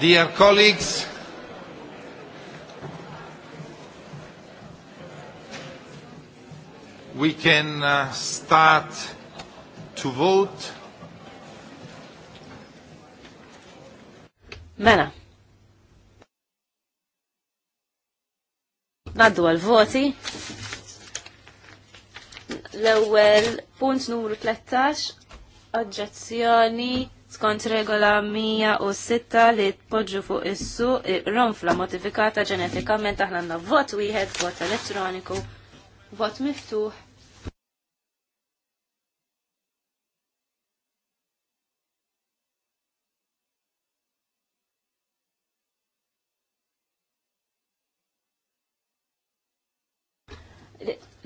Dear colleagues, we can uh, start to vote. Mela. Naddu għal-voti. l ewel punt numru 13, oġġezzjoni skont regola 106 li tpoġġu fuq issu ronfla modifikata ġenetikament aħna għandna vot wieħed, vot elettroniku, vot miftuħ.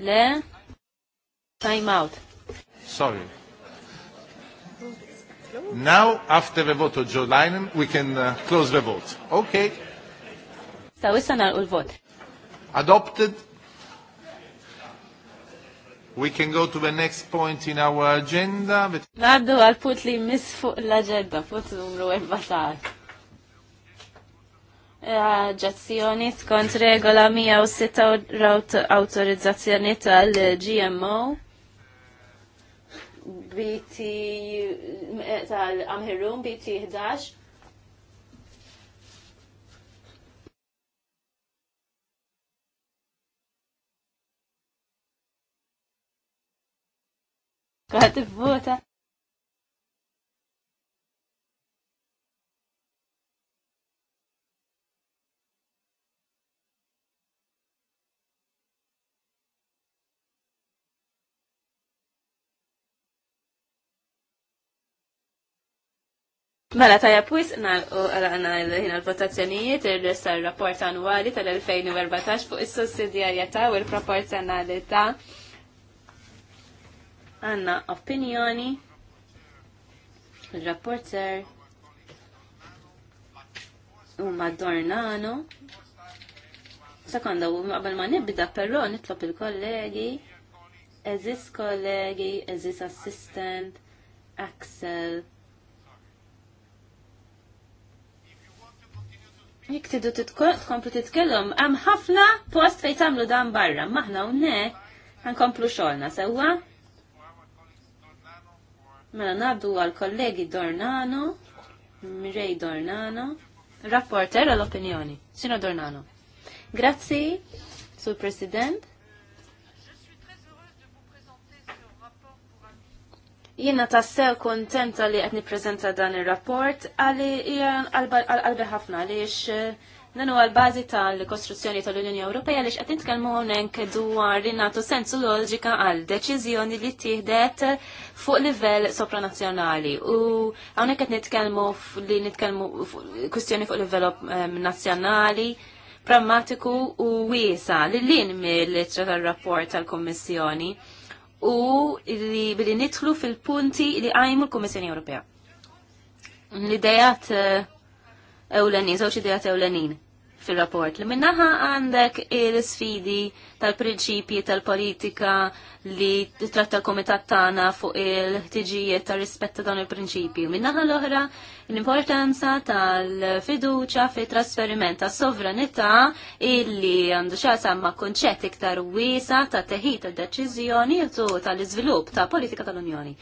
Le, time out. Sorry. Now, after the vote of Joe Linen, we can uh, close the vote. Okay. So issa nagħlqu Adopted. We can go to the next point in our agenda. Naddu agenda skont regola 106 autorizzazzjoni tal-GMO. BT tal-Amherun, BT 11. vota Mela tajja pwis għana ħina l-votazzjonijiet il-resta rapport annuali tal-2014 fuq is-sussidjarjetà u l-proporzjonalità. Għanna opinjoni, il-rapporter u madornano. Sekonda, u qabel ma nibda però nitlob il-kollegi, eżis kollegi, eżis assistant, Axel, jek tidu tkomplu titkellhom, għam ħafna post fejn tagħmlu dan barra, maħna hawnhekk ħankomplu xogħolna sewwa. Mela nabdu għal kollegi Dornano, Mirej Dornano, rapporter għall-opinjoni, Sino Dornano. Grazzi, Sur President. Jiena tassew kontenta li qed nippreżenta dan ir-rapport għalli hija qalbi ħafna għaliex eh, dan huwa l-bażi tal-kostruzzjoni tal-Unjoni Ewropea li qed nitkellmu hawnhekk dwar li nagħtu sensu loġika għal deċiżjoni li tieħdet fuq livell sopranazzjonali. U hawnhekk qed nitkellmu li nitkellmu kwistjoni fuq livell ehm, nazzjonali prammatiku u wiesa li lin mill-litra tal-rapport tal-Kommissjoni. tal rapport tal kummissjoni rapport tal kommissjoni u li billi nidħlu fil-punti li għajmu l kommissjoni Ewropea. L-idejat eh, ewlenin, żewġ idejat ewlenin fil-rapport li minnaħa għandek il-sfidi tal-prinċipji tal-politika li tratta l-komitat tagħna fuq il-ħtiġijiet ta' rispetta dawn il-prinċipju. Minnaħa l-oħra l-importanza tal-fiduċa fi trasferiment ta' sovranità illi għandu xa samma konċett iktar wiesa ta' teħid ta' deċiżjoni u tal izvilup ta' politika tal-Unjoni.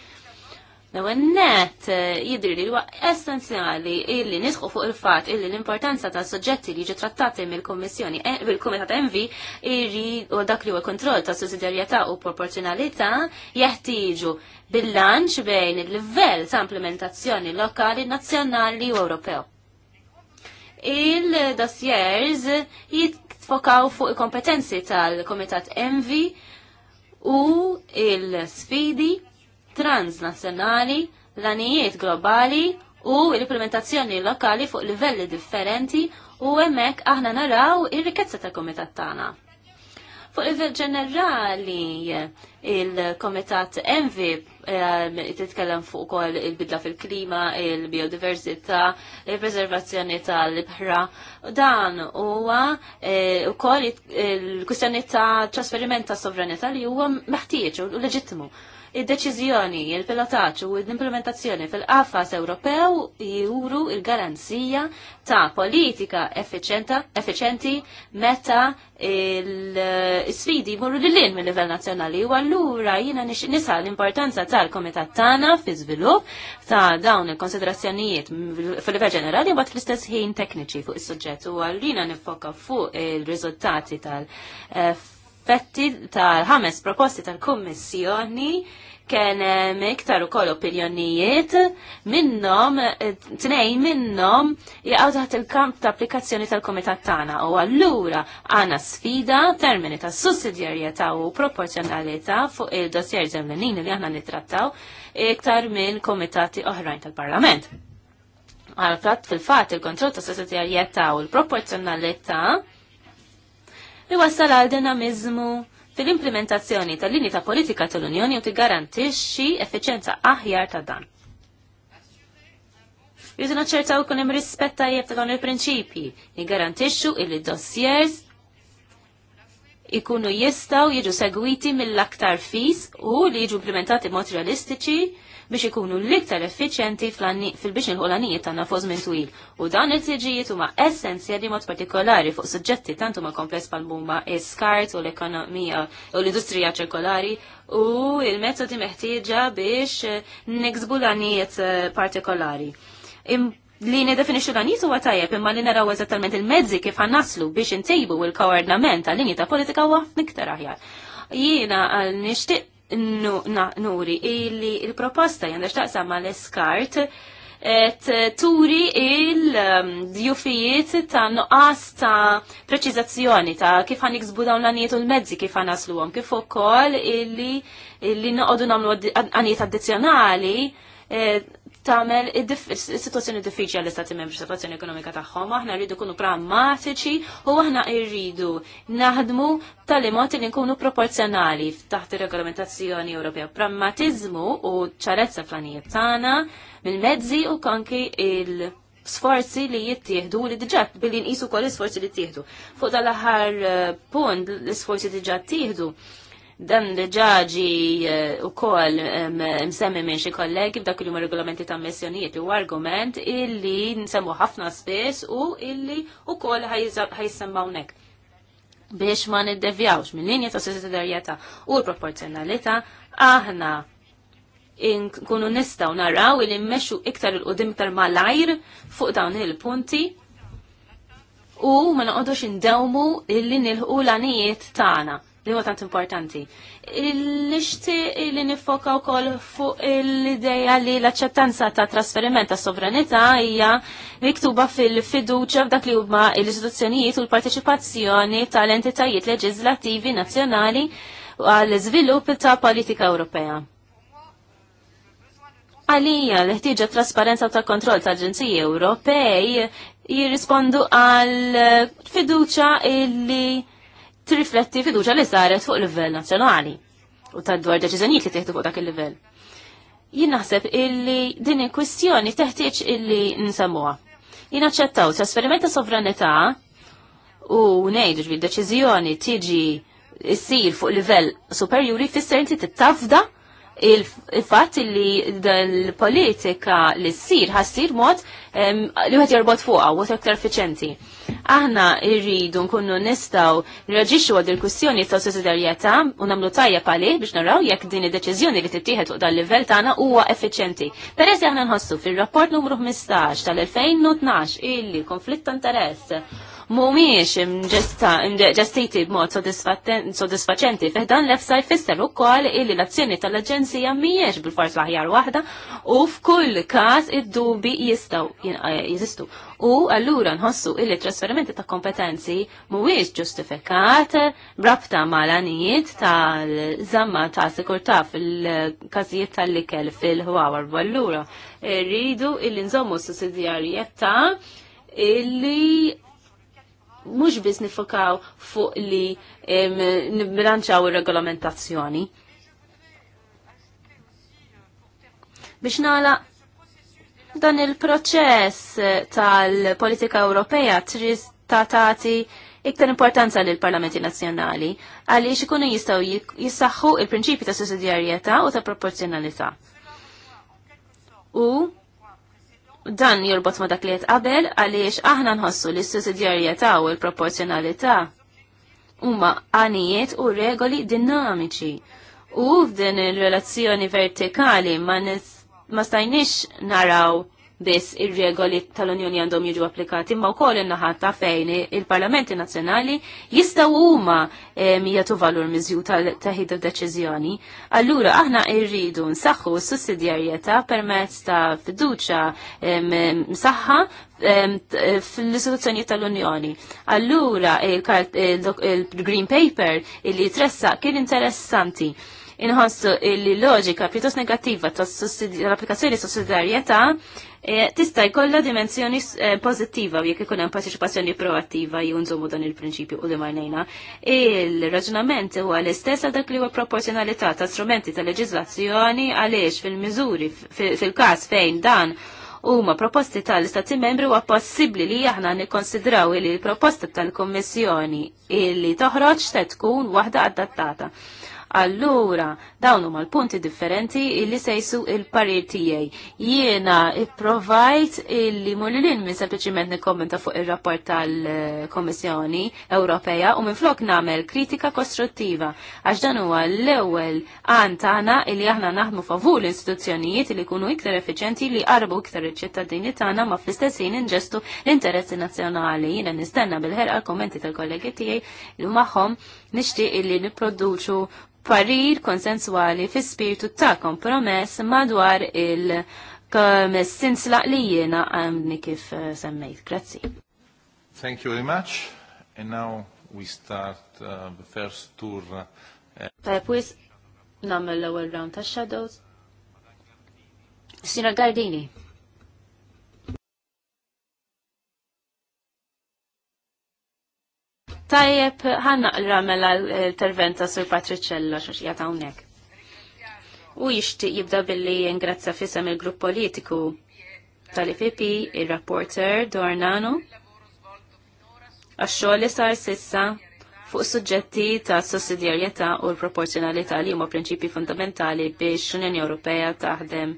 Dawen net eh, jidri li huwa essenzjali illi nisħu fuq il-fatt illi l-importanza ta' soġġetti li ġi trattati mill-Kommissjoni eh, mill-Kumitat Envi iri u dak li huwa kontroll ta' sussidjarjetà u proporzjonalità jeħtieġu bil-lanċ bejn il-livell ta' implementazzjoni lokali, nazzjonali u Ewropew. Il-dossiers jitfokaw fuq il-kompetenzi tal kumitat Envi u il-sfidi transnazzjonali, l-anijiet globali u l-implementazzjoni lokali fuq livelli differenti u hemmhekk aħna naraw ir-rikezza tal-kumitat tagħna. Fuq livell ġenerali, il-Komitat Envi eh, titkellem fuq ukoll il-bidla fil-klima, il-biodiversità, il-preservazzjoni tal-ibħra. Dan huwa eh, ukoll il-kwistjoni ta' trasferiment ta' sovranità li huwa meħtieġ u leġittimu id-deċiżjoni, il-pilotaġġ u l-implementazzjoni fil-qafas Ewropew juru il-garanzija ta' politika effiċenti meta il-sfidi morru lil-lin mill-livell nazzjonali u allura jiena nisa l-importanza tal-komitat tagħna fi żvilupp ta' dawn il-konsiderazzjonijiet fil-livell ġenerali u bat fl-istess ħin tekniċi fuq is-suġġett u għallina nifoka fuq il-riżultati tal- eh, aspetti tal-ħames proposti tal-Kummissjoni kien eh, iktar ukoll opinjonijiet minnhom eh, tnejn minnhom jaqgħu taħt il-kamp ta' applikazzjoni tal-Kumitat tagħna u allura għandna sfida termini ta' sussidjarjetà u proporzjonalità fuq il-dossier ġemlenin li aħna nittrattaw iktar minn komitati oħrajn tal-Parlament għal fil-fat il-kontroll ta' sussidjarjetà u l-proporzjonalità wassal għal dinamizmu fil-implementazzjoni tal-linji ta' politika tal-Unjoni u tigarantixxi effiċenza aħjar ta' dan. Jizu naċċerta u hemm rispetta jieb ta' dawn il-prinċipji, jiggarantixxu illi dossiers ikunu jistaw jiġu segwiti mill-aktar fis u li jiġu implementati mod realistiċi biex ikunu l-iktar effiċjenti fil-biex il-ħolanijiet ta' nafos minn twil. U dan il-tiġijiet huma essenzjali mod partikolari fuq suġġetti tant huma kompless bħal huma iskart skart u l-ekonomija u l-industrija ċirkolari u il-metodi meħtieġa biex eh, niksbu l-għanijiet eh, partikolari li nedefinixu dan huwa tajjeb imma li naraw eżattament il-mezzi kif għannaslu biex intejbu il-koordinament għal linji ta' politika huwa niktar aħjar. Jiena għal eh, nishtiq nuri illi il-proposta jandax taqsam ma l-eskart et turi il-djufijiet ta' nuqqas ta' preċizazzjoni ta' kif għan iksbu dawn l-għaniet u l-mezzi kif għan asluwom, kif ukoll illi illi nagħmlu namlu addizzjonali. addizjonali eh, tamel il sitwazzjoni diffiċli għal istati membri situazzjoni ekonomika tagħhom, aħna rridu kunu pragmatiċi u aħna rridu naħdmu tal-imot li nkunu proporzjonali taħt ir-regolamentazzjoni Ewropea. Prammatiżmu u ċarezza flanijiet tagħna mill-mezzi u konki il- sforzi li jittieħdu li diġa billi nqisu kol l-sforzi li jittieħdu. Fuq dal-aħħar eh, punt l-sforzi diġa jittieħdu dan ġaġi eh, u kol msemmi minn xi kollegi b'dak il regolamenti ta' missjonijiet u argument illi nsemmu ħafna spess u illi u kol ħajsemmaw nek biex ma niddevjawx minn linja ta' sussidjarjetà u l-proporzjonalità aħna nkunu nistaw naraw illi mmexxu iktar il-qudiem iktar malajr fuq dawn il-punti u ma noqogħdux indewmu illi nilħu l-għanijiet tagħna li huwa tant importanti. l li nifoka wkoll fuq l-ideja li l-aċċettanza ta' trasferiment ta' sovranità hija miktuba fil-fiduċa f'dak li huma l-istituzzjonijiet u l partiċipazzjoni tal-entitajiet leġislattivi nazzjonali għall iżvilupp ta' politika Ewropea. Għalija l-ħtieġa trasparenza ta' kontroll ta' aġenziji Ewropej jirrispondu għal fiduċa illi tirrifletti fiduċa li saret fuq livell nazzjonali u ta' dwar deċiżjonijiet li teħtu fuq dak il-livell. Jien naħseb illi din il-kwistjoni teħtieġ illi nsemmuha. Jien aċċettaw trasferiment ta' sovranità u ngħidu ġbir deċiżjoni tiġi ssir fuq livell superjuri fisser inti tittafda il-fatt li dal-politika li s-sir ħassir mod li għet jarbot fuqa, għet aktar effiċenti. Aħna irridu nkunu nistaw nraġiċu għad il-kussjoni ta' sussidarieta u namlu tajja pali biex naraw jekk din id-deċizjoni li tittieħed fuq dal-livell tagħna huwa effiċenti. Peress aħna nħossu fil-rapport numru 15 tal-2012 illi konflitt ta' interess mumiex ġestiti b'mod sodisfaċenti. Fiħdan l-EFSA jfisser ukoll illi l-azzjoni tal-Aġenzija mhijiex bil-fors l-aħjar waħda u f'kull każ id-dubi jistgħu eh, jeżistu. U allura nħossu illi trasferimenti ta' kompetenzi mhuwiex ġustifikat brabta mal tal-żamma ta' sikurtà fil-każijiet tal-ikel fil-ħwawar. Allura rridu illi nżommu s ta' illi mhux biss nifokaw fuq li nibilanċaw ir-regolamentazzjoni. Biex nala dan il-proċess tal-politika Ewropea trid tatati iktar importanza l parlamenti nazzjonali għaliex ikunu jistgħu jissaħħu il prinċipi ta' sussidjarjetà u ta' proporzjonalità. U dan jorbot ma dak li qed qabel għaliex aħna nħossu li s-sussidjarjetà u l-proporzjonalità huma għanijiet u regoli dinamiċi. U f'din ir relazzjoni vertikali ma, ma stajniex naraw biss ir-regoli tal-Unjoni għandhom jiġu applikati, imma wkoll in-naħa ta' fejn il-Parlamenti Nazzjonali jistgħu huma jagħtu valur miżju ta' ħida deċiżjoni. Allura aħna rridu nsaħħu s-sussidjarjetà permezz ta' fiduċa msaħħa fl-istituzzjoni tal-Unjoni. Allura il-Green Paper illi tressa kien interessanti inħossu il-loġika pjuttost negattiva tal-applikazzjoni sussidjarjetà E, tista' jkollha dimensjoni e, pożittiva jekk ikun hemm parteċipazzjoni proattiva jew nżommu dan il-prinċipju u li jnejna. Il-raġunament huwa l-istess għal dak li huwa proporzjonalità ta' strumenti ta' leġiżlazzjoni għaliex fil-miżuri fil-każ fejn dan huma proposti tal-Istati membri huwa possibbli li aħna nikkonsidraw li l-proposta tal-Kommissjoni li toħroġ se tkun waħda adattata. Allura, dawn huma l-punti differenti illi sejsu il-parir tiegħi. Jiena ipprovajt illi mullilin minn sempliċiment nikkommenta fuq ir-rapport tal komissjoni Ewropea u minflok nagħmel kritika kostruttiva għax dan huwa l-ewwel għan tagħna illi aħna naħdmu favur l-istituzzjonijiet li jkunu iktar effiċenti li qarbu iktar iċ-ċittadini tagħna ma fl istessin inġestu l-interessi nazzjonali. Jiena nistenna bil-ħerqa kommenti tal-kollegi tiegħi li magħhom nixtieq illi nipproduċu parir konsensuali fi spiritu ta' kompromess madwar il- sinsla li jiena għamni kif eh, semmejt. Grazzi. Thank you very much. And now we start uh, the first tour. Uh, Tajab, wis namel l-ewel round ta' shadows. Sina Gardini. Tajjeb, l ramela l-interventa sur Patriċello, xax jgħata hawnhekk. U jixtieq jibda billi jingrazzja fissam il-grupp politiku tal-IPP, il-rapporter Dornano, għax-xogħol li sar sissa fuq suġġetti ta' sussidjarjetà u l-proporzjonalità li huma prinċipji fundamentali biex l-Unjoni Ewropea taħdem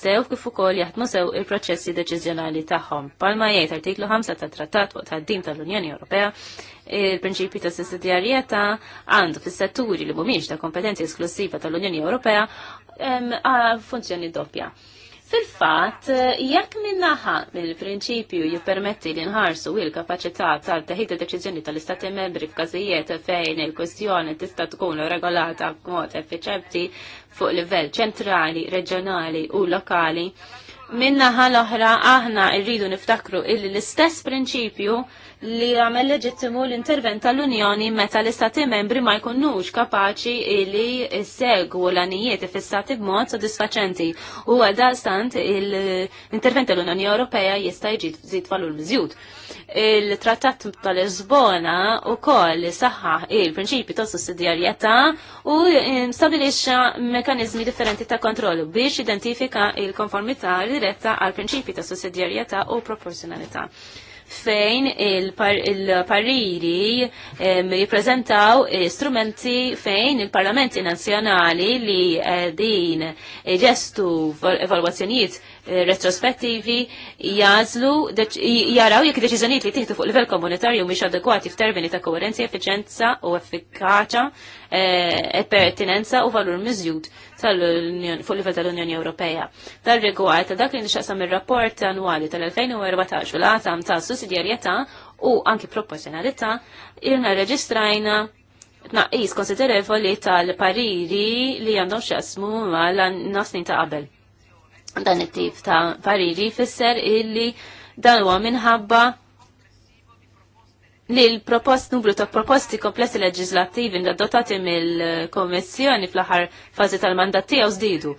sew kif ukoll jaħdmu sew il-proċessi deċiżjonali tagħhom. Palma jgħid artiklu 5 tat trattat waqt ħaddim tal-Unjoni Ewropea il-prinċipju ta' sussidjarjetà għandu fis-setturi li mhumiex ta' kompetenzi esklusiva tal-Unjoni Ewropea funzjoni doppja. Fil-fat, jekk minnaħa mill-prinċipju jippermetti li nħarsu il-kapacità tal-teħid deċiżjoni tal-Istati membri f'każijiet fejn il-kwestjoni tista' tkun regolata b'mod effiċenti fuq livell ċentrali, reġjonali u lokali. Minna ħal oħra aħna rridu niftakru illi l-istess prinċipju li għamel leġittimu l-intervent tal-Unjoni meta l-Istati membri ma jkunnux kapaċi li segwu l-anijiet fissati b'mod sodisfaċenti u għadal stant l-intervent tal-Unjoni Ewropea jista' jġid zid falul miżjud. Il-trattat tal-Lisbona u koll saħħaħ il-prinċipi ta' sussidjarjetà u stabilixxa mekanizmi differenti ta' kontroll biex identifika il-konformità diretta għal prinċipi ta' sussidjarjetà u proporzjonalità fejn il-parriri jiprezentaw strumenti fejn il-parlamenti nazjonali li eh, din ġestu evalwazzjonijiet Eh, retrospettivi jazlu jaraw jekk deċiżjonijiet li tieħdu fuq livell komunitarju mhix adekwati f'termini ta' koerenzi, effiċenza u effikaċa eh, e pertinenza u valur miżjud tal-Unjoni fuq livell tal-Unjoni Ewropea. Tal-rigward ta' dak li nixaqsam ir-rapport annwali tal-2014 u l-għatam ta' sussidjarjetà u anki proporzjonalità irna reġistrajna tnaqqis konsiderevoli tal-pariri li għandhom xjasmu mal-nasnin ta' qabel Dan it-tip ta' pariri fisser illi dan huwa minħabba li l-propost numru ta' proposti komplessi leġislattivi ndaddotati mill kommissjoni fl-aħħar fażi tal-mandat tiegħu żdiedu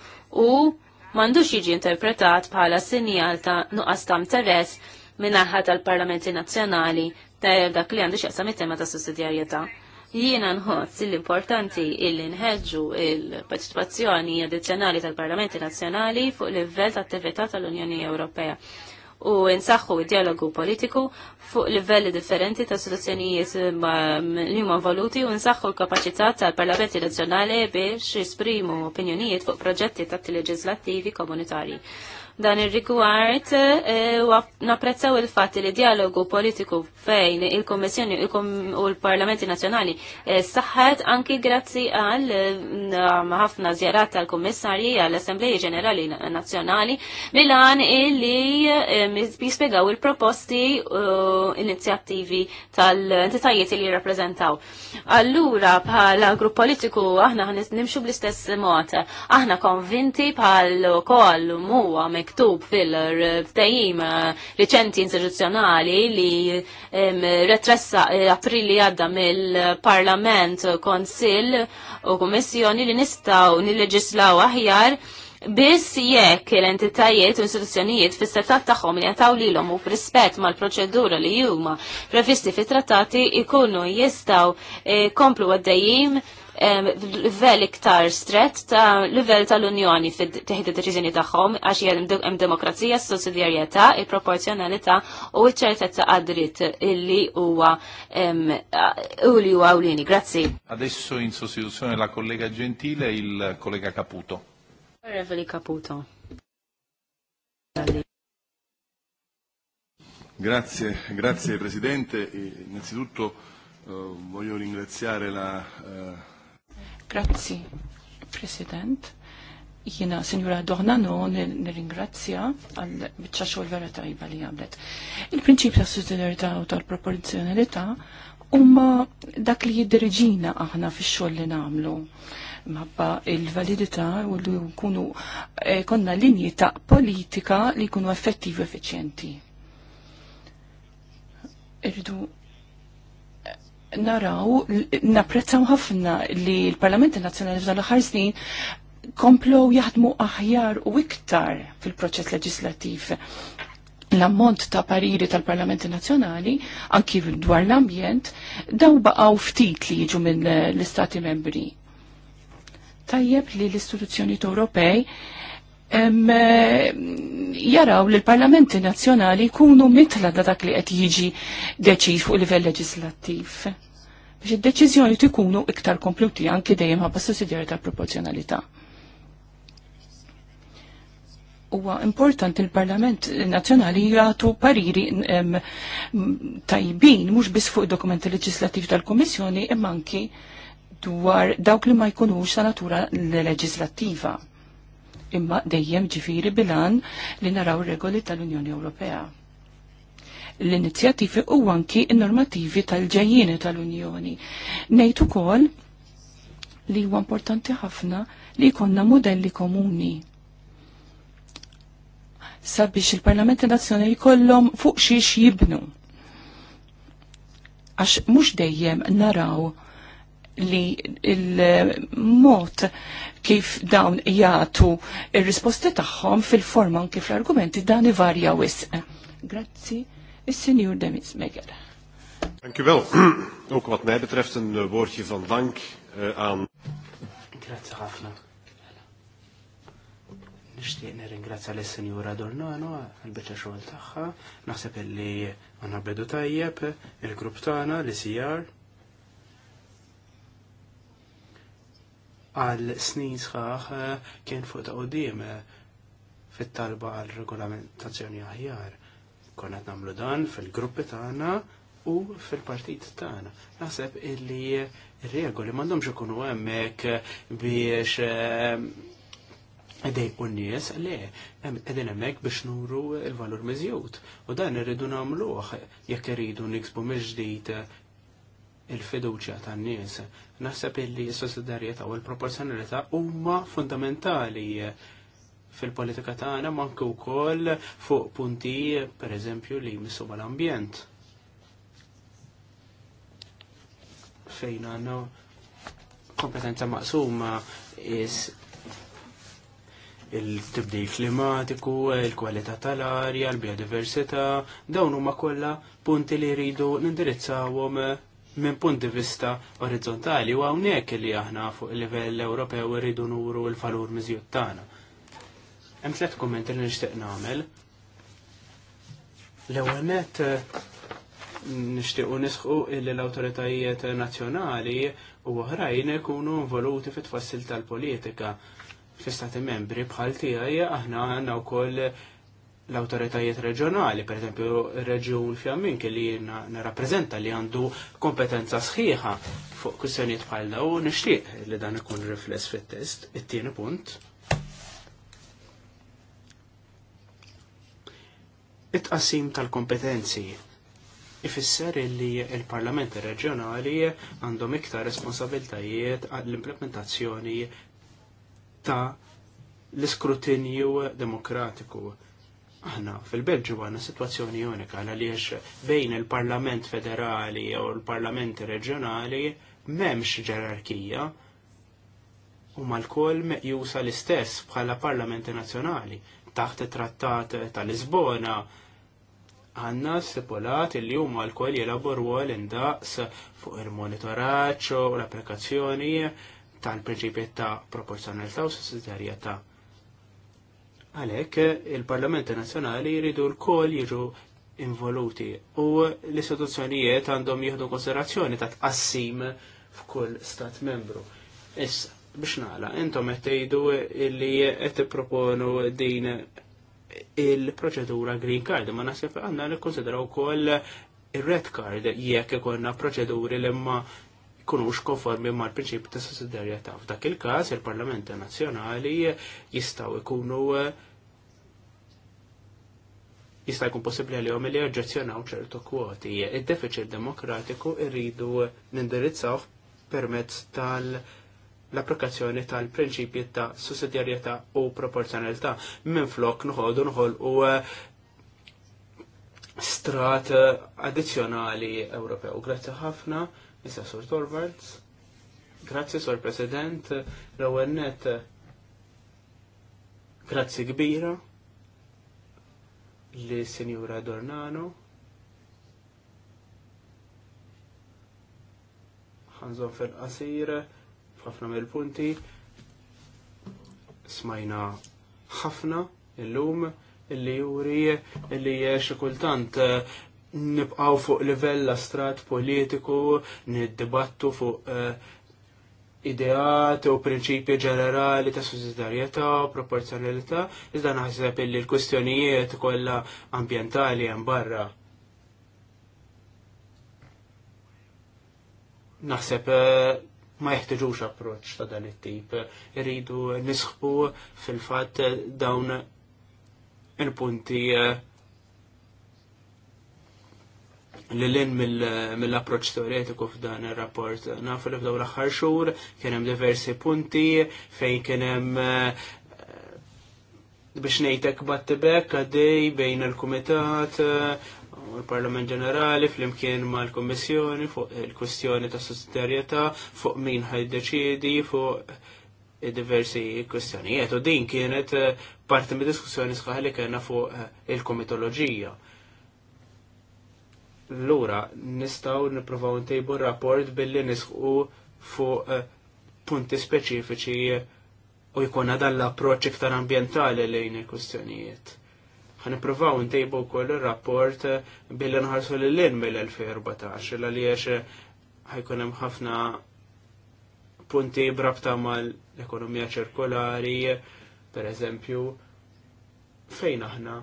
u m'għandux jiġi interpretat bħala sinjal ta' nuqqas ta' interess minaħħa tal-Parlamenti Nazzjonali ta' dak li għandu x'jaqsam it-tema ta' sussidjarjetà. Jiena nħoss l-importanti illi nħeġġu il partizipazzjoni addizzjonali tal-Parlamenti Nazzjonali fuq livell tat attività tal-Unjoni Ewropea u nsaħħu dialogu politiku fuq livelli differenti ta' soluzzjonijiet li huma voluti u nsaħħu l-kapaċità tal-Parlamenti Nazzjonali biex jisprimu opinjonijiet fuq proġetti tat leġislattivi komunitarji Dan ir-rigward eh, napprezzaw il-fatt li dialogu politiku fejn il-Kommissjoni u l-Parlamenti Nazzjonali eh, saħħet anki grazzi għal eh, mm, ħafna żjarat tal-Kummissarji għall-Assembleji Ġenerali Nazzjonali milan illi jispjegaw il-proposti u inizjattivi tal-entitajiet li jirrappreżentaw. Allura bħala grupp politiku aħna nimxu bl-istess mod. Aħna konvinti bħal kol muwa mek miktub fil-ftajim riċenti eh, instituzjonali li retressa eh, aprili għadda mill-Parlament, Konsil u Komissjoni li nistaw nil-leġislaw aħjar Biss jekk l-entitajiet u istituzzjonijiet fis-settat tagħhom li jataw lilhom u f'rispett mal-proċedura li huma previsti fit-trattati ikunu jistgħu eh, komplu għaddejjim livell iktar stret ta' livell tal-Unjoni fid-teħid id-deċiżjoni tagħhom għax hemm demokrazija, s-sussidjarjetà, il-proporzjonalità u ċ-ċertezza għad-dritt illi huwa u li huwa ulini. Grazzi. Adesso in sostituzione la collega Gentile e il collega Caputo. Reveli Caputo. Grazie, grazie Presidente. E innanzitutto eh, voglio ringraziare la eh, Grazzi, President. Jina, Signora Dornano, nir-ingrazzja għal bieċa xogħol vera tajba li għablet. Il-prinċip ta' sussidjarità u tal-proporzjonalità huma dak li jiddirġina aħna fix-xogħol li nagħmlu mabba il-validità u li kunu eh, konna linji ta' politika li kunu effettivi u effiċjenti. Irridu naraw, napprezzaw ħafna li l-Parlament Nazzjonali f'dan l-aħħar snin komplow jaħdmu aħjar u iktar fil-proċess leġislattiv l-ammont ta' pariri tal-Parlamenti Nazzjonali, anki dwar l-ambjent, daw baqaw ftit li jiġu minn l-Istati membri. Tajjeb li l-istituzzjoni Ewropej Eh, jaraw li l-parlamenti nazjonali kunu mitla da dak li qed jiġi deċiż fuq livell leġislattiv. Biex id-deċiżjoni tikunu iktar kompluti anki dejjem ħabba ta' proporzjonalità. Huwa importanti l-Parlament Nazzjonali jagħtu pariri tajbin mhux biss fuq id-dokumenti leġislattiv tal-Kummissjoni imma anki dwar dawk li ma jkunux sa natura leġislattiva imma dejjem ġifiri bilan li naraw regoli tal-Unjoni Ewropea. L-inizjattivi u anki n-normativi tal-ġejjini tal-Unjoni. Nejtu ukoll li huwa importanti ħafna li jkollna modelli komuni sabiex il-Parlamenti Nazzjonali jkollhom fuq xiex jibnu. Għax mhux dejjem naraw li il-mod kif dawn jgħatu il-risposti tagħhom fil-forma kif l-argumenti dan varja wisq. Grazzi, il-Senjur Demis Megel. Dank u wel. Ook wat mij betreft een eh, woordje van dank uh, aan... Grazie ħafna. Nishtiq nirringrazza l-Sinjura Dornano għal-bicċa xogħol tagħha, naħseb illi għandna bedu tajjeb, il-grupp tagħna, l-CR. għal snin sħaħ eh, kien fuq ta' qoddim eh, fit-talba għal regolamentazzjoni aħjar. Konna namlu dan fil-gruppi tagħna u fil-partit tagħna. Naħseb illi regoli m'għandhomx ikunu hemmhekk biex edej eh, u nies le, edin hemmhekk biex nuru l-valur miżjud. U dan irridu nagħmluh jekk irridu niksbu mill-ġdid il-fiduċja tan-nies. Naħseb illi s-sussidjarjetà u l-proporzjonalità huma fundamentali fil-politika tagħna manke wkoll fuq punti pereżempju li jmissu mal-ambjent. Fejn għandna kompetenza maqsuma is il-tibdil klimatiku, il-kwalità tal-arja, il-biodiversità, dawn huma kollha punti li jridu nindirizzawhom minn punt di vista orizzontali u hawnhekk li aħna fuq il livell Ewropew irridu nuru l falur mizjut tagħna. Hemm tliet kumment li nixtieq nagħmel. L-ewwel net nixtiequ nisħu illi l-awtoritajiet nazzjonali u oħrajn ikunu involuti fit-tfassil tal-politika. Fi stati membri bħal tiegħi aħna għandna wkoll l-autoritajiet reġjonali, per eżempju reġjun fjammin li nirrappreżenta li għandu kompetenza sħiħa fuq kussjoniet bħal daw nishtiq nixtieq li dan ikun rifless fit-test. It-tieni punt. It-qasim tal-kompetenzi ifisser li il-parlamenti reġjonali għandhom iktar responsabiltajiet għall-implementazzjoni ta' l-iskrutinju demokratiku Aħna fil-Belġu għanna situazzjoni unika għaliex bejn il-Parlament federali u l-Parlamenti reġjonali memx ġerarkija u mal-koll meqjusa l-istess bħala Parlamenti nazzjonali taħt it-trattat tal-Lisbona għanna stipulat li huma l-koll jelaboru għal indaqs fuq il-monitoraċ u l-applikazzjoni tal-prinċipiet ta' proporzjonalità u sussidjarjetà. Għalhekk il-Parlamenti Nazzjonali jridu l-kol jiġu involuti u l-istituzzjonijiet għandhom jieħdu konsiderazzjoni ta' tqassim f'kull stat membru. Issa, biex nagħla, intom qed tgħidu li qed tipproponu din il-proċedura green card, ma nasib għandna nikkonsidraw wkoll ir-red card jekk ikollna proċeduri li ma jkunux konformi mal-prinċipju ta' sussidjarjetà. F'dak il-każ il-Parlament Nazzjonali jistgħu jkunu jista' jkun possibbli għalihom li oġġezzjonaw ċertu kwoti. Id-deficit demokratiku irridu nindirizzaw permezz tal-applikazzjoni tal-prinċipji ta' sussidjarjetà u proporzjonalità. Minflok nħodu nħolqu eh, strat eh, addizzjonali Ewropew. Grazzi ħafna. Issa Sur Torvalds. Grazzi Sur President, l-ewwel net grazzi kbira li Signora Dornano. Ħanżon fil-qasir, ħafna mill-punti, smajna ħafna illum illi juri illi xikultant nibqaw fuq livella strat politiku, niddibattu fuq eh, ideat u prinċipji ġenerali ta' sussidjarjetà u proporzjonalità, iżda naħseb li l-kwistjonijiet kollha ambjentali hemm barra. Naħseb eh, ma jeħtiġux approċċ ta' dan it-tip. Irridu nisħbu fil-fatt dawn il-punti eh, l mill-approċ teoretiku f'dan il-rapport. Nafu li f'daw l-axħar xur kienem diversi punti fejn kienem eh, biex nejtek battibek għaddej bejn il-Kumitat eh, u l-Parlament ġenerali fl-imkien ma l komissjoni fuq il kustjoni ta' sussidjarjetà fuq min ħajdeċidi fuq diversi kwestjonijiet u din kienet eh, parti mid diskussjoni sħaħ li kena fuq il-komitoloġija. Lura, nistaw niprofaw ntejbu rapport billi nisħu fuq eh, punti speċifiċi eh, u dan l approċ iktar ambientali lejn il-kustjonijiet. Għan niprofaw ntejbu kol rapport eh, billi nħarsu l-lin mill-2014, l-għaliex ħajkunem ħafna punti brabta mal-ekonomija ċirkolari, per eżempju, fejn aħna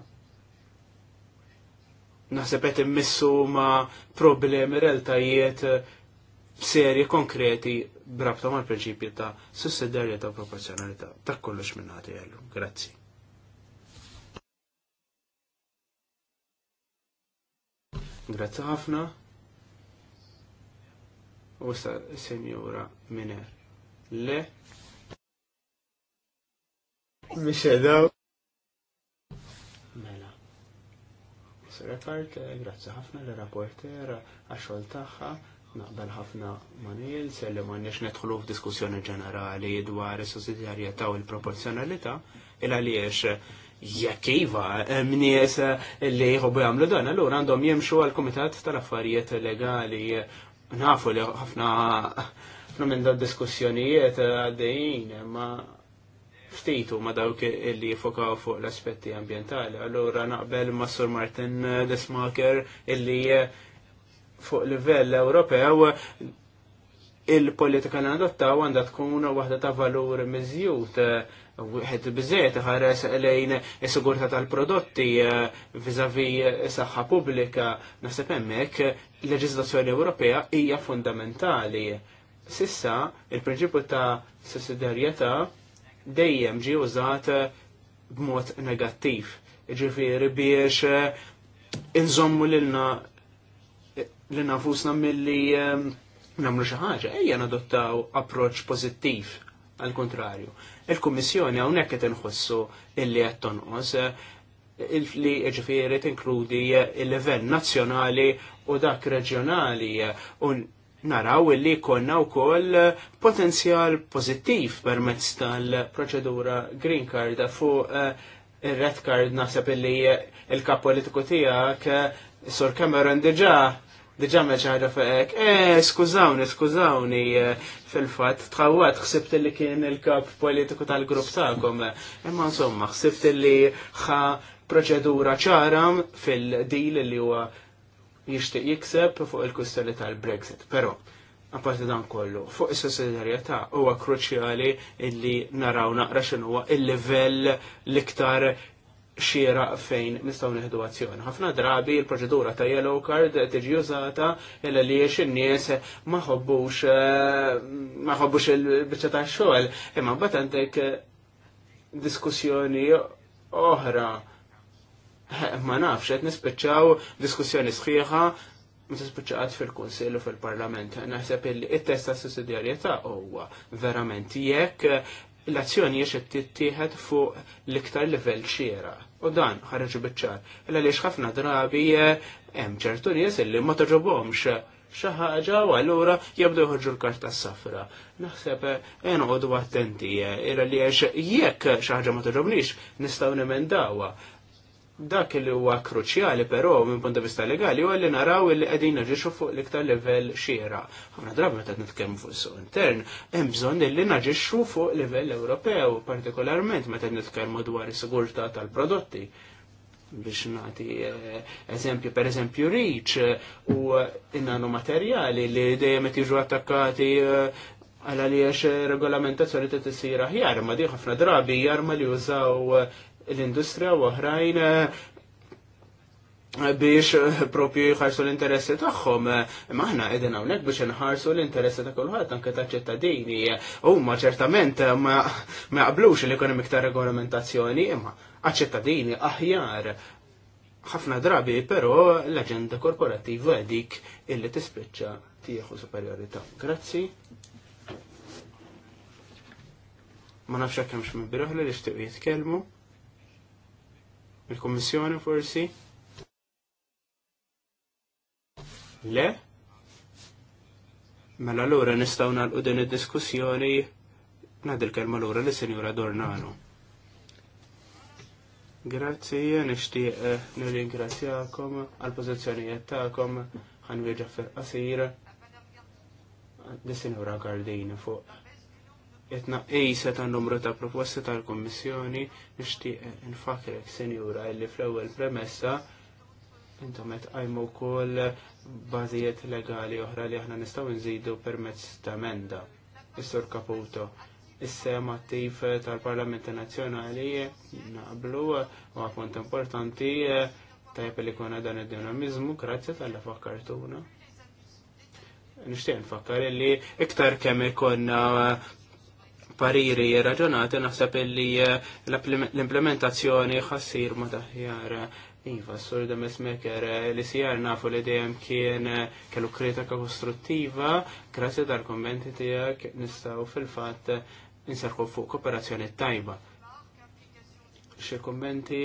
naħseb qed immissu ma' problemi realtajiet eh, serji konkreti brabta mal prinċipju ta' sussidjarjetà u proporzjonalità ta' kollox minn ħati għallu. Grazzi. Grazzi ħafna. U sa' senjura miner. Le. Mixedaw. Repart, grazzi ħafna l rapporter għaxol taħħa, naqbel ħafna manil, Nils, li netħlu f'diskussjoni ġenerali dwar is-sussidjarjetà u l-proporzjonalità, il għaliex jakkiva mnies li jħobbu jagħmlu dan, allura għandhom jimxu għall-Kumitat tal-Affarijiet Legali nafu li ħafna ħafna minn da diskussjonijiet għaddejjin, ma' ftejtu ma dawk illi jifokaw fuq l-aspetti ambientali. Allura naqbel ma' Sur Martin Desmaker illi eh, fuq livell Ewropew il-politika li nadottaw għandha tkun waħda ta' valur miżjut eh, wieħed biżejjed ħares lejn is-sigurtà tal-prodotti eh, viżavi saħħa pubblika naħseb hemmhekk l leġiżlazzjoni Ewropea hija fundamentali. Sissa il-prinċipju ta' sussidjarjetà dejjem ġie użat eh, b'mod negattiv. Ġifiri biex eh, inżommu lilna eh, lilna nfusna milli nagħmlu xi ħaġa, ejja nadottaw approċċ pożittiv għal kontrarju. Il-Kummissjoni hawnhekk qed inħossu illi qed tonqos li ġifiri tinkludi il-livell nazzjonali u dak reġjonali un naraw illi konna u koll potenzjal pozittiv permezz tal-proċedura green card fuq eh, il-red card nasab illi eh, il-kap politiku tijak eh, Sur Cameron diġa diġa meċaħda fejk, eh, skużawni, skużawni, fil-fat, tħawat, xsibt li kien il-kap politiku tal-grupp ta'kom, imma insomma, xsibt li xa proċedura ċara fil-dil li huwa jixtieq jikseb fuq il-kustjoni tal-Brexit. Però, apparti dan kollu, fuq is-sussidjarjetà huwa kruċjali illi naraw naqra x'inhuwa il-livell l-iktar xira fejn nistaw neħdu azzjoni. Ħafna drabi l-proċedura ta' yellow card tiġi użata illa li jiex in-nies eh, ma ħobbux il-biċċa tax-xogħol, imma batantek diskussjoni oħra Ma nafx, qed nispiċċaw diskussjoni sħiħa meta spiċċaqat fil-Kunsill u fil-Parlament. Naħseb li it-test ta' sussidjarjetà huwa verament jekk l-azzjoni jiex tittieħed fuq l-iktar livell xiera. U dan ħarġu biċċar. Illa li ħafna drabi eh, hemm ċertu nies illi ma toġobhomx xi ħaġa u allura jibdu jħorġu l-karta s-safra. Naħseb eh, inqogħdu attenti eh, illa li jekk xi ħaġa ma toġobniex nistgħu nemendawha. Dak li huwa kruċjali però minn punt vista legali huwa li naraw li qegħdin naġixxu fuq l-iktar livell xiera. Ħafna drabi meta nitkellmu fuq suq intern, hemm bżonn li naġixxu fuq livell Ewropew, partikolarment meta nitkellmu dwar is-sigurtà tal-prodotti biex nagħti eh, eżempju per eżempju riċ u innanu materjali li dejjem qed jiġu attakkati eh, għal għaliex regolamentazzjoni ta' tisir aħjar, ma di ħafna drabi jarma li użaw eh, l-industrija u oħrajn eh, biex eh, propju jħarsu l-interessi tagħhom. Eh, Maħna qegħdin hawnhekk biex inħarsu l-interessi ta' kulħadd anke ta' ċittadini. Huma ċertament ma jaqblux li jkun hemm iktar regolamentazzjoni, imma għaċ-ċittadini aħjar. Ħafna drabi però l-aġenda korporattiva dik illi tispiċċa tieħu superjorità. Grazzi. Ma nafx hekk hemmx li xtieq jitkellmu. Il-Kommissjoni forsi? Le? Mela l-ura nistaw nalqu din id-diskussjoni nadil kelma l-ura li Senjura Dornano. Grazzi, nishtiq eh, nir-ingrazzjakom għal-pozizjonijiet ta'kom viġa fil-qasira li Senjura Gardini fuq etna ejse ta' numru ta' proposti tal-Kommissjoni nishtiq nfakrek senjura illi fl-ewwel premessa intom qed qajmu wkoll bażijiet legali oħra li aħna nistgħu nżidu permezz ta' emenda. Is-Sur Caputo is-sem attiv tal-Parlamenti Nazzjonali naqblu u punt importanti tajb li kuna dan id-dinamizmu grazzi tal-la fakkartuna nishtiq nfakkar li iktar kemm ikonna pariri raġunati naħseb li eh, l-implementazzjoni ħassir ma taħjar. Iva, s-sur da mesmeker eh, li sijar nafu li dejjem kien eh, kellu kritika kostruttiva, grazie tal-kommenti tijak nistaw fil-fat nisarku fuq kooperazzjoni tajba. Xie kommenti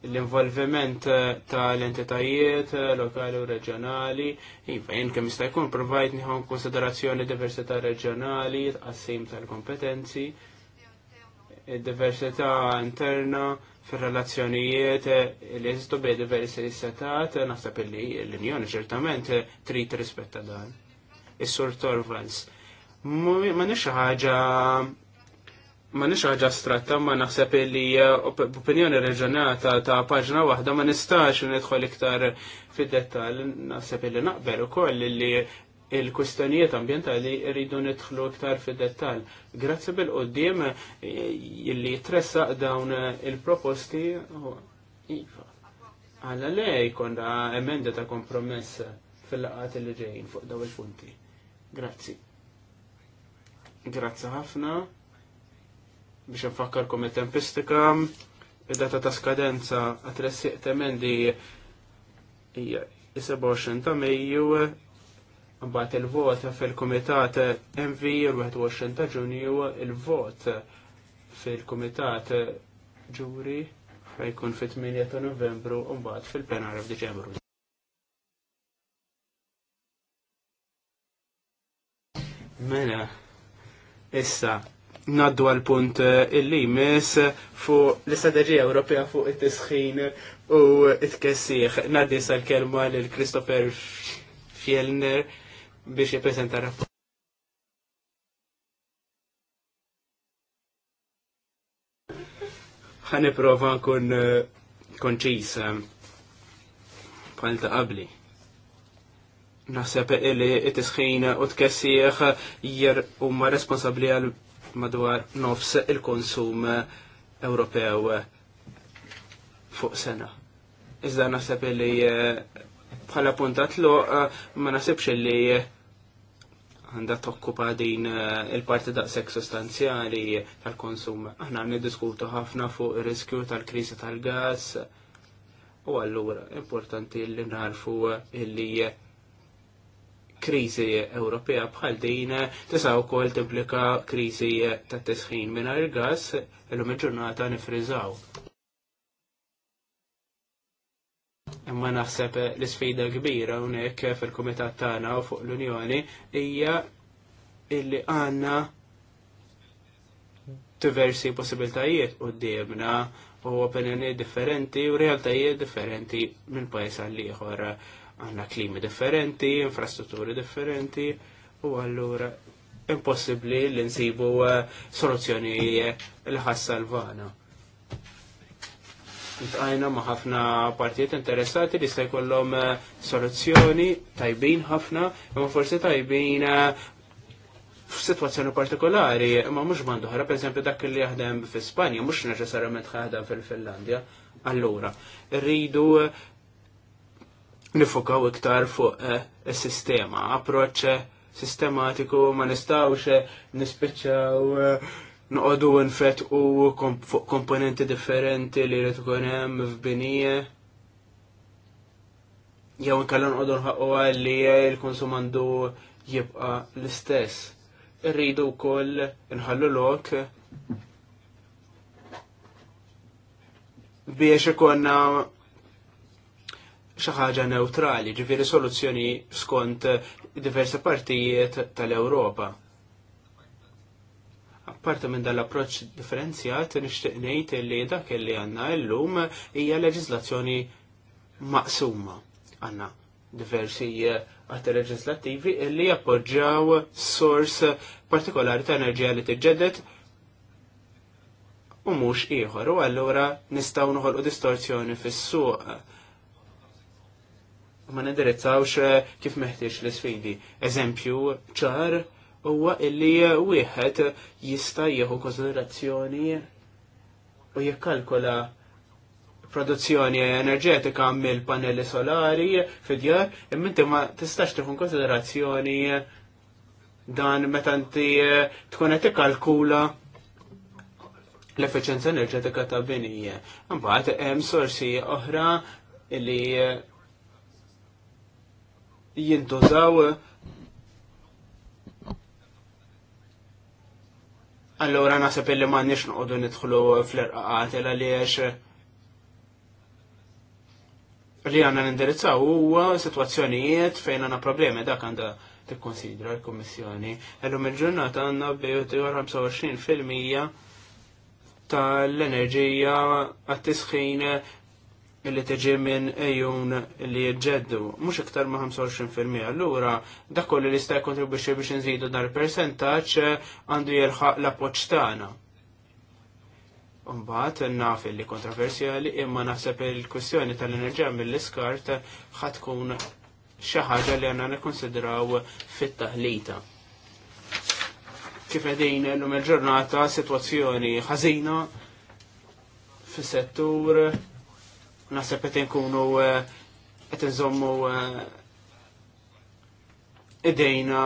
l-involviment eh, tal-entitajiet eh, lokali u reġjonali, iva jien kemm jista' jkun provajt nieħu konsiderazzjoni diversità reġjonali, tqassim tal-kompetenzi, diversità interna fir-relazzjonijiet eh, li jeżistu bej diversi setat, naħseb li l-Unjoni ċertament trid rispetta dan. Is-Sur Torvalds. Ma nix ħaġa ma nix ħaġa stratta, ma naħseb li eh, opinjoni reġjonata ta' paġna waħda ma nistax nidħol iktar fid-dettal, naħseb li naqbel ukoll li il-kustanijiet ambientali rridu nidħlu iktar fid-dettal. Grazzi bil-qoddim eh, li tressa dawn eh, il-proposti iva, għalla le jkonna emenda ta' kompromess fil-laqat li ġejjin fuq daw il-punti. Grazzi. Grazzi ħafna biex nfakkarkom il-tempistika, id-data ta' skadenza għat-ressiq temendi hija 27 ta' Mejju, mbagħad il-vot fil-Kumitat MV il 21 ta' Ġunju, il-vot fil-Kumitat Ġuri ħajkun fit-8 ta' Novembru u mbagħad fil-Plenar f'Diċembru. Mela, issa, naddu għal punt eh, illi mis fu l-istrateġija Ewropea fuq it-tisħin u it-kessiħ. Naddi sal kelma lil Christopher Fjellner biex jippreżenta rapport. prova kun eh, konċis eh, bħal ta' qabli. Naħseb illi it-tisħin u t-kessiħ jir huma responsabli għal madwar nofs il-konsum Ewropew fuq sena. Iżda naħseb li eh, bħala puntat lo eh, ma nasibx li għanda tokkupa din eh, il-parti daqshekk sostanzjali tal-konsum. Aħna niddiskutu ħafna fuq ir-riskju tal-kriżi tal-gas. U allura importanti li narfu illi kriżi Ewropea bħal din tisa' wkoll timplika kriżi ta' tisħin mingħajr il-gas illum il-ġurnata nifriżaw. Imma naħseb l-isfida kbira hawnhekk fil-kumitat tagħna u fuq l-Unjoni hija illi għandna diversi possibiltajiet qudiemna u opinjoni differenti u realtajiet differenti minn pajis għall ieħor għanna klimi differenti, infrastrutturi differenti, u allura impossibli li nsibu eh, soluzzjoni l ħassalvana. Intqajna ma' ħafna partijiet interessati li se jkollhom eh, soluzzjoni tajbin ħafna, imma forsi tajbin eh, f'sitwazzjoni partikolari, imma mhux per esempio dak li jaħdem fi Spanja, mhux neċessarjament ħaħdem fil-Finlandja. Allora, rridu nifokaw iktar fuq eh, il sistema approċċ sistematiku ma nistawx eh, nispiċċaw eh, noqogħdu nfet u fuq komponenti differenti li rid ikun hemm f'binije. Jew inkella noqogħdu nħaqquha li l konsumandu jibqa' l-istess. Irridu wkoll inħallu lok biex ikonna xaħġa ħaġa neutrali, ġifieri soluzzjoni skont diversi partijiet tal-Ewropa. Apparti minn dal-approċċ differenzjat nixtieq ngħid li dak li għandna lum hija leġiżlazzjoni maqsuma. Għandna diversi għat leġislattivi li appoġġaw sors partikolari ta' enerġija li t-ġeddet u mhux ieħor u allura nistgħu noħolqu distorzjoni fis-suq ma nindirizzawx eh, kif meħtieġ l-sfidi. Eżempju ċar huwa illi eh, wieħed jista' jieħu konsiderazzjoni u jikkalkula produzzjoni enerġetika mill panelli solari fid-djar, imma inti ma tistax tifun konsiderazzjoni dan meta inti eh, tkun qed tikkalkula l-efficienza enerġetika ta' binija. Mbagħad hemm sorsi oħra li jintużaw eh, Allora nasab illi ma nix noqdu nidħlu fl-irqaqat illa eh, li għax li għanna nindirizzaw huwa situazzjonijiet fejn għanna problemi dak għanda tikkonsidra l-Kommissjoni. Illum il-ġurnata għanna bejutiħor 25% tal-enerġija għat-tisħin Illi tiġi minn ejjun li jġeddu, mux iktar ma' 25%. Allura, dakol li jista' jkontribwixxi biex nżidu dar percentaġġ għandu jirħaq l-appoġġ tagħna. Mbagħad naf li kontroversjali imma naħseb il kwestjoni tal-enerġija mill-iskart ħad tkun xi ħaġa li għandna nikkonsidraw fit-taħlita. Kif qegħdin llum il-ġurnata sitwazzjoni ħażina fis-settur Naħseb qed inkunu eh, qed inżommu eh, idejna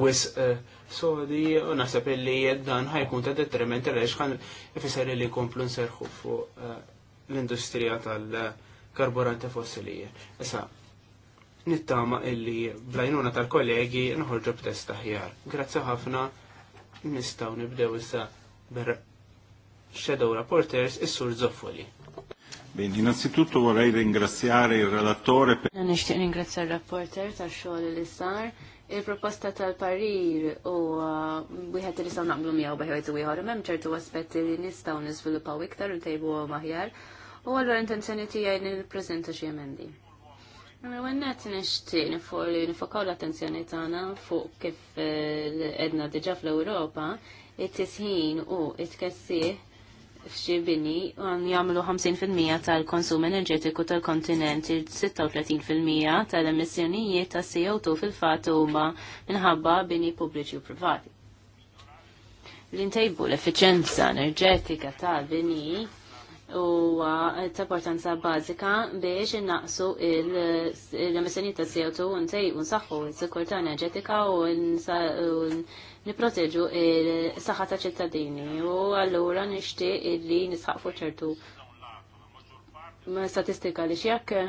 wis eh, sodi u naħseb illi dan ħajkun ta' detriment għaliex ħan ifisser li komplu nserħu fuq l-industrija tal-karburanti fossilija. Issa, nittama illi blajnuna tal-kollegi nħorġu b'test ħjar. Grazzi ħafna nistaw nibdew issa ber Shadow Reporters is-sur Zoffoli. Bene, innanzitutto vorrei ringraziare il relatore per... Nishtiq ringrazzare il rapporter tal-xogħol li sar. Il-proposta tal-parir u uh, wieħed li saw naqblu miegħu beħwejt u ieħor hemm ċertu aspetti li nistgħu niżviluppaw iktar u tejbuhom aħjar. U allura intenzjoni tiegħi nippreżenta xi emendi. Għennet nishtiq nifoli nifokaw l-attenzjoni tana fuq kif eh, edna diġà fl-Ewropa it-tisħin u it-kessih f'xi bini jagħmlu 50% tal-konsum enerġetiku tal-kontinent, il-36% tal-emissjonijiet ta' CO2 fil-fatt huma minħabba bini pubbliċi u privati. L-intejbu l efficienza enerġetika tal-bini huwa ta' importanza bażika biex innaqsu l-emissjonijiet ta' CO2 u ntejqu nsaħħu s-sikurtà enerġetika u niproteġu il-saħħa ta' ċittadini u allura nixtieq illi nisħaq fuq ċertu statistika li x'jekk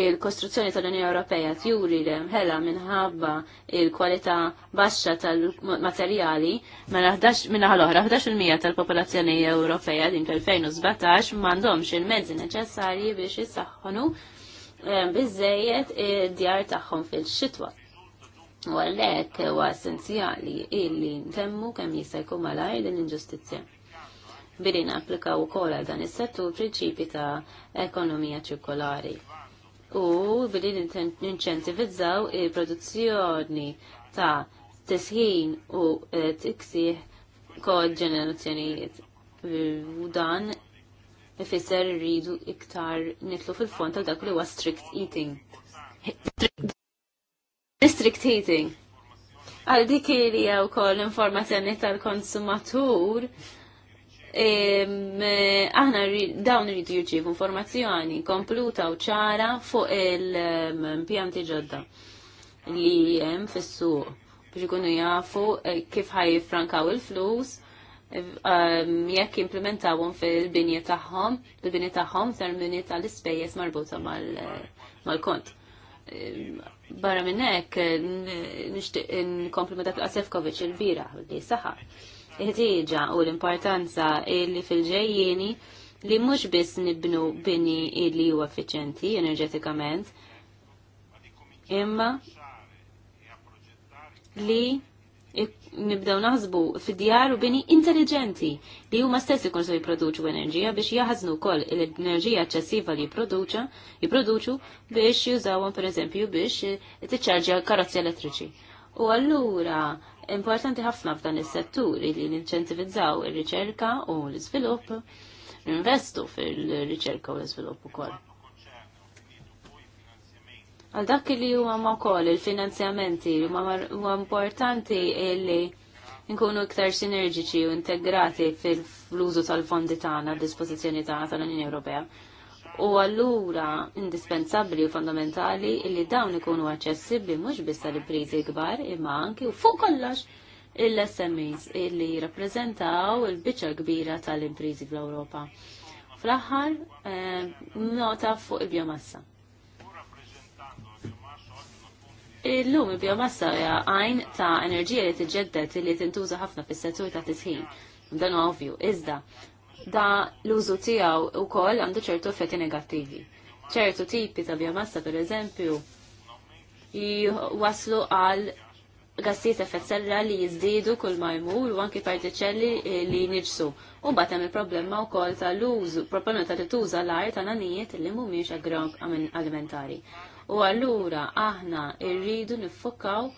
il-kostruzzjoni tal-Unjoni Ewropea tjuri li mħella minħabba il-kwalità baxxa tal-materjali minna ħal-oħra 11% tal-popolazzjoni Ewropea din fil-2017 m'għandhomx il-mezzi neċessarji biex jisaħħnu eh, biżejjed id-djar tagħhom fil-xitwa. U għallek huwa essenzjali illi ntemmu kemm jista' jkun malajr din l-inġustizzja. Biri applikaw ukoll għal dan is-settur prinċipi ta' ekonomija ċirkolari. U biri ninċentivizzaw il-produzzjoni ta' tisħin u e, tiksih kod ġenerazzjonijiet. U dan ifisser rridu iktar nitlu fil-fond ta' dak li huwa strict eating District heating. Għal dik li jew kol informazzjoni tal-konsumatur, aħna dawn rridu jirċivu informazzjoni kompluta u ċara fuq il-pjanti ġodda li jem fis biex ikunu jafu eh, kif ħaj frankaw il-flus jekk implementawhom fil-binja tagħhom, fil-binja tagħhom termini tal-ispejjeż marbuta eh, mal-kont. Mal barra minnek nishtiq n-komplimentat l-Asefkovic il-bira li saħar. Iħtieġa u l-importanza illi fil-ġejjeni li mux bis nibnu bini illi u effiċenti enerġetikament, imma li nibdew naħsbu fid-djar u bini intelligenti li huma stess ikun se jipproduċu enerġija biex jaħaznu wkoll l-enerġija eċċessiva li jipproduċa jipproduċu biex jużawhom pereżempju biex tiċċarġja karozzi elettriċi. U allura importanti ħafna f'dan is-settur li ninċentivizzaw ir-riċerka u l-iżvilupp, investu fil-riċerka u l-iżvilupp ukoll għal dak li huma ma wkoll il-finanzjamenti huwa importanti li nkunu iktar sinerġiċi u integrati fil-użu tal-fondi tagħna d-dispożizzjoni tagħna tal-Unjoni Ewropea. U allura indispensabbli u fondamentali li dawn ikunu aċċessibbli mhux biss tal-imprizi kbar imma anki u fuq kollox il-SMEs li jirrappreżentaw il-biċċa kbira tal-imprizi fl-Ewropa. Fl-aħħar eh, nota fuq il-biomassa. Illum il-biomassa hija għajn ta' enerġija li tiġġedded li tintuża ħafna fis-settur ta' tisħin. Dan ovvju, iżda da l-użu tiegħu wkoll għandu ċertu effetti negattivi. ċertu tipi ta' biomassa pereżempju waslu għal gassijiet effett serra li jizdidu kull ma jmur u anki partiċelli li nġsu. U hemm il-problema u kol tal-użu, problema ta' tuża l-art ta' nanijiet li mumiex alimentari u għallura aħna irridu niffokaw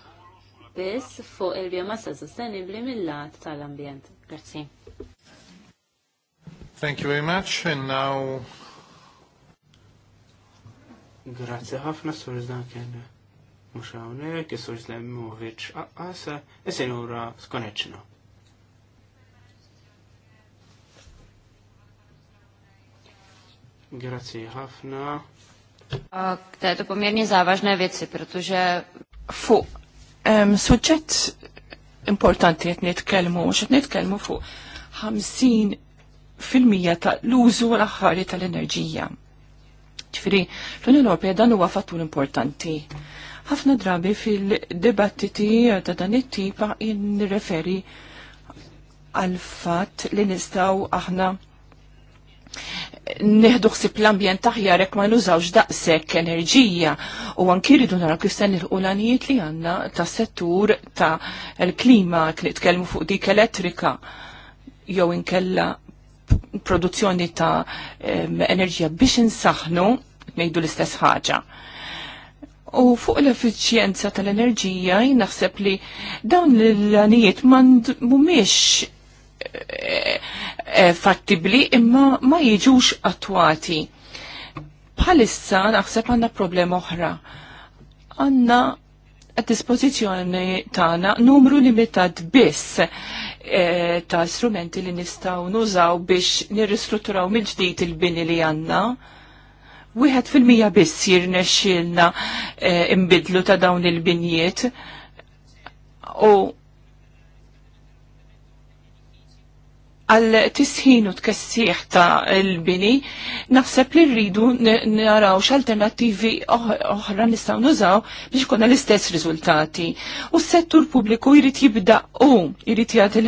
biss fuq il-biomassa sostenibli mill-lat tal-ambjent. Grazie. Thank you very much and now Grazie ħafna sur kien mhux hawnhekk, is-sur Zlemovic aqqas, is-sinjura e skoneċċna. Grazzi ħafna. K této poměrně závažné věci, protože... Fuq, um, suġġett importanti għet nitkelmu, mux nitkelmu fuq 50 fil-mija ta' l-użu l-aħħari tal-enerġija. Ġifiri, l-Unjoni Ewropea dan huwa fattur importanti. Ħafna drabi fil-dibattiti ta' dan it-tipa in-referi għal fatt li nistaw aħna neħdu ħsib l-ambjent rek jekk ma nużawx daqshekk enerġija u anki rridu naraw il se li għandna tas settur ta' l-klima li nitkellmu fuq dik elettrika jew inkella produzzjoni ta' enerġija biex insaħnu ngħidu l-istess ħaġa. U fuq l-effiċjenza tal-enerġija naħseb li dawn l-għanijiet mumiex Eh, eh, fattibli imma ma jiġux attwati. Bħalissa naħseb għandna problema oħra. Għanna għad-dispozizjoni tagħna numru limitat biss eh, ta' strumenti li nistgħu nużaw biex nirristrutturaw mill-ġdid il-bini li għandna. Wieħed fil-mija biss jirnexxielna xilna imbidlu ta' dawn il-binjiet u għal tisħin u tkessieħ ta' l-bini, naħseb li rridu naraw x'alternattivi oħra nistgħu nużaw biex konna l-istess riżultati. U s-settur pubbliku jrid jibda u jrid jagħti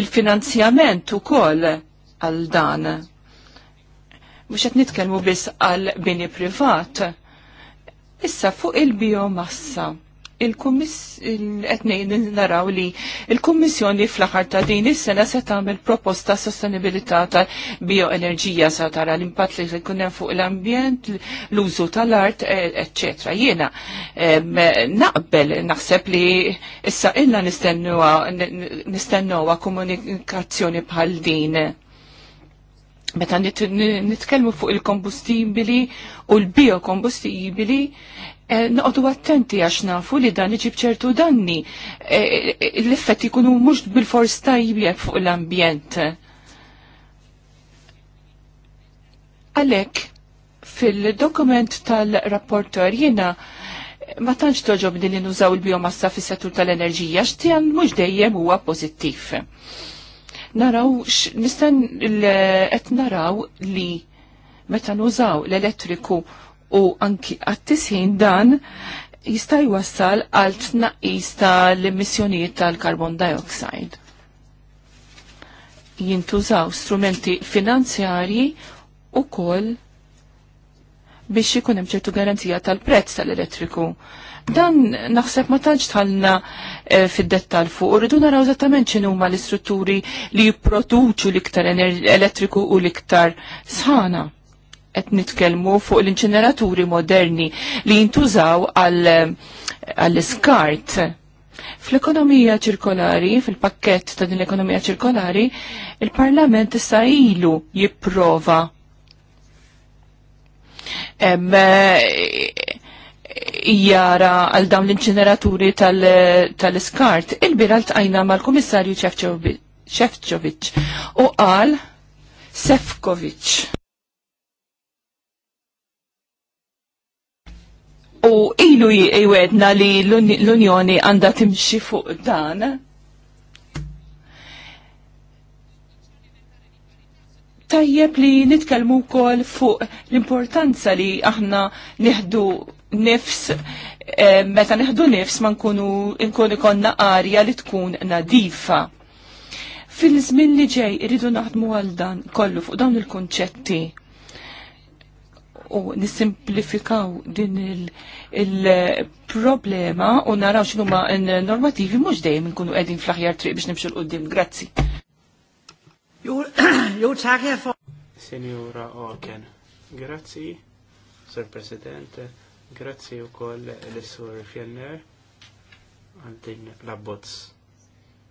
l-finanzjament ukoll għal dan. Mhux qed nitkellmu biss għal bini privat. Issa fuq il-biomassa il kummiss naraw li il kummissjoni fl-aħħar ta' din is-sena se tagħmel proposta sostenibilità tal-bioenerġija sa tara l-impatt li jkun hemm fuq l-ambjent, l-użu tal-art, e, etc. Jiena naqbel naħseb li issa illa nistennuha komunikazzjoni bħal din meta nitkellmu fuq il-kombustibili u l-biokombustibili Eh, noqdu attenti għax nafu li dan iġib ċertu danni. Eh, eh, L-effett ikunu mux bil-fors tajjeb fuq l-ambjent. Għalek, fil-dokument tal-rapporter jena ma tantx toġob li nużaw il-biomassa fis settur tal-enerġija x'tijan mhux dejjem huwa pożittiv. Naraw nistan qed naraw li meta nużaw l-elettriku u anki għattisħin dan jista' jwassal għal tnaqqis tal-emissjonijiet tal-carbon dioxide. Jintużaw strumenti finanzjarji u koll biex ikun hemm ċertu garanzija tal-prezz tal-elettriku. Dan naħseb ma tantx tħallna e, eh, fid dettall fuq, rridu naraw eżattament x'inhu l-istrutturi li jipproduċu l-iktar elettriku u l-iktar sħana qed nitkellmu fuq l-inċineraturi moderni li jintużaw għall-iskart. Fl-ekonomija ċirkolari, fil-pakket ta' din l-ekonomija ċirkolari, il-Parlament issa ilu jipprova eh, jara għal dawn l-inċineraturi tal-iskart. Il-bira tajna mal-komissarju Ċefċovic u għal Sefkovic. U ilu jwedna li l-Unjoni għanda timxi fuq dan. Tajjeb li nitkelmu kol fuq l-importanza li aħna neħdu nifs, e, meta neħdu nifs ma nkunu nkun ikonna arja li tkun nadifa. Fil-żmien li ġej irridu naħdmu għal dan kollu fuq dawn il-konċetti u nisimplifikaw din il-problema il u naraw xinu ma normativi mux dejjem nkunu edin fl ħjar triq biex nimxu l-qoddim. Grazzi. Jo, taħja for... Senjura Oken, grazzi, Sir President, grazzi u koll l-Sur Fjellner, għantin l-abbozz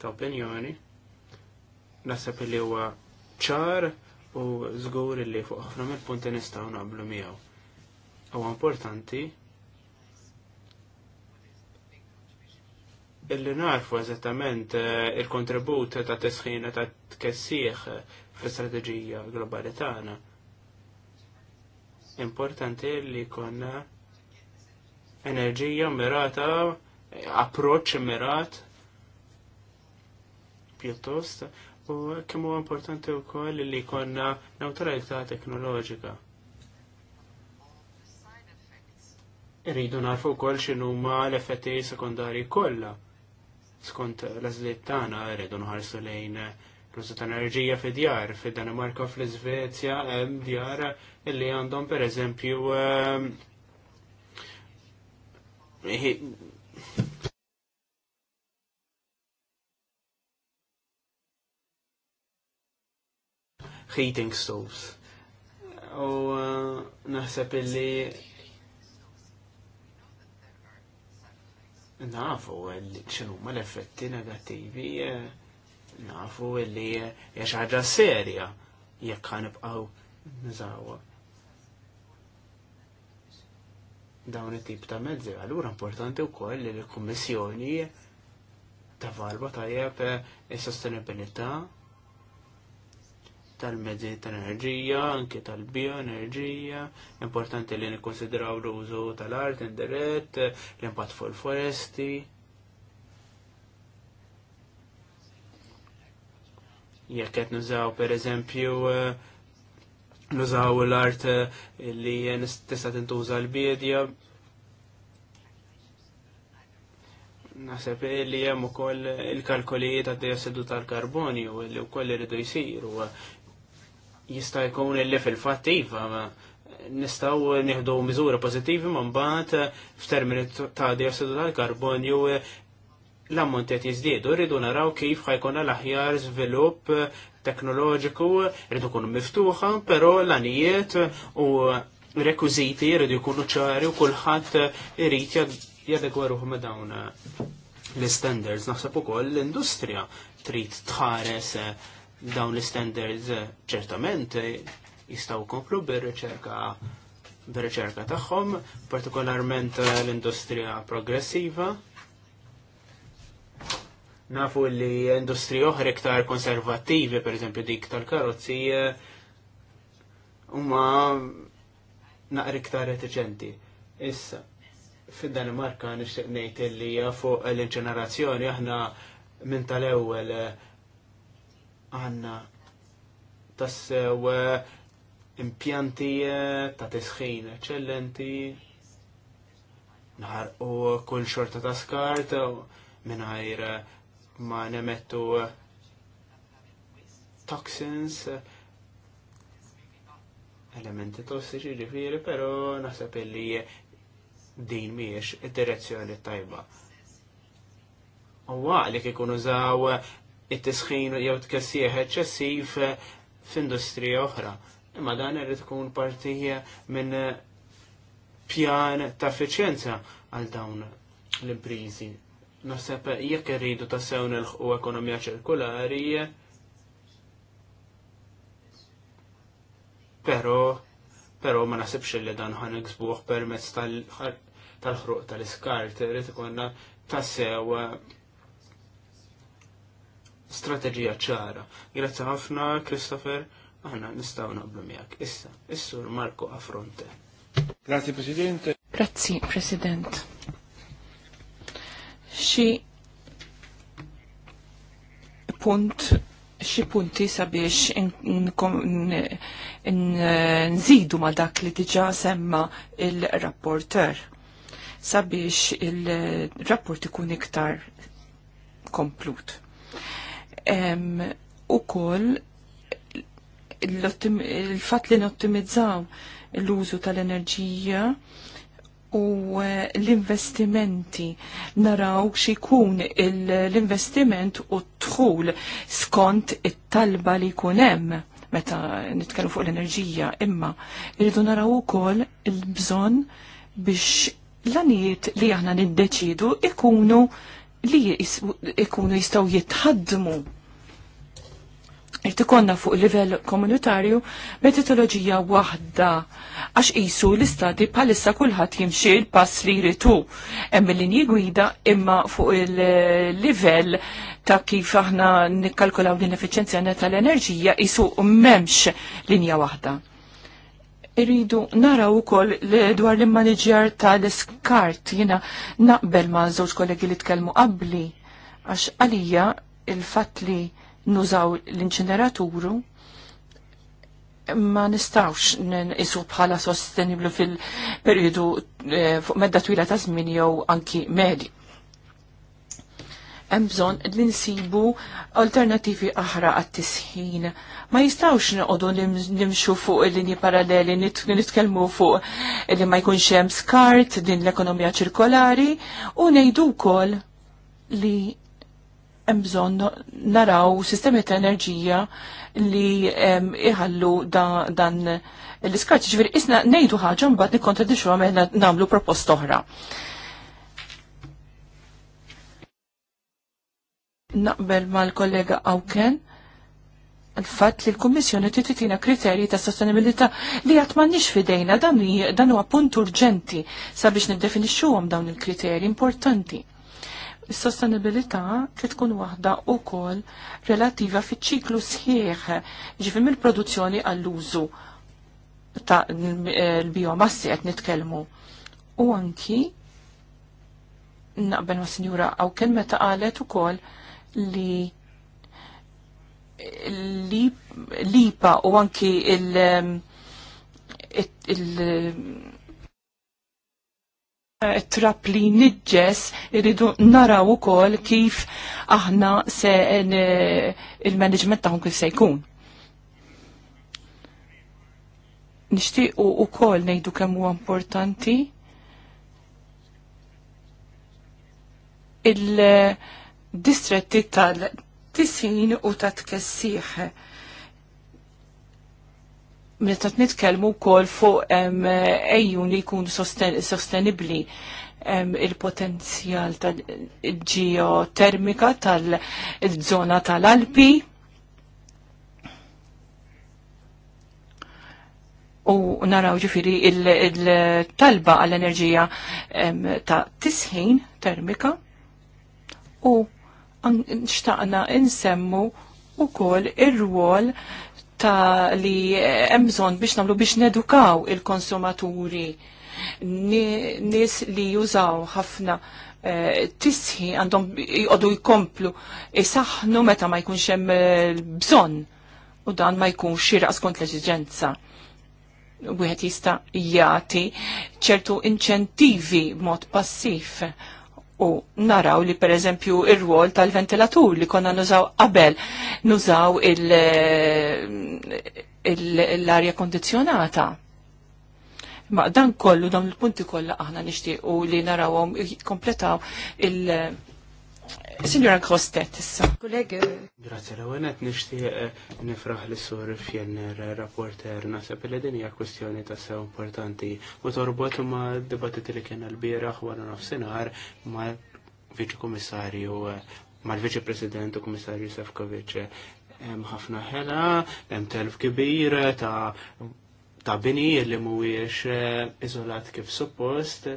ta' opinjoni. Nasab li huwa ċar u żgur li fuq ħafna mill-punti nistgħu naqblu miegħu. Huwa importanti illi narfu eżattament eh, il-kontribut ta' tesħina ta' tkessieħ fl-istrateġija globali tagħna. Importanti li konna enerġija mirata, approċċ mirat pjuttost u kemmu huwa importanti wkoll li jkollna neutralità teknoloġika. Rridu narfu wkoll x'inhuma l-effetti sekundari kollha. Skont l-għażliet tana, rridu nħarsu lejn l-użu ta' enerġija fi djar, fi Danimarka, fl iżvezja hemm djar illi għandhom pereżempju ehm, heating stoves. U eh, naħseb illi nafu xinu ma l-effetti negativi eh, nafu illi eh, jaxħaġa serja jekk ħanibqaw nizawa dawn it-tip ta' mezzi. Allura importanti wkoll li l-Kummissjoni ta' valba tajjeb is-sostenibilità tal-mezzi tal-enerġija, anke tal-bioenerġija, importanti li nikkonsidraw l-użu tal-art indirett, l-impatt fuq il-foresti. Jekk qed nużaw pereżempju eh, nużaw l-art eh, li tista' tintuża l-biedja Naseb li hemm ukoll il kalkoliet għad seddu tal-karbonju li wkoll iridu jsiru jista' jkun il fil-fatt iva nistgħu nieħdu miżura pożittivi ma mbagħad eh, f'termini ta' dioxidu tal-karbonju eh, l-ammont qed jiżdiedu, rridu naraw kif ħajkuna l-aħjar żvilupp eh, teknoloġiku, rridu kunu miftuħa, però l-anijiet u rekwiziti jridu jkunu ċari u kulħadd irid jadegwaru ruħu ma' dawn l-standards. Naħseb ukoll l-industrija trid tħares dawn l-standards eh, ċertament eh, jistaw komplu bir-riċerka bir reċerka tagħhom, partikolarment eh, l-industrija progressiva. Nafu li industri oħra iktar konservattivi, per eżempju dik tal-karozzi, huma naqri iktar reticenti. Issa, fid-Danimarka nixtieq ngħid li fuq l-inċenerazzjoni aħna minn tal-ewwel għanna tassew eh, impjanti eh, ta' tisħin eccellenti nar u kull xorta ta' skart eh, minnajr ma' nemettu toxins elementi tossiċi ġifiri, pero naħseb li din miex id-direzzjoni tajba. U għalik ikun użaw it-tisħin jew tkessieħ eċċessiv f'industrija oħra. Imma dan irid tkun parti minn pjan ta' effiċjenza għal dawn l-imprizi. Naħseb jekk irridu tassew nilħqu ekonomija ċirkulari, pero pero ma nasibx li dan ħan iksbuħ permezz tal-ħruq tal-iskart, rrit konna tassew strateġija ċara. Grazzi ħafna, Christopher, aħna nistgħu naqblu miegħek. Issa, is-sur Marco Affronte. Grazie Presidente. Grazzi President. Xi punt xi punti sabiex nżidu ma dak li diġa semma il-rapporter sabiex il-rapport ikun iktar komplut u koll il-fat li nottimizzaw l-użu tal-enerġija u eh, l-investimenti naraw xikun l-investiment u t-tħul skont it-talba li kunem meta nitkellmu fuq l-enerġija imma irridu naraw ukoll il-bżonn biex l għaniet li aħna niddeċidu ikunu li ikunu jistgħu jitħaddmu Irt ikonna fuq livell komunitarju metodoloġija waħda għax qisu l-istati bħalissa kulħadd jimxi l-pass li jritu hemm il-linji gwida imma fuq il-livell ta' kif aħna nikkalkulaw din l-effiċenzja tal-enerġija jisu m'hemmx linja waħda. Iridu naraw ukoll dwar l-immaniġjar tal-iskart jiena naqbel ma' żewġ kollegi li tkellmu qabli għax għalija il-fatt li nużaw l-inċineraturu ma nistawx isu bħala sosteniblu fil-periodu eh, fuq medda twila ta' żmien jew anki medi. Hemm bżonn li nsibu alternattivi aħra għat-tisħin. Ma jistawx noqogħdu nimxu fuq linji paralleli nitkellmu fuq li ma jkunx hemm skart din l-ekonomija ċirkolari u ngħidu wkoll li hemm bżonn naraw sistemi ta' enerġija li iħallu dan l-iskaċ. Ġifieri isna ngħidu ħaġa mbagħad għam għamel namlu propost oħra. Naqbel mal-kollega Awken l fatt li l-Kummissjoni tittina kriterji ta' sostenibilità li jatman nix fidejna dan huwa punt urġenti sabiex niddefinixxuhom dawn il-kriterji importanti. Is-sostenibilità trid tkun waħda wkoll relattiva fiċ-ċiklu sħiħ ġifi mill-produzzjoni għall-użu ta' l-biomassi qed nitkellmu. U anki naqbel ma' sinjura kien meta qalet ukoll li lipa u anki il- il- Eh, trap li nidġess irridu naraw ukoll kif aħna se il-management taħun kif se jkun. Nixtiequ ukoll ngħidu kemm huwa importanti il-distretti tal-tisin u tat-tkessieħ meta nitkellmu wkoll fuq ejjun li jkunu sostenibbli il-potenzjal tal ġiotermika tal-żona tal-Alpi. U naraw ġifiri il-talba għall-enerġija ta' tisħin termika u nxtaqna insemmu u kol ir-rwol ta' li eh, hemm bżonn biex nagħmlu biex nedukaw il-konsumaturi nis li jużaw ħafna eh, tisħi għandhom jqodu jkomplu isaħnu meta ma jkunx hemm eh, bżonn u dan ma jkunx xira skont l-eġiġenza. Wieħed jista' jagħti ċertu inċentivi b'mod passiv u naraw li per eżempju ir-rwol tal-ventilatur li konna nużaw qabel nużaw l-arja kondizjonata. Ma dan kollu dawn il-punti kollha aħna nixtiequ li narawhom kompletaw il- Signora Kostet, issa. Kollegi. Grazie, la għanet nishtiq eh, nifraħ li sur fjenner eh, rapporter nasab li din hija kwestjoni ta' sew importanti u torbot ma' dibattiti li kien l-bieraħ wara nofsinhar ma' viċi komissarju eh, mal viċi president u komissarju Sefkovic hemm ħafna ħela, hemm telf kbir ta' ta' bini li mhuwiex iżolat kif suppost.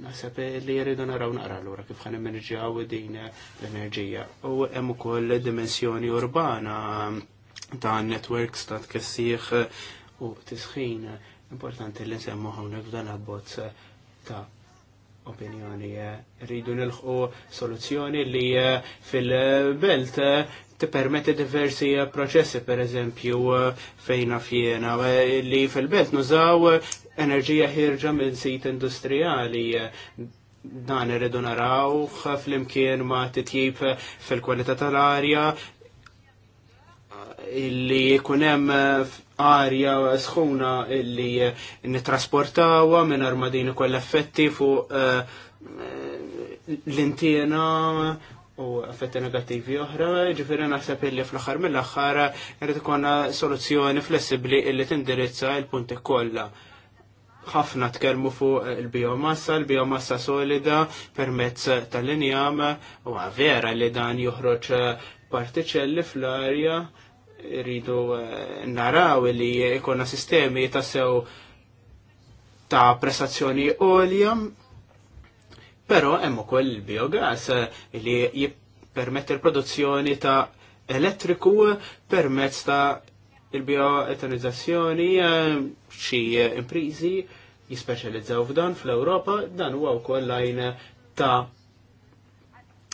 Nasab li jridu naraw naqra l kif ħan immerġaw din l-enerġija. U hemm ukoll dimensjoni urbana ta' networks ta' tkessieħ u tisħin. Importanti li nsemmu hawnhekk f'dan abbozz ta' opinjoni eh, rridu nilħu soluzzjoni li eh, fil-belt eh, tippermetti diversi proċessi, per eżempju, fejna fjena, li fil-belt nużaw enerġija ħirġa minn sit industrijali dan irridu narawh fl-imkien ma titjib fil-kwalità tal-arja, illi jkunem eh, arja sħuna illi eh, nitrasportawa minn armadini koll effetti fuq eh, l-intiena u effetti negativi oħra, ġifiri naħseb illi fl-axar mill-axar jrid ikun soluzzjoni flessibli illi tindirizza il-punti kollha. Ħafna tkellmu fuq il-biomassa, il-biomassa solida permezz tal-injam u vera li dan joħroġ partiċelli fl-arja rridu eh, naraw li ikonna sistemi ta' sew ta' prestazzjoni olja, pero hemm ukoll il-biogas eh, li jippermett il-produzzjoni ta' elettriku permezz ta' il-bioetanizzazzjoni eh, xi imprizi jispeċjalizzaw f'dan fl-Ewropa, dan huwa wkoll lajn ta'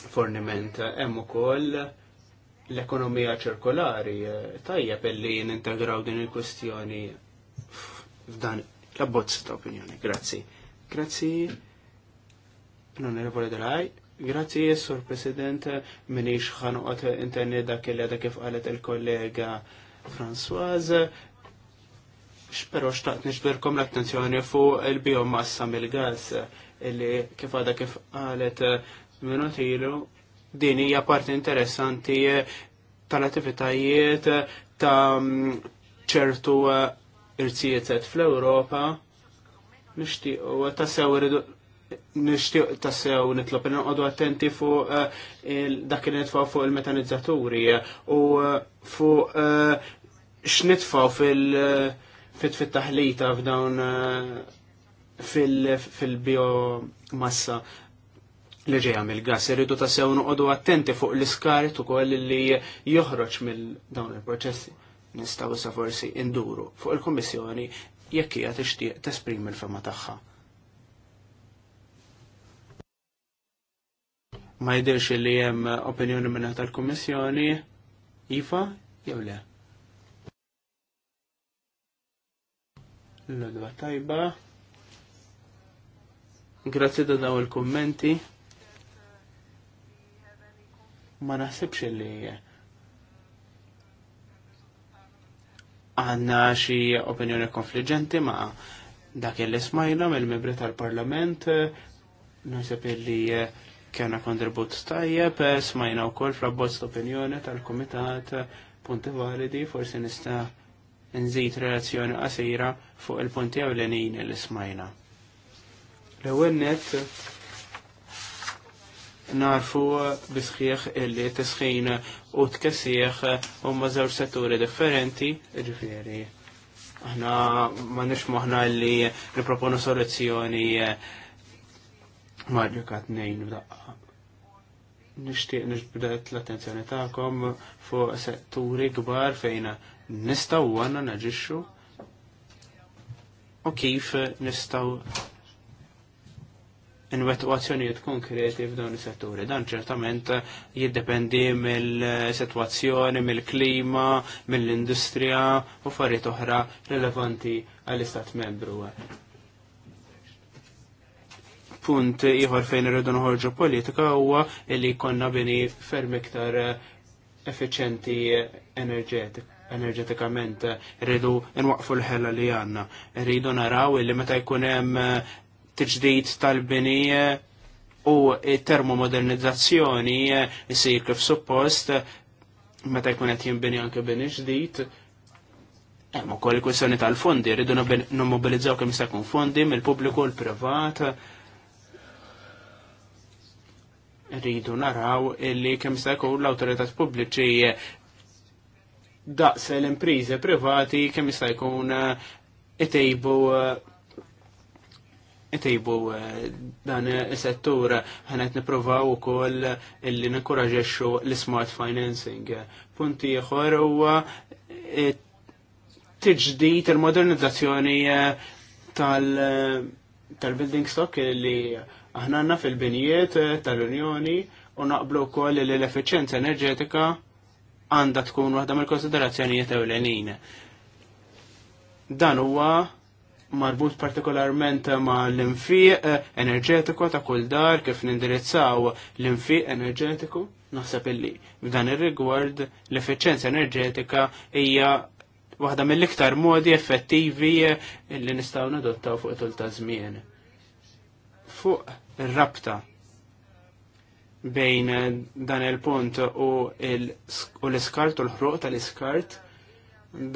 forniment hemm ukoll l-ekonomija ċirkolari, eh, tajjeb illi nintegraw din il-kwestjoni f'dan l-abbozz ta' opinjoni. Grazzi. Grazzi, l vole dell'AI. grazzi, sur President, minix ħanuqot interni dak il kif qalet il-kollega Françoise, xpero xtaqt nixbirkom l-attenzjoni fuq il-biomassa mill-gas, illi kif għada kif għalet minutilu Din hija parti interessanti eh, tal-attivitajiet ta' mm, ċertu eh, irzijiet fl-Ewropa nixtiequ nixtieq tassew sew nitlob inqodu eh, attenti fuq dak li nitfaw fuq il-metanizzaturi u fuq x'nitfaw fil- fit-taħlita f'dawn fil-biomassa li ġeja mill-gas irridu ta' sew noqogħdu attenti fuq l-iskart koll li joħroġ mill dawn il-proċessi. Nistgħu sa forsi induru fuq il-Kummissjoni jekk hija tixtieq tesprim il-fema tagħha. Ma jidirx li hemm opinjoni minn tal-Kummissjoni iva jew le. l tajba. Grazzi da daw il-kommenti ma naħsibx li għanna xi opinjoni konfliġenti ma dak li smajna mill-membri tal-Parlament naħseb li kena kontribut tajjeb, smajna u koll fl-abbozz opinjoni tal-Komitat punti validi, forsi nista' nżid relazzjoni qasira fuq il-punti ewlenin li smajna. L-ewwel net narfu eh, bisħieħ illi tisħin u tkessieħ eh, u mażawġ setturi differenti, ġifiri. Aħna ma nix maħna li riproponu soluzzjoni eh, maġika kat nejn daqqa. Nishtiq nixbdet l-attenzjoni ta'kom fuq setturi kbar fejna nistaw għanna naġiċu u kif nistaw nwetu azzjonijiet konkreti f'dawn is-setturi. Dan ċertament jiddependi mill-sitwazzjoni, mill-klima, mill-industrija u affarijiet oħra rilevanti għall-Istat membru. Punt ieħor fejn irridu noħorġu politika huwa li jkollna bini ferm iktar effiċenti enerġetik enerġetikament rridu nwaqfu l-ħella li għanna. Rridu naraw li meta jkun hemm t-ġdijt tal-bini eh, u termomodernizzazzjoni jisir eh, kif suppost meta jkun qed jinbini anke bini ġdid. Hemm ukoll kwestjoni tal-fondi, rridu nimmobilizzaw kemm se jkun fondi mill-pubbliku u l-privat. Rridu naraw illi kemm se jkun l-awtoritat pubbliċi daqs l-impriżi privati kemm jista' jkun eh, itejbu itejbu eh, dan is-settur ħanet niprovaw ukoll illi ninkoraġexxu l-smart financing. Punti ieħor huwa eh, ġdijt il-modernizzazzjoni eh, tal-building stock li aħna għandna fil-binijiet tal-Unjoni u naqblu wkoll li l efficienza enerġetika għandha tkun waħda mill-konsiderazzjonijiet ewlenin. Dan huwa marbut partikolarment ma l-infiq eh, enerġetiku ta' kull dar kif nindirizzaw l-infiq enerġetiku. Naħseb illi f'dan ir-rigward l-efficienza enerġetika hija waħda mill-iktar modi effettivi eh, li nistgħu nadottaw fuq tul ta' żmien. Fuq ir-rabta bejn eh, dan il-punt u l-iskart u l-ħruq tal-iskart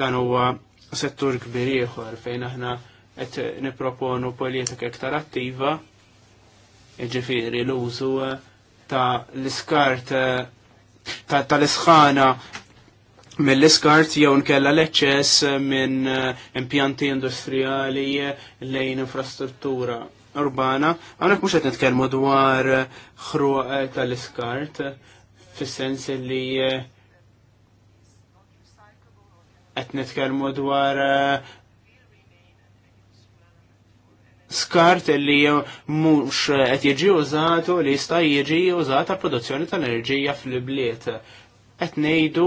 dan huwa settur kbir ieħor fejn aħna et niproponu politika iktar attiva, ġifiri l-użu eh, ta' l-iskart eh, ta' tal-isħana mill-iskart jew nkella l-eċċess minn eh, impjanti industrijali lejn infrastruttura urbana. Għanek mux qed nitkelmu dwar ħruq tal-iskart, fis-sens li qed nitkellmu dwar skart li mhux qed jiġi użatu li jista' jiġi użat ta' produzzjoni ta' enerġija fl-bliet. Qed ngħidu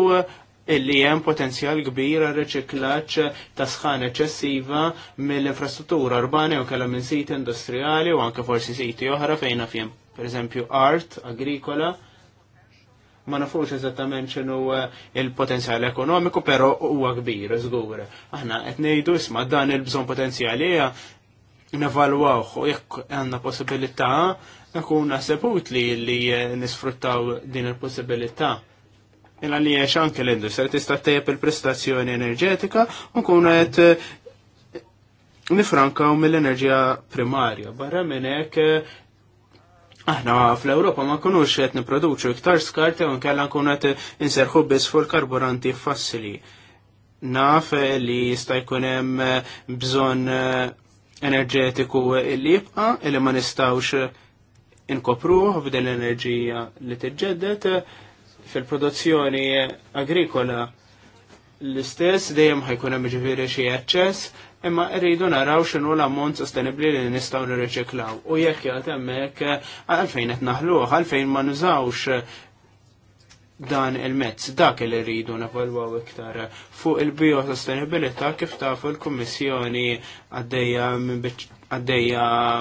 illi hemm potenzjal kbir għal ta' sħan eċċessiva mill-infrastruttura urbana u kellha minn siti industrijali u anke forsi siti oħra fejn fjem, pereżempju art, agrikola. Ma nafux eżattament x'inhu eh, il-potenzjal ekonomiku, però huwa kbir, żgur. Aħna qed ngħidu isma' dan il-bżonn potenzjali hija nevalwaw u jekk għanna possibilità nkun naħsebut li li nisfruttaw din il-possibilità. Illa li jiex anke l-industrija tista' tejjeb il-prestazzjoni enerġetika u nkun qed nifrankaw mill-enerġija primarja. Barra minn hekk Aħna fl-Ewropa ma konux qed nipproduċu iktar skarti u nkella nkun qed inserħu biss fuq il-karburanti fossili. Naf li jista' jkun hemm bżonn enerġetiku li jibqa li ma nistawx inkopruh l enerġija li t-ġeddet fil-produzzjoni agrikola l-istess dejjem ħajkun hemm ġifieri xi eċċess imma rridu naraw x'inhu l-ammont sostenibbli li nistgħu nirriċiklaw. U jekk jagħti hemmhekk għalfejn qed naħluh, għalfejn ma nużawx dan il-mezz, dak li rridu navalwaw iktar fuq il-biosostenibilità kif tafu l-Kummissjoni għaddejja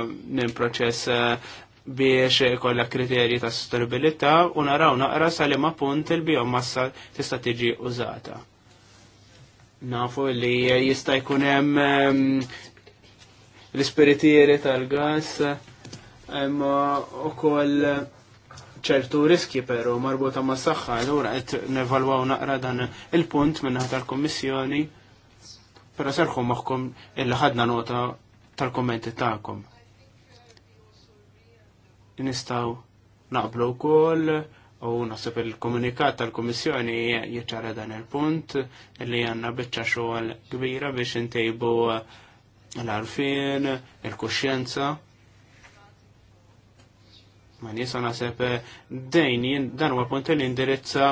minn proċess eh, biex kolla kriterji ta' sostenibilità u naraw naqra salim appunt punt il-biomassa tista' tiġi użata. Nafu li jista' jkun hemm l-ispiritieri tal-gas imma u koll ċertu riski pero marbuta ma' s-saxħa, l-għura għet nevalwaw naqra dan il-punt minna tal-kommissjoni, pero serħu maħkom il ħadna nota tal-kommenti ta'kom. Nistaw naqblu kol, u nasib il-komunikat tal-kommissjoni jieċara dan il-punt li għanna bieċa xogħol kbira biex intejbu l-arfin, il-kuxjenza ma' nisa nasib eh, dejn dan huwa punt li indirizza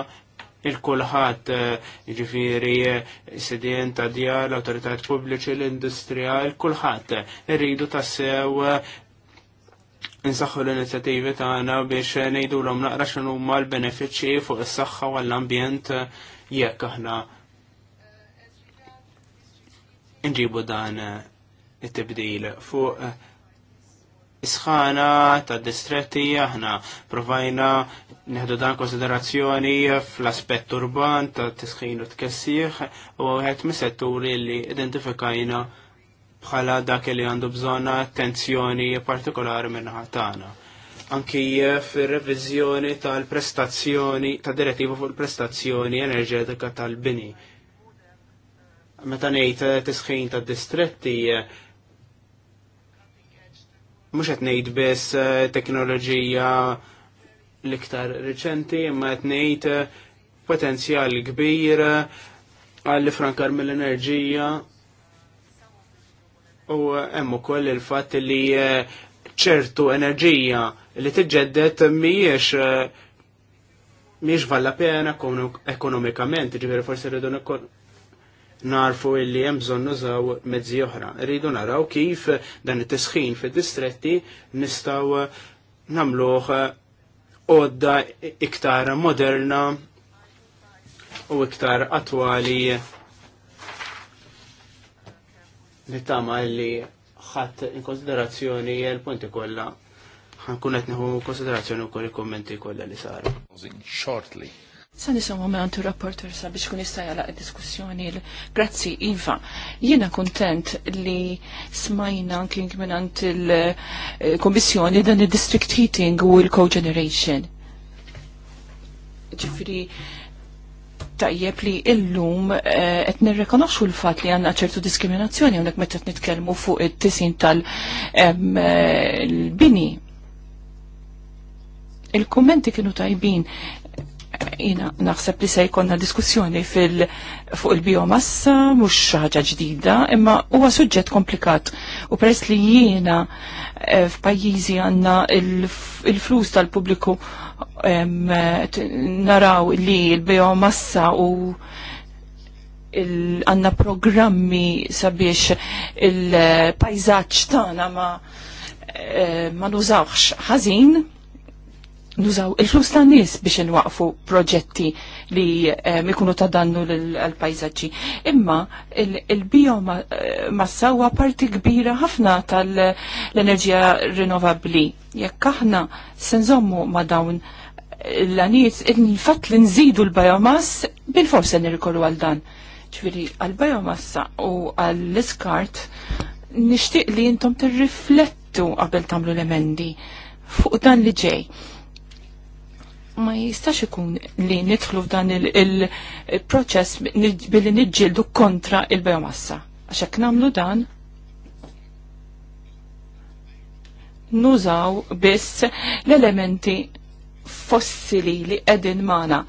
il-kulħat eh, ġifiri eh, sidien ta' djar, l-autoritajt pubbliċi, l-industrija, il kulħadd irridu tassew Nsaħħu l-inizjativi tagħna biex ngħidulhom l naqra x'inhu huma l-benefiċċji fuq is-saħħa u l-ambjent jekk aħna nġibu dan it-tibdil fuq isħana ta' distretti aħna provajna neħdu dan konsiderazzjoni fl-aspett urban ta' tisħin u tkessieħ u għet mis-setturi li identifikajna bħala dak li għandu bżonna attenzjoni partikolari minn tagħna. Anki fir-reviżjoni tal-prestazzjoni ta' direttiva fuq il-prestazzjoni enerġetika tal-bini. Meta ngħid tisħin tad-distretti mhux qed ngħid biss eh, teknoloġija l-iktar riċenti, imma qed ngħid eh, potenzjal kbir eh, għall frankar mill-enerġija u hemm ukoll il-fatt li ċertu enerġija li ġeddet mhijiex miex valla pena ekonomikament, ġiviri forse rridu narfu illi hemm bżonn nużaw mezzi oħra. Rridu naraw kif dan it-tisħin fid-distretti nistgħu nagħmluh għodda iktar moderna u iktar attwali tama li ħadd in konsiderazzjoni l-punti kollha ħankun qed konsiderazzjoni wkoll il-kummenti kollha li saru. Sa nisaw għantu rapporter sa biex kun jistajala diskussjoni Grazzi, Iva. Jiena kontent li smajna anki minant il-kommissjoni dan il-district heating u il generation. Ġifri, tajjeb li illum eh, qed nirrekonoxxu l-fatt li għandna ċertu diskriminazzjoni hawnhekk meta qed nitkellmu fuq it-tisin tal-bini eh, il-kommenti kienu tajbin jina naħseb li se jkollna diskussjoni fil fuq il-biomassa mhux ħaġa ġdida, imma huwa suġġett komplikat u peress li jiena eh, f'pajjiżi għandna il-flus il flus tal pubbliku naraw li l-biomassa u għandna programmi sabiex il-pajzaġġ tagħna ma eh, ma nużawx ħażin nużaw il-flus ta' nis biex nwaqfu proġetti li eh, ikunu ta' dannu l-pajzaġġi. Imma il-biomassa eh, huwa parti kbira ħafna tal-enerġija rinnovabli. Jekk aħna senżommu ma' dawn l anis il-fat li nżidu l-biomass, bil-forsa nirkollu għal dan. ċviri, għal-biomassa u għall-iskart, nishtiq li jintom tirriflettu qabel tamlu l-emendi fuq dan li ġej ma jistax ikun li nidħlu f'dan il-proċess il billi niġġieldu kontra il-biomassa. Għax hekk nagħmlu dan nużaw biss l-elementi fossili li qegħdin magħna.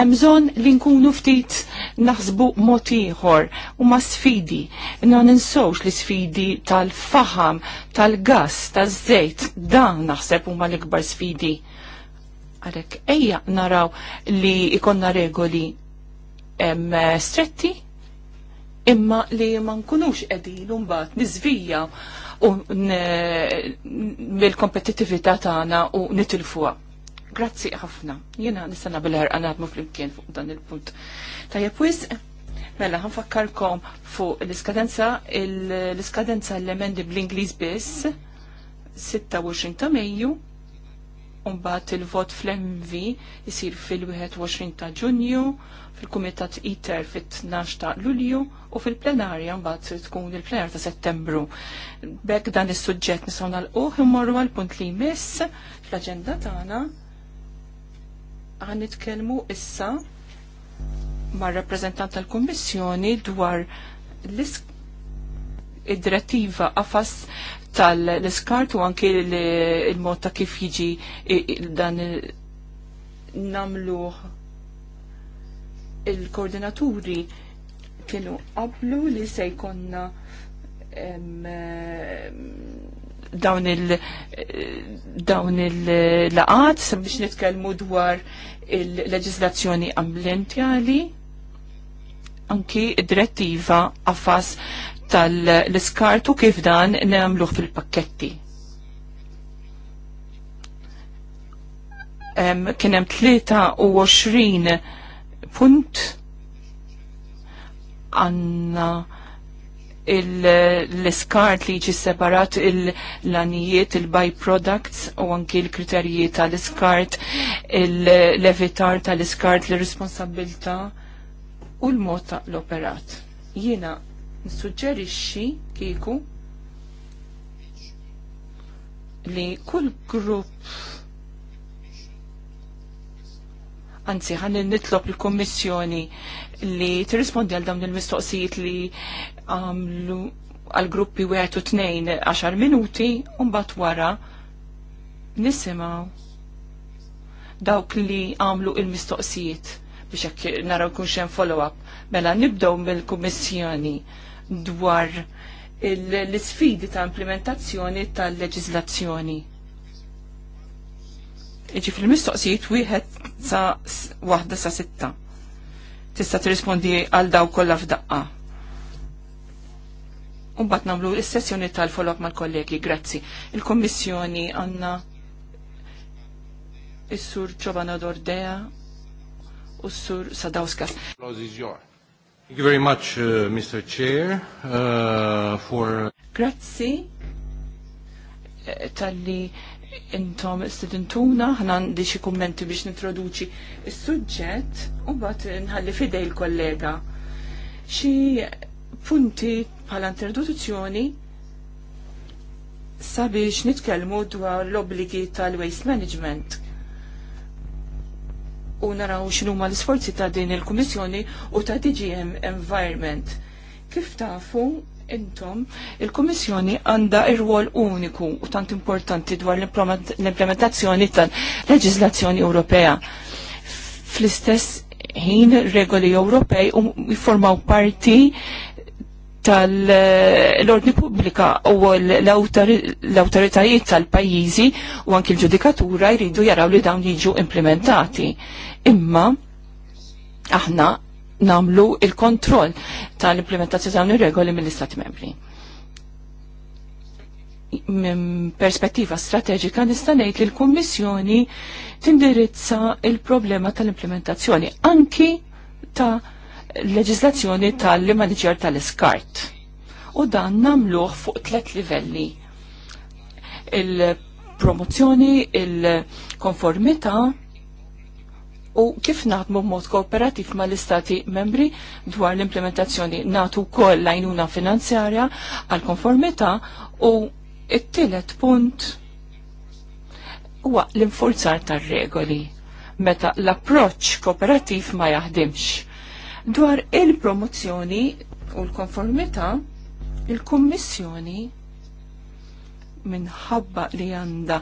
Hemm bżonn li nkunu ftit naħsbu mod ieħor u ma sfidi. Na ninsowx li sfidi tal-faham, tal-gas, taż-żejt, dan naħseb huma l-ikbar sfidi Għalek, ejja naraw li ikonna regoli em, stretti, imma li ma nkunux l mbagħad nizvija u mill kompetitivita tagħna u nitilfuha. Grazzi ħafna. Jiena nistana bil-ħerqa naħdmu flimkien fuq dan il-punt. Tajjeb wis, mela ħanfakkarkom fuq l-iskadenza, l-iskadenza l-emendi bl-Ingliż biss, 26 ta' Mejju, Umbat il-vot fl-MV jisir fil-21 ta' ġunju, fil-Kumitat ITER fit-12 ta' Lulju u fil-plenarja mbagħad tkun il-plenar ta' Settembru. Bek dan is-suġġett nistgħu nagħlquh immorru għal punt li jmiss fl-aġenda tagħna għan nitkellmu issa mar-rappreżentant tal-Kummissjoni dwar l-isk id-direttiva għafas tal-iskart u anki il-mod ta' kif jiġi dan namlu il-koordinaturi kienu qablu li se jkonna dawn il- dawn il-laqat biex nitkellmu dwar il-leġislazzjoni ambientali anki id direttiva għafas tal-iskartu kif dan nagħmluh fil-pakketti. Kien hemm 23 punt għanna l-iskart li ġi separat l-anijiet, il-byproducts u anki l-kriterji tal-iskart, l-levitar tal-iskart, l-responsabilta u l-mod l-operat. Jiena nissuġġerixxi kieku li kull grupp anzi ħan nitlob il-Kommissjoni li tirrispondi għal dawn il-mistoqsijiet li għamlu għal gruppi wieħed u tnejn għaxar minuti u mbagħad wara nisimgħu dawk li għamlu il-mistoqsijiet biex hekk naraw kun hemm follow-up. Mela nibdew mill-Kummissjoni dwar l-sfidi ta' implementazzjoni tal-leġizlazzjoni. Iġi fil-mistoqsijiet wieħed sa' waħda sa' sitta. Tista' tirrispondi għal daw kollha f'daqqa. Umbat nagħmlu s sessjoni tal tal-follow-up mal-kollegi, grazzi. Il-Kommissjoni għandna is-Sur Ġovana Dordea u s-Sur Sadawskas. Thank you very much, uh, Mr. Chair, uh, for... Grazzi eh, tal-li intom istidintuna, ħana di xi kummenti biex nintroduċi is-suġġett u bat nħalli fidej il-kollega. Xi punti bħala introduzzjoni sabiex nitkellmu dwar l-obligi tal-waste management u naraw x'numa l-isforzi ta' din il-Kummissjoni u ta' DGM Environment. Kif tafu intom, il-Kummissjoni għandha ir-rwol uniku u tant importanti dwar l-implementazzjoni tal-leġiżlazzjoni Ewropea. Fl-istess ħin regoli Ewropej u jiformaw parti tal-ordni pubblika u l-autoritajiet tal-pajjiżi u anki l-ġudikatura jridu jaraw li dawn jiġu implementati. Imma aħna namlu il-kontroll tal-implementazzjoni dawn ir-regoli mill-Istati membri minn perspettiva strateġika nista' ngħid li l-Kummissjoni tindirizza il-problema tal-implementazzjoni anki ta' leġislazzjoni tal-manager tal-iskart. U dan namluħ fuq tlet livelli. Il-promozzjoni, il-konformita u kif naħdmu mod kooperativ ma l-istati membri dwar l-implementazzjoni natu kol lajnuna finanzjarja għal-konformita u it-tielet punt huwa l-infurzar tar-regoli meta l-approċ kooperativ ma jaħdimx Dwar il-promozzjoni u l-konformità, il-Kummissjoni minħabba li għanda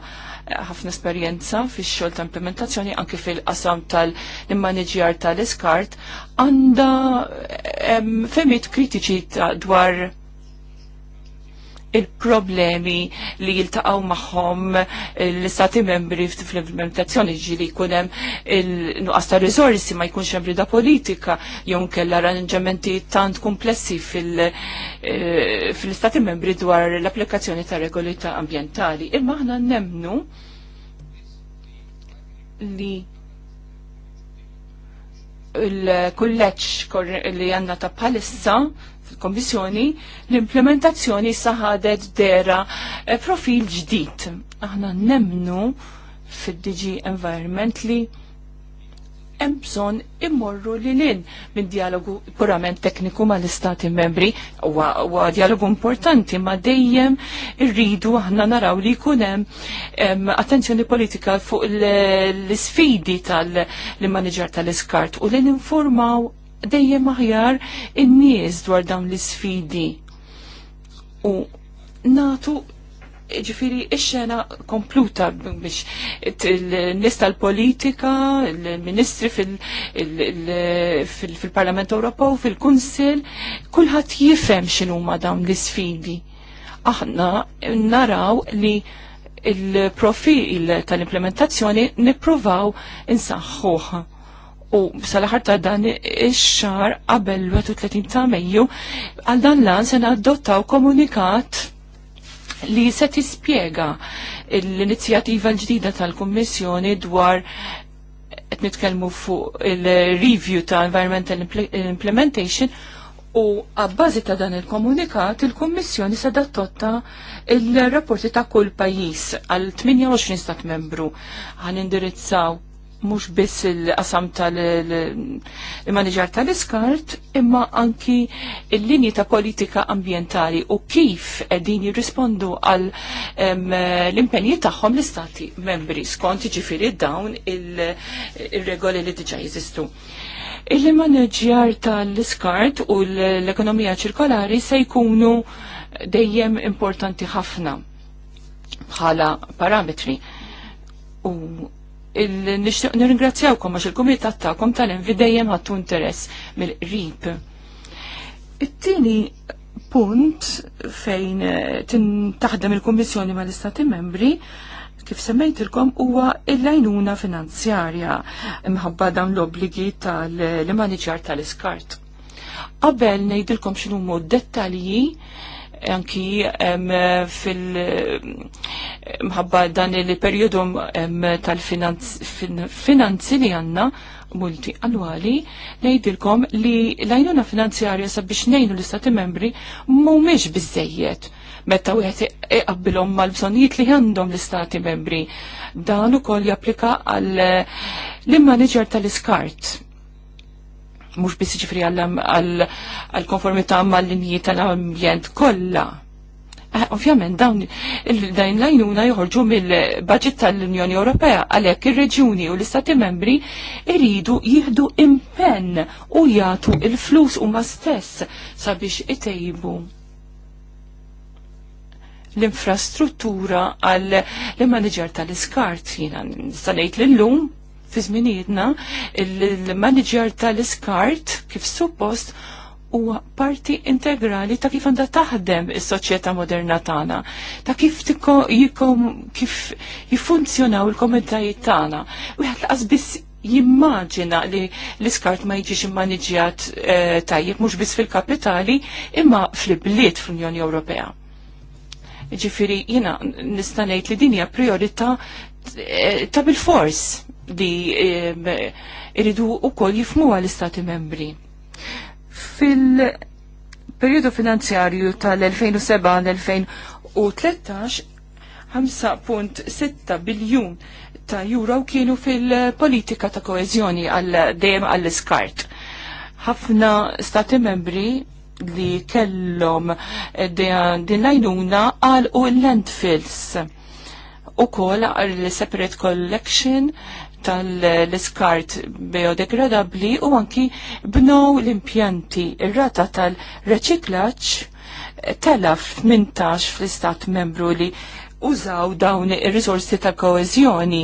ħafna esperjenza fix xol ta' implementazzjoni anke fil-qasam tal-immaniġjar tal-iskart għanda femmit kritiċi dwar il-problemi li jiltaqaw maħħom l-istati membri fl-implementazzjoni ġili kunem il-nuqqas ta' rizorsi ma jkunx rida politika jom kella arranġamenti tant komplessi eh, fil-istati membri dwar l-applikazzjoni ta' regoli ta' ambientali. Imma ħna nemnu li il-kulleċ li għanna ta' palissa kommissjoni l-implementazzjoni saħadet dera eh, profil ġdid. Aħna nemnu fid-DG Environment li hemm bżonn immorru li lin minn dialogu purament tekniku mal-istati membri huwa dialogu importanti ma dejjem irridu aħna naraw li jkun hemm attenzjoni politika fuq l-isfidi tal-manager tal-iskart u li ninformaw dejjem aħjar in-nies dwar dawn l-isfidi. U natu ġifiri ix-xena kompluta biex il nies tal-politika, il-ministri fil-Parlament Ewropew, fil-Kunsil, kulħadd jifhem x'inhuma dawn l-isfidi. Aħna naraw li il-profil tal-implementazzjoni nippruvaw insaħħuha u salaħar ta' dan il xar qabel 31 ta' Mejju għal dan lan se adottaw komunikat li se tispjega l-inizjattiva l-ġdida tal-Kummissjoni dwar qed nitkellmu fuq il-review ta' environmental implementation U għabbażi ta' dan il-komunikat, il-Kommissjoni se dattotta il-rapporti ta' kull pajis għal 28 stat membru għan indirizzaw mhux biss il-qasam tal-maniġar tal-iskart, imma anki il-linji ta' politika ambientali u kif qegħdin jirrispondu għal l-impenji tagħhom l-istati membri skont jiġifieri dawn il-regoli li diġà jeżistu. Il-manager tal-iskart u l-ekonomija ċirkolari se jkunu dejjem importanti ħafna bħala parametri. U nixtieq nirringrazzjawkom għax il-kumitat ta'kom tal-envi dejjem ħattu interess mill-qrib. It-tieni punt fejn eh, taħdem il-Kummissjoni mal-Istati Membri kif semmejtilkom huwa l-lajnuna finanzjarja mħabba dawn l obligi tal-imaniġjar tal-iskart. Qabel ngħidilkom x'inhu dettalji anki fil-mħabba dan il-periodu tal-finanzi li għanna multi annwali nejdilkom li lajnuna finanzjarja sabiex nejnu l-istati membri mumiex bizzejiet meta u għet iqabbilhom mal-bżonijiet li għandhom l-istati membri. Dan ukoll japplika għal l-immanager tal-iskart mux bis ġifri għal-konformità mal-linji tal-ambjent kolla. Eh, ovvjament, dawn il-dajn lajnuna joħorġu mill-budget tal-Unjoni Ewropea għalhekk ir-reġjuni u l-Istati membri iridu jieħdu impenn u jagħtu il-flus huma stess sabiex itejbu l-infrastruttura għall-manager tal-iskart jiena nista' ngħid lum fi żminijietna il-manager tal-iskart kif suppost huwa parti integrali ta' kif għandha taħdem is-soċjetà moderna tagħna, ta' kif jikom kif jiffunzjonaw il-komunitajiet tagħna. Wieħed laqas biss jimmaġina li l-iskart ma jiġix immaniġjat e, eh, tajjeb mhux biss fil-kapitali imma fl-bliet fl-Unjoni Ewropea. Ġifiri, jina nistanajt li dinja priorita eh, ta' bil-fors li iridu u koll jifmu għal-istati membri. Fil-periodu finanzjarju tal-2007-2013, 5.6 biljun ta' euro kienu fil-politika ta' koezjoni għal-dem għall-iskart. ħafna stati membri li kellom din lajnuna għal u landfills u kol għal separate collection tal-iskart biodegradabli u anki bnow l-impjanti. Ir-rata tal-reċiklaċ telaf 18 fl-istat membru li użaw dawn ir-risorsi ta' koezjoni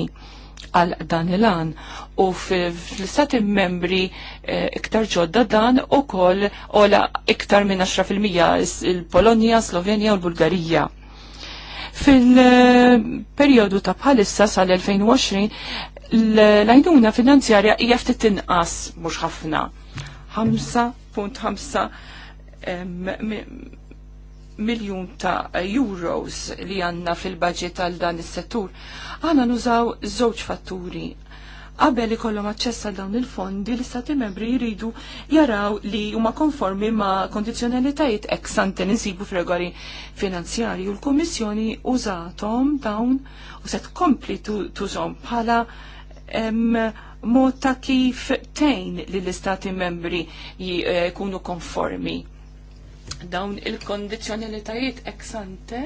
għal dan il-an u fl-istati membri eh, iktar ġodda dan u koll ola iktar minn 10% il-Polonia, Slovenja u l-Bulgarija. Fil-periodu eh, ta' bħalissa sal-2020 l-għajnuna finanzjarja hija ftit tinqas mhux ħafna. 5.5 miljun ta' euros li għanna fil-budget għal dan is-settur. Għana nużaw żewġ fatturi qabel ikollhom aċċess għal dawn il-fondi l-istati membri jridu jaraw li huma konformi ma' kondizzjonalitajiet ex ante f'regori f'regoli finanzjarji u l-Kummissjoni użathom dawn u se tkompli tużhom bħala mod ta' kif tejn li l-istati membri jkunu eh, konformi. Dawn il-kondizjonalitajiet ex ante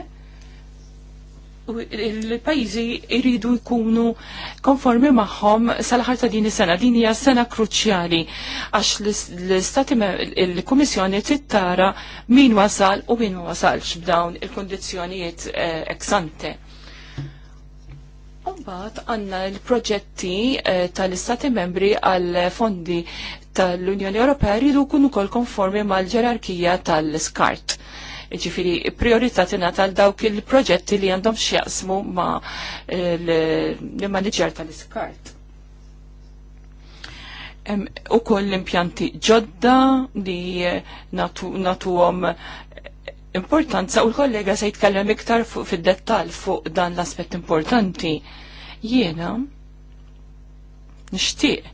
il-pajzi iridu jkunu konformi maħħom sal-ħar ta' din is-sena. Din hija sena kruċjali għax l-istati il-Kummissjoni tittara min wasal u min ma wasalx b'dawn il-kondizzjonijiet eksante. Eh, ante Umbat għandna l-proġetti eh, tal-Istati membri għal fondi tal-Unjoni Ewropea jridu kunu ukoll konformi mal-ġerarkija tal scart Ġifiri, priorità tingħata għal dawk il-proġetti li għandhom x'jaqsmu ma' l-manager tal scart U koll l-impjanti ġodda li natuhom natu importanza u l-kollega se jitkellem iktar fuq fid dettall fuq dan l-aspett importanti. Jiena nixtieq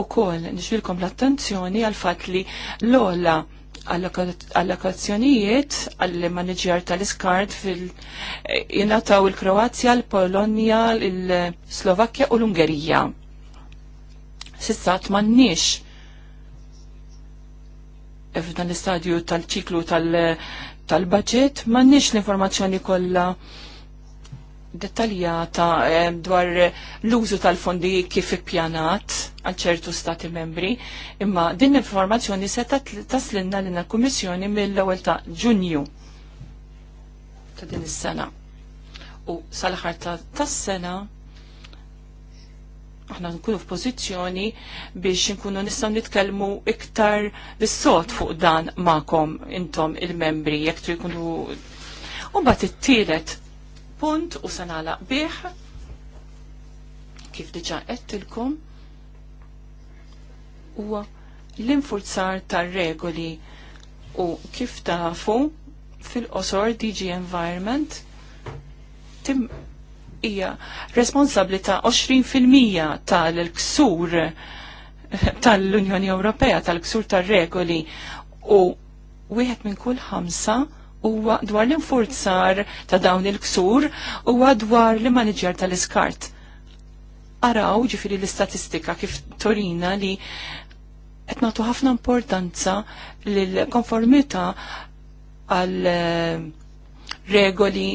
ukoll nixbilkom l-attenzjoni għal fatt li l-ola allokazzjonijiet għall maniġjar tal-iskard fil jinataw il-Kroazja, l-Polonja, il-Slovakkja u l-Ungerija. Sissat mannix f'dan l-istadju tal-ċiklu tal-budget tal m'għandniex l-informazzjoni kollha dettaljata eh, dwar l-użu tal-fondi kif ippjanat għal ċertu stati membri, imma din l-informazzjoni se taslinna l kummissjoni mill-ewwel ta' Ġunju ta' din is-sena. U sal-aħħar tas-sena aħna nkunu f'pożizzjoni biex nkunu nistgħu nitkellmu iktar bis-sod fuq dan magħkom intom il-membri jekk trid ikunu u mbagħad it-tielet punt u se nagħlaq bih kif diġà qedtilkom huwa l-infurzar tar-regoli u kif tafu fil-qosor DG Environment tim hija responsabbli ta' 20% tal-ksur tal-Unjoni Ewropea, tal-ksur tar-regoli u wieħed minn kull ħamsa huwa dwar l-infurzar ta' dawn il-ksur huwa dwar l-manager tal-iskart. Araw ġifiri l-istatistika kif torina li qed nagħtu ħafna importanza lill konformità għal eh, regoli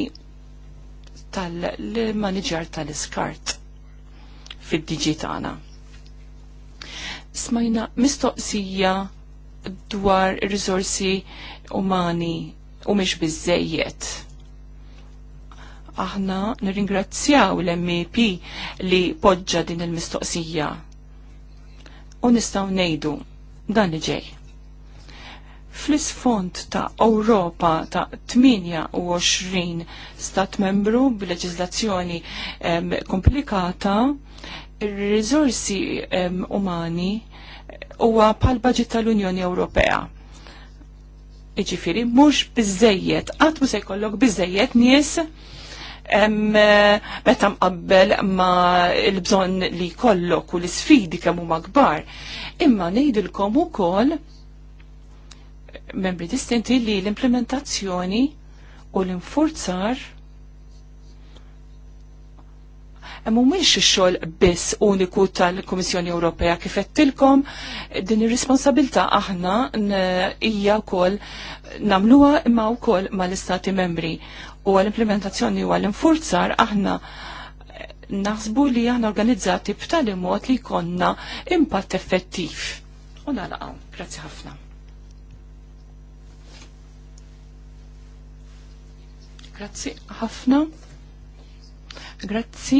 tal-manager tal-iskart fid-diġi tagħna. Smajna mistoqsija dwar rizorsi umani u mish bizzejiet. Aħna nirringrazzjaw l-MEP li poġġa din il-mistoqsija. U nistgħu ngħidu dan iġej. ġej fl-isfond ta' Ewropa ta' 28 stat membru b'leġiżlazzjoni komplikata, ir-riżorsi umani huwa pal baġit tal-Unjoni Ewropea. Iġifiri, mhux biżejjed, qatt mu se jkollok biżejjed nies meta mqabbel ma l-bżonn li jkollok u l-isfidi kemm huma kbar. Imma ngħidilkom ukoll membri distinti li l-implementazzjoni u l-infurzar mumiex xogħol biss uniku tal-Kummissjoni Ewropea kif tilkom din ir-responsabilità aħna hija wkoll nagħmluha imma wkoll mal-Istati membri. U għall-implementazzjoni u għall-infurzar aħna naħsbu li aħna organizzati b'tali mod li jkollna impatt effettiv. U nalaqgħu. Grazzi ħafna. Grazzi ħafna. Grazzi.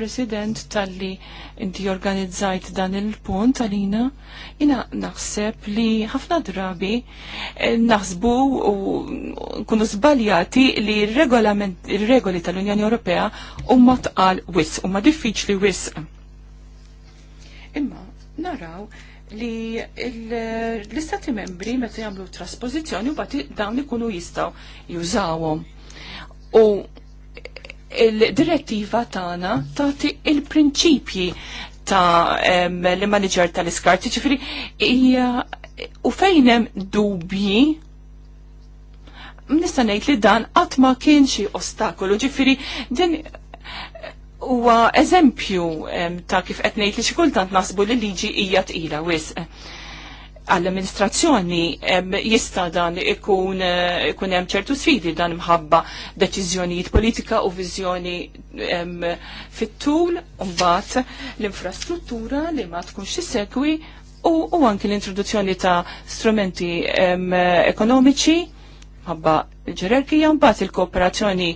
President tal-li inti organizzajt dan il-punt għalina, jina naħseb li ħafna drabi eh, naħsbu u kunu zbaljati li il-regoli tal-Unjoni Ewropea u tqal wis, umma diffiċli wis. Imma naraw li l-istati membri meta jagħmlu trasposizzjoni u bagħad dawn ikunu jistgħu jużawhom. U il-direttiva tagħna tagħti il-prinċipji ta' l-manager tal-iskarti, ċifri, u fejnem dubji nista' ngħid li dan qatt ma ostakolu, ġifieri din huwa eżempju ta' kif qed ngħid li xi kultant naħsbu li liġi hija tqila wisq għall-amministrazzjoni jista' dan ikun eh, ikun hemm ċertu sfidi dan mħabba deċiżjonijiet politika u viżjoni fit-tul mbagħad l-infrastruttura li ma tkunx segwi u, u anki l-introduzzjoni ta' strumenti ekonomiċi ħabba ġerarkija mbagħad il-kooperazzjoni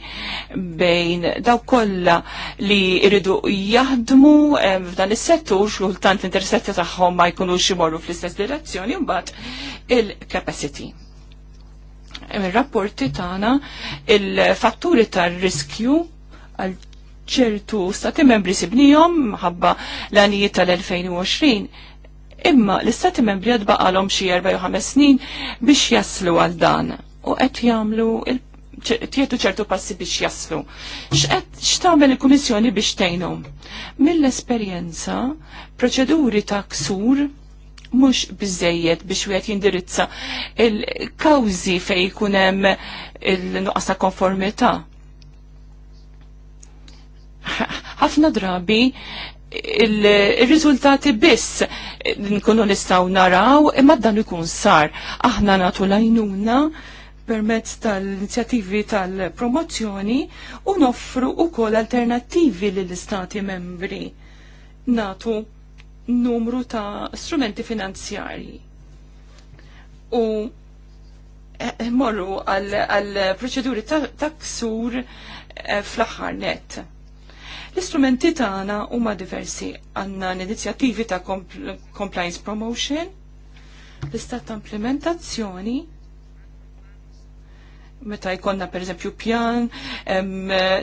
bejn daw kollha li jridu jaħdmu f'dan is-settur xultant l intersetti tagħhom ma jkunux imorru fl-istess direzzjoni mbagħad il-capacity. Ir-rapporti tagħna il-fatturi tar-riskju għal ċertu stati membri sibnijom ħabba l-għanijiet tal-2020 imma l-istati membri għadbaqalom xie 4-5 snin biex jaslu għal dan u qed jagħmlu tietu ċertu passi biex jaslu. X'tagħmel il-Kummissjoni biex tgħinhom? Mill-esperjenza, proċeduri ta' ksur mhux biżejjed biex wieħed jindirizza il-kawżi fejn jkun hemm il-nuqqas ta' konformità. Ħafna drabi il riżultati biss nkunu nistaw naraw imma dan ikun sar. Aħna natu lajnuna permezz tal-inizjattivi tal-promozzjoni u noffru kol alternattivi lill-istati membri natu numru ta' strumenti finanzjarji. U eh, eh, morru għal proċeduri ta' ksur eh, fl-aħħar net. L-istrumenti tagħna huma diversi għandna l-inizjattivi ta' compliance promotion, l-istat ta' implementazzjoni, meta jkonna per eżempju pjan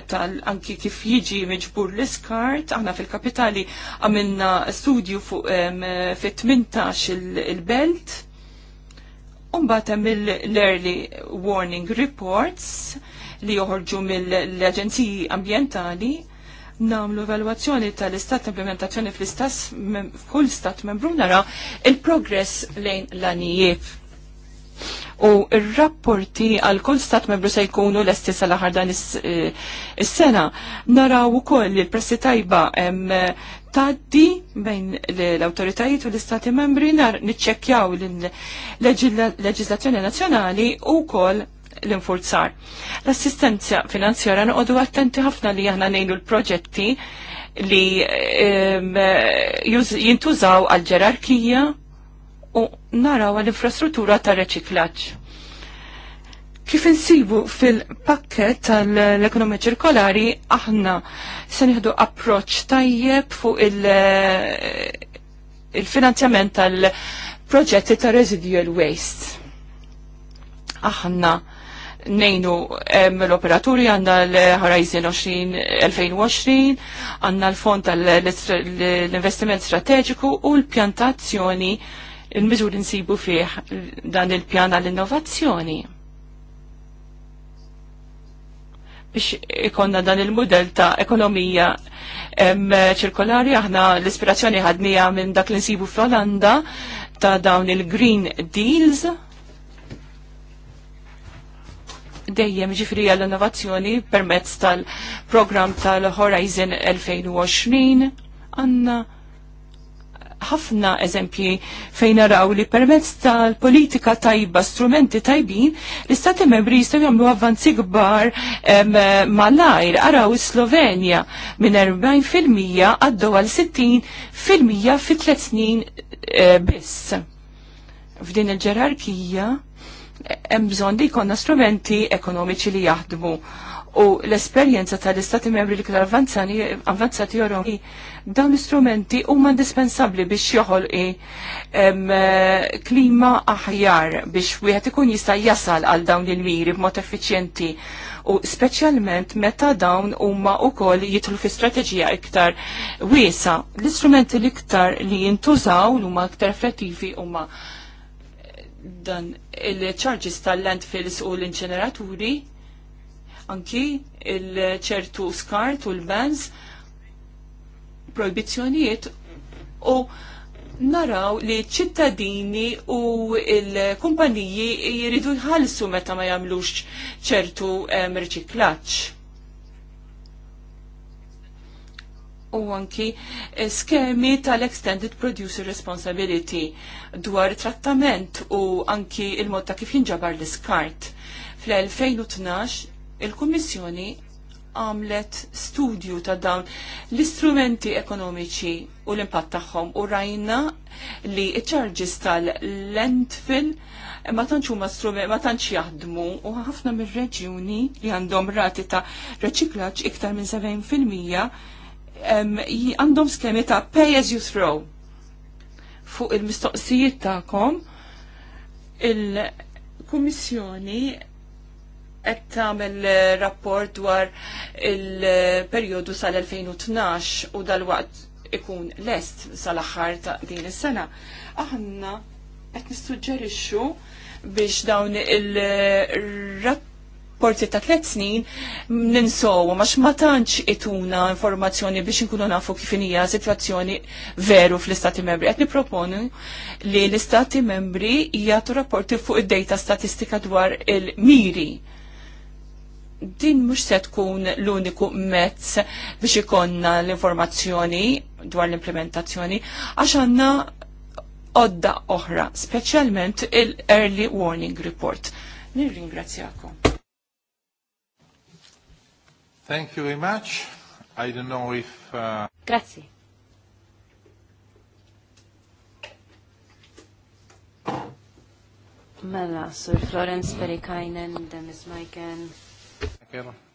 tal-anki kif jiġi miġbur l-iskart, aħna fil-kapitali għamilna studju fuq fit-18 il-belt, Umbat hemm l-early warning reports li joħorġu mill-aġenziji ambientali namlu evalwazzjoni tal-istat implementazzjoni fl-istat f'kull stat membru nara il-progress lejn l-anijiet u r-rapporti għal kull stat membru se jkunu l-esti sal-aħħar dan eh, is-sena. Naraw ukoll li l-pressi tajba taddi bejn l-autoritajiet u l-istati membri nar niċċekkjaw l-leġizlazzjoni nazzjonali u kol l-infurzar. L-assistenza finanzjara noqogħdu attenti ħafna li aħna nejnu l-proġetti li jintużaw għal ġerarkija u naraw l-infrastruttura ta' reċiklaġġ. Kif insibu fil-pakket tal-ekonomija ċirkolari aħna se nieħdu approċċ tajjeb fuq il-finanzjament il tal-proġetti ta' residual waste. Aħna nejnu l-operaturi għanna l-Horizon 2020, għanna l-fond tal-investiment strategiku u l-pjantazzjoni il-miżuri nsibu fih dan il-pjan għall-innovazzjoni. biex ikonna dan il model ta' ekonomija ċirkolari, aħna l-ispirazzjoni ħadnija minn dak li nsibu fl-Olanda ta' dawn il-Green Deals. Dejjem ġifri għall-innovazzjoni permezz tal-program tal-Horizon 2020 għanna ħafna eżempji fejn naraw li permezz tal-politika tajba, strumenti tajbin, l-istati membri jistgħu jagħmlu avvanzi kbar lajr Araw is-Slovenja minn 40% għaddu għal 60% fi tliet snin eh, biss. F'din il-ġerarkija hemm bżonn li jkollna strumenti ekonomiċi li jaħdmu u l-esperjenza tal-istati membri li ktar avvanzati jorom dawn l-istrumenti huma indispensabbli biex i klima aħjar biex wieħed ikun jista' jasal għal dawn il-miri b'mod effiċjenti u speċjalment meta dawn huma wkoll jidħlu fi strateġija iktar wiesa. L-istrumenti l-iktar li jintużaw huma iktar effettivi huma eh, dan il-charges tal-landfills u l-inċeneraturi anki il-ċertu skart u l-bands proibizzjonijiet u naraw li ċittadini u il-kumpaniji jiridu jħallsu meta ma jagħmlux ċertu riċiklaġġ. u anki eh, skemi tal-Extended Producer Responsibility dwar trattament u anki il-mod ta' kif jinġabar l-iskart. Fl-2012 il-Kummissjoni għamlet studju ta' dawn l-istrumenti ekonomiċi u l-impatt tagħhom u rajna li ċ tal-landfill ma tantx huma ma tantx jaħdmu u ħafna mir-reġjuni li għandhom rati ta' reċiklaġġ iktar minn 70% għandhom skemi ta' pay as you throw fuq il-mistoqsijiet tagħkom il-Kummissjoni qed tagħmel eh, rapport dwar il-perjodu sal-2012 u dal-waqt ikun lest sal-aħħar ta' din is-sena. Aħna qed nissuġġerixxu biex dawn il-rapporti ta' tliet snin ninsowu għax ma tantx ituna informazzjoni biex inkunu nafu kif hija sitwazzjoni veru fl-Istati Membri. Qed nipproponu li l-Istati Membri jagħtu rapporti fuq id-data statistika dwar il-miri din mhux se tkun l-uniku mezz biex ikonna l-informazzjoni dwar l-implementazzjoni għax għandna odda oħra, speċjalment il-Early Warning Report. Nirringrazzjakom. Thank you very much. I don't know if... Uh... Grazie. Mela, Sur Florence Perikainen, Dennis Maiken,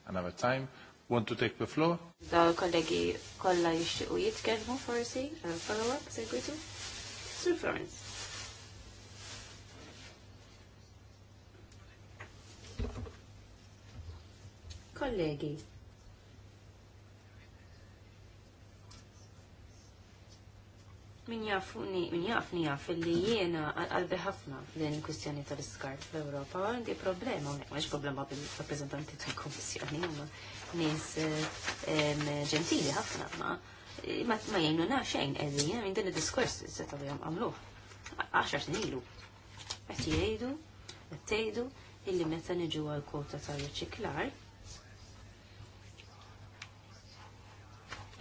Another time. Want to take the floor? Da kollegi kolla jixtiqu jitkellmu forsi, uh, follow-up, segwitu. Sir Florence. Kollegi, Min jafni, min jafni jaf li jiena għalbi ħafna din il tal skart fl-Europa, għandi problema, unek, maġ problema bil-rappresentanti tal-Komissjoni, ma nis eh, ġentili ħafna, ma ma jgħinu na xejn edhi, minn din il-diskors se li jom għamluħ, għaxar t-nilu, għet jgħidu, għet jgħidu, illi meta niġu għal-kota tal reċiklar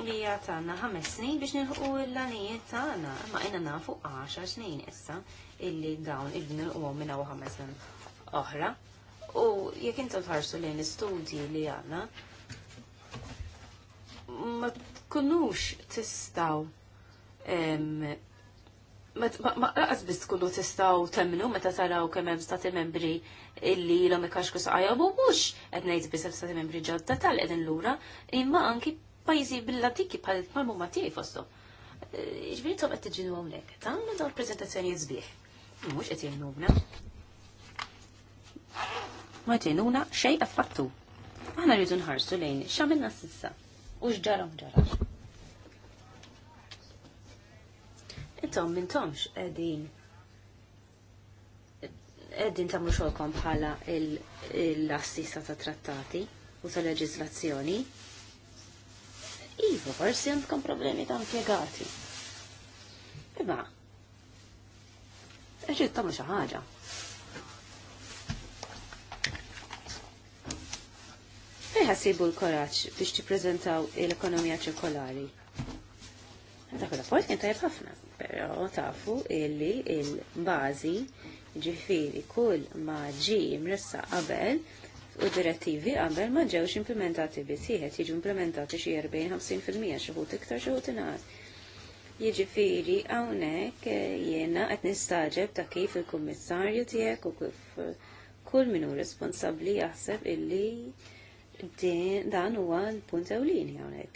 li għatanna ħames snin biex nilħu l-lanijiet tagħna, ma jina nafu 10 snin issa illi dawn ibnu u minna u ħames snin oħra. U jekk intom tħarsu lejn l-istudji li għanna, ma tkunux tistaw ma laqas biss tkunu tistaw temnu meta taraw kemm hemm stati membri illi l-om ikaxku saqajja u mhux qed ngħid biss stati membri ġodda tal l lura, imma anki pajjiżi bil latiki pal mal-mumma tiegħi fosthom. E, Ġbiri tom qed tiġinu hawnhekk. Tagħmlu dawn il-preżentazzjonijiet sbieħ. Mhux qed jgħinuna. Ma qed jgħinuna xejn affattu. Aħna rridu nħarsu lejn x'għamilna s'issa u x'ġara ġara. Intom tomx qegħdin qegħdin tamlu xolkom bħala l-assista ta' trattati u ta' leġizlazzjoni, Iva, forsi għandkom problemi ta' impiegati. Iva, eġiet tamlu xi ħaġa. Fejn ħassibu l koraċ biex tippreżentaw l-ekonomija ċirkolari? Dak il-rapport kien tajjeb ħafna, però tafu illi il-bażi ġifiri kull ma ġi mressa qabel u direttivi għabel ma ġewx implementati biss jieħed jiġu implementati xi 40-50% xi ħut iktar xi ħut inqas. Jiġifieri hawnhekk jiena qed nistaġeb ta' kif il-kummissarju tiegħek u kif eh, kull min hu responsabbli jaħseb illi dan huwa l-punt ewlieni hawnhekk.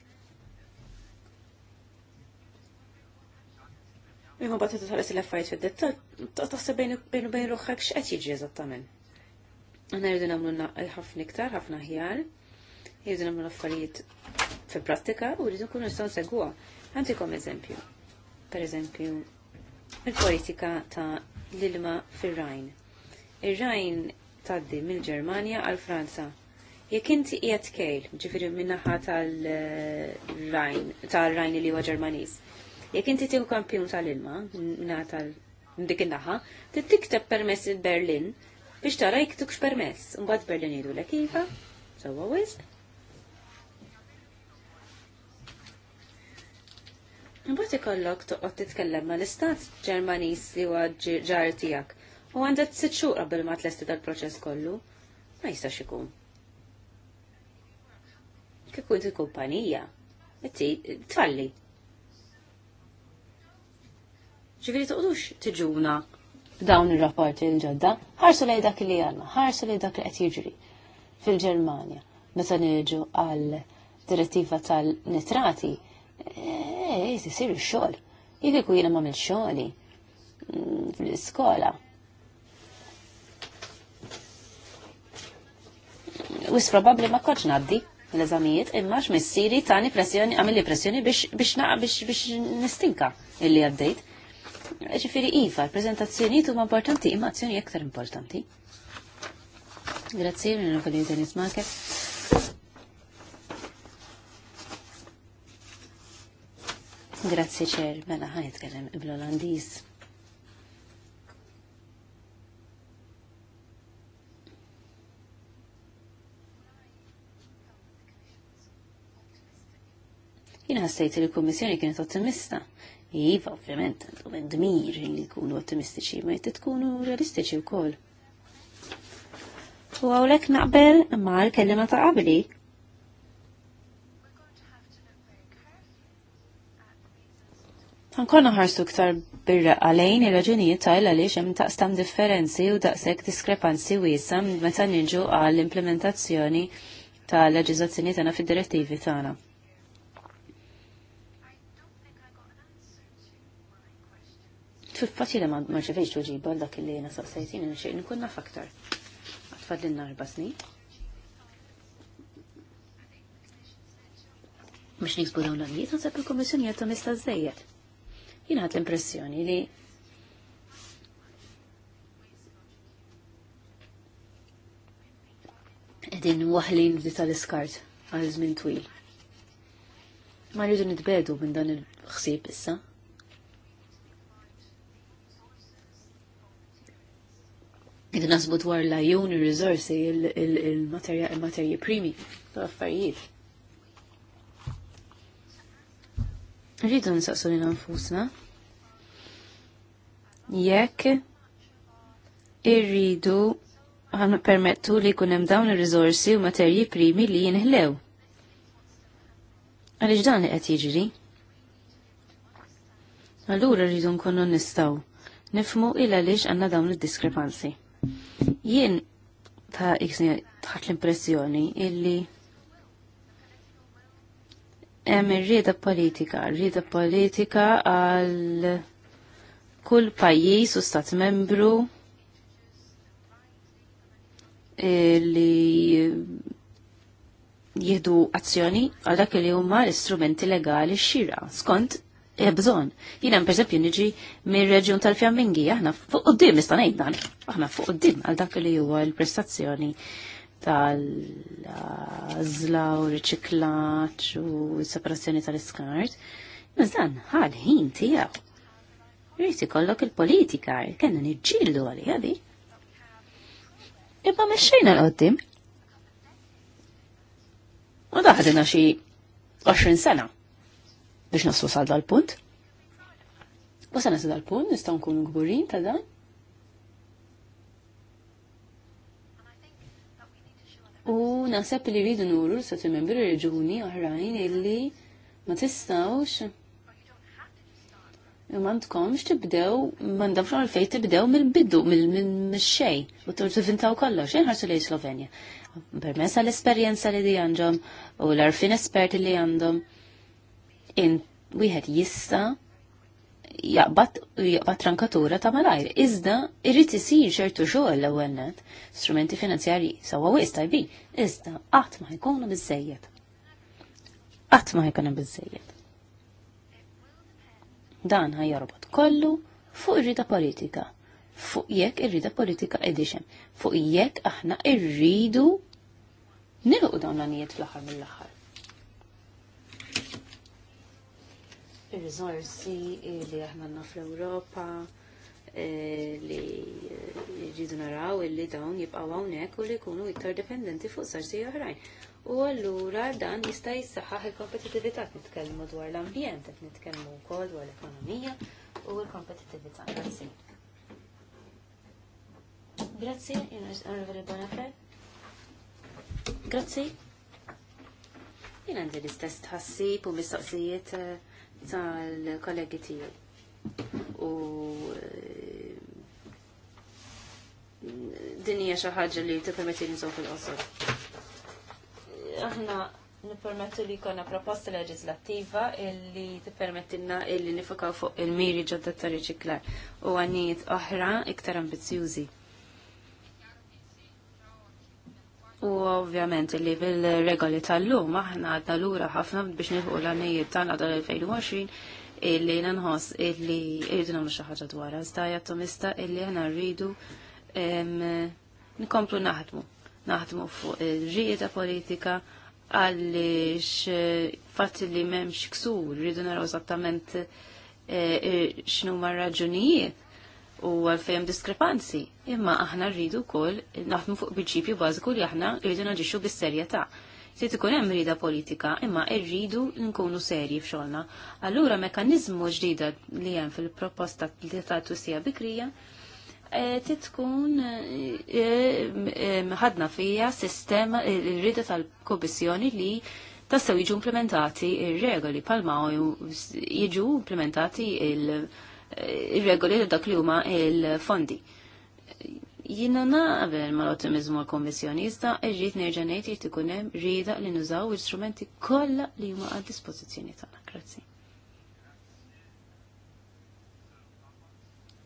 Imma bat tħares l-affarijiet fid-detta, taħseb bejn bejn ruħħak x'qed jiġi eżattament. Għanna jridu namlu ħafna iktar, ħafna ħjar, jridu namlu affarijiet fi prattika u jridu kunu nistaw segwa. Għantikom eżempju. Per eżempju, il-politika ta' l-ilma fil-Rajn. Ir-Rajn taddi mill-Ġermanja għal-Franza. Jekk inti qiegħed kejl, ġifieri minnaħa tal-Rajn, tal-Rajn li huwa Ġermaniż. Jekk inti tieħu kampjun tal-ilma minnaħa tal dik in tikteb permess il-Berlin biex tara tukx permess. Mbagħad Berlin jidu lek iva, sewwa wisq. Mbagħad ikollok toqgħod titkellem mal-istat Ġermaniż li huwa ġar tiegħek u għandek sitt xhur qabel ma tlesti tal-proċess kollu. Ma jistax ikun. Kif kont il-kumpanija, tfalli. Ġifieri t tiġuna b'dawn ir-rapporti l-ġodda, ħarsu lej dak li għandna, ħarsu lej dak li qed jiġri fil-Ġermanja meta nirġu għal direttiva tal-nitrati, ej eh, eh, jisir xogħol. Jek ikun jiena m'għamil xogħli mm, fl-iskola. Wis probabbli ma kontx ngħaddi l-eżamijiet imma x'missieri tani pressjoni għamil li pressjoni biex biex biex nistinka illi għaddejt. Ġifiri Iva, prezentazzjoni tu huma importanti, imma azzjoni aktar importanti. Grazie, non ho Denis Marker. Grazie ċer, mela ħan jitkellem bl olandis Jina ħassejt li l-Kummissjoni kienet ottimista, Iva, ovvjament, għandu għandhom dmir li kunu ottimistiċi, ma jtet kunu realistiċi wkoll. U għawlek naqbel ma l-kellima ta' qabli. Għankonna ħarsu ktar birra għalajn il-raġunijiet tal għaliex hemm taqstam differenzi u daqshekk diskrepanzi wiesa meta nġu għall-implementazzjoni tal ta' tagħna fid-direttivi tagħna. fil li ma ċefiex tuġiba dak li jena saqsajtini nxieq nkunna faktar. aktar. Għatfadlinna arba snin. Mux niksbu dawn l-għanijiet, għazab il-komissjoni għattu nista' zzejiet. Jina għat l-impressjoni li edin waħlin bdi tal-iskart għal żmien twil. Ma rridu nitbedu minn dan il ħsib issa, Id nasbu dwar l-ajun, il-rizorsi, il-materja primi, l-affarijiet. Rridu nsaqsu li nfusna. Jekk irridu għan permettu li kunem dawn il-rizorsi u materji primi li jinħlew. Għalix dan li qed jiġri? Allura rridu nkunu nistaw nifmu il għaliex għanna dawn id-diskrepanzi. Jien ta' iksni tħat l-impressjoni illi hemm ir-rieda politika, rieda politika għal kull pajjiż u stat membru li jihdu azzjoni għal dak li huma l-istrumenti legali xira skont bżon. Jina per esempio niġi mir reġjun tal-Fjammingi, aħna fuq qoddim nista' dan. aħna fuq qoddim għal dak li huwa l-prestazzjoni tal-żla u riċiklaġġ u separazzjoni tal-iskart. Mażdan ħal ħin tiegħu. Irid ikollok il-politika, kena niġġieldu għali. di. Imma mexxejna l għoddim U daħdina xi 20 sena biex naslu sal dal-punt. Bosa naslu dal-punt, nistaw nkunu gburin ta' dan. U naħseb li rridu nuru l-Stati Membri reġuni oħrajn illi ma tistawx man tkomx tibdew, ma ndafx fej tibdew mill-biddu, mill-xej, u t-tivintaw kollox, ħarsu li Slovenja. Permessa l-esperienza li di għandhom, u l-arfin esperti li għandhom, in wieħed jista jaqbad jaqbad trankatura ta' malajr. Iżda irrid isir ċertu xogħol l-ewwel net, strumenti finanzjarji sewwa wisq tajbin, iżda qatt ma jkunu biżejjed. Qatt ma jkunu biżejjed. Dan ħajjorbot kollu fuq ir-rida politika fuq jekk irrida politika edixem, fuq jekk aħna irridu nilqu dawn l-anijiet fl-aħħar mill-aħħar. ir rizorsi li aħna fl-Ewropa eh, li jridu naraw illi dawn jibqgħu hawnhekk u li jkunu iktar dependenti fuq sarsi oħrajn. U allura dan jista' jissaħħaħ il-kompetitività nitkellmu dwar l-ambjent, qed nitkellmu wkoll dwar l-ekonomija u l-kompetitività. Grazie. Grazzi, Onorevole Bonafè. Grazzi. Jien għandi l-istess tħassib u mistoqsijiet uh, tal-kollegi tiegħi. U eh, din hija xi ħaġa li tippermetti li nżomm fil-qosor. Aħna nippermettu li jkollna proposta leġislattiva illi tippermettilna illi nifokaw fuq il-miri ġodda ta' riċiklar u għanijiet oħra iktar ambizzjużi. U ovvjament li fil regoli tal-lum aħna għadna lura ħafna biex nilħu l-għanijiet tagħna tal-2020 illi nħoss illi irridu nagħmlu xi ħaġa dwar iżda jattomista illi aħna rridu nkomplu naħdmu. Naħdmu fuq ir-rijiet politika għaliex eh, fatt li m'hemmx ksur rridu naraw eżattament eh, eh, x'numa raġunijiet u għalfejn diskrepanzi. Imma aħna rridu wkoll naħmu fuq prinċipju bażiku li aħna rridu naġixxu bis-serjetà. Se ikun hemm rida politika, imma rridu nkunu serji f'xogħolna. Allura mekkaniżmu ġdida li hemm fil-proposta li tagħtu sija bikrija eh, titkun eh, eh, ħadna fija sistema rrida tal-Komissjoni li tassew jiġu implementati ir-regoli palma jiġu implementati il- irregoli dak li huma il-fondi. Jina naqbel mal-ottimizmu għal-konvenzjonista, irrit nerġa' ngħid irid ikun hemm li nużaw l-istrumenti kollha li huma għad-dispożizzjoni tagħna. Grazzi.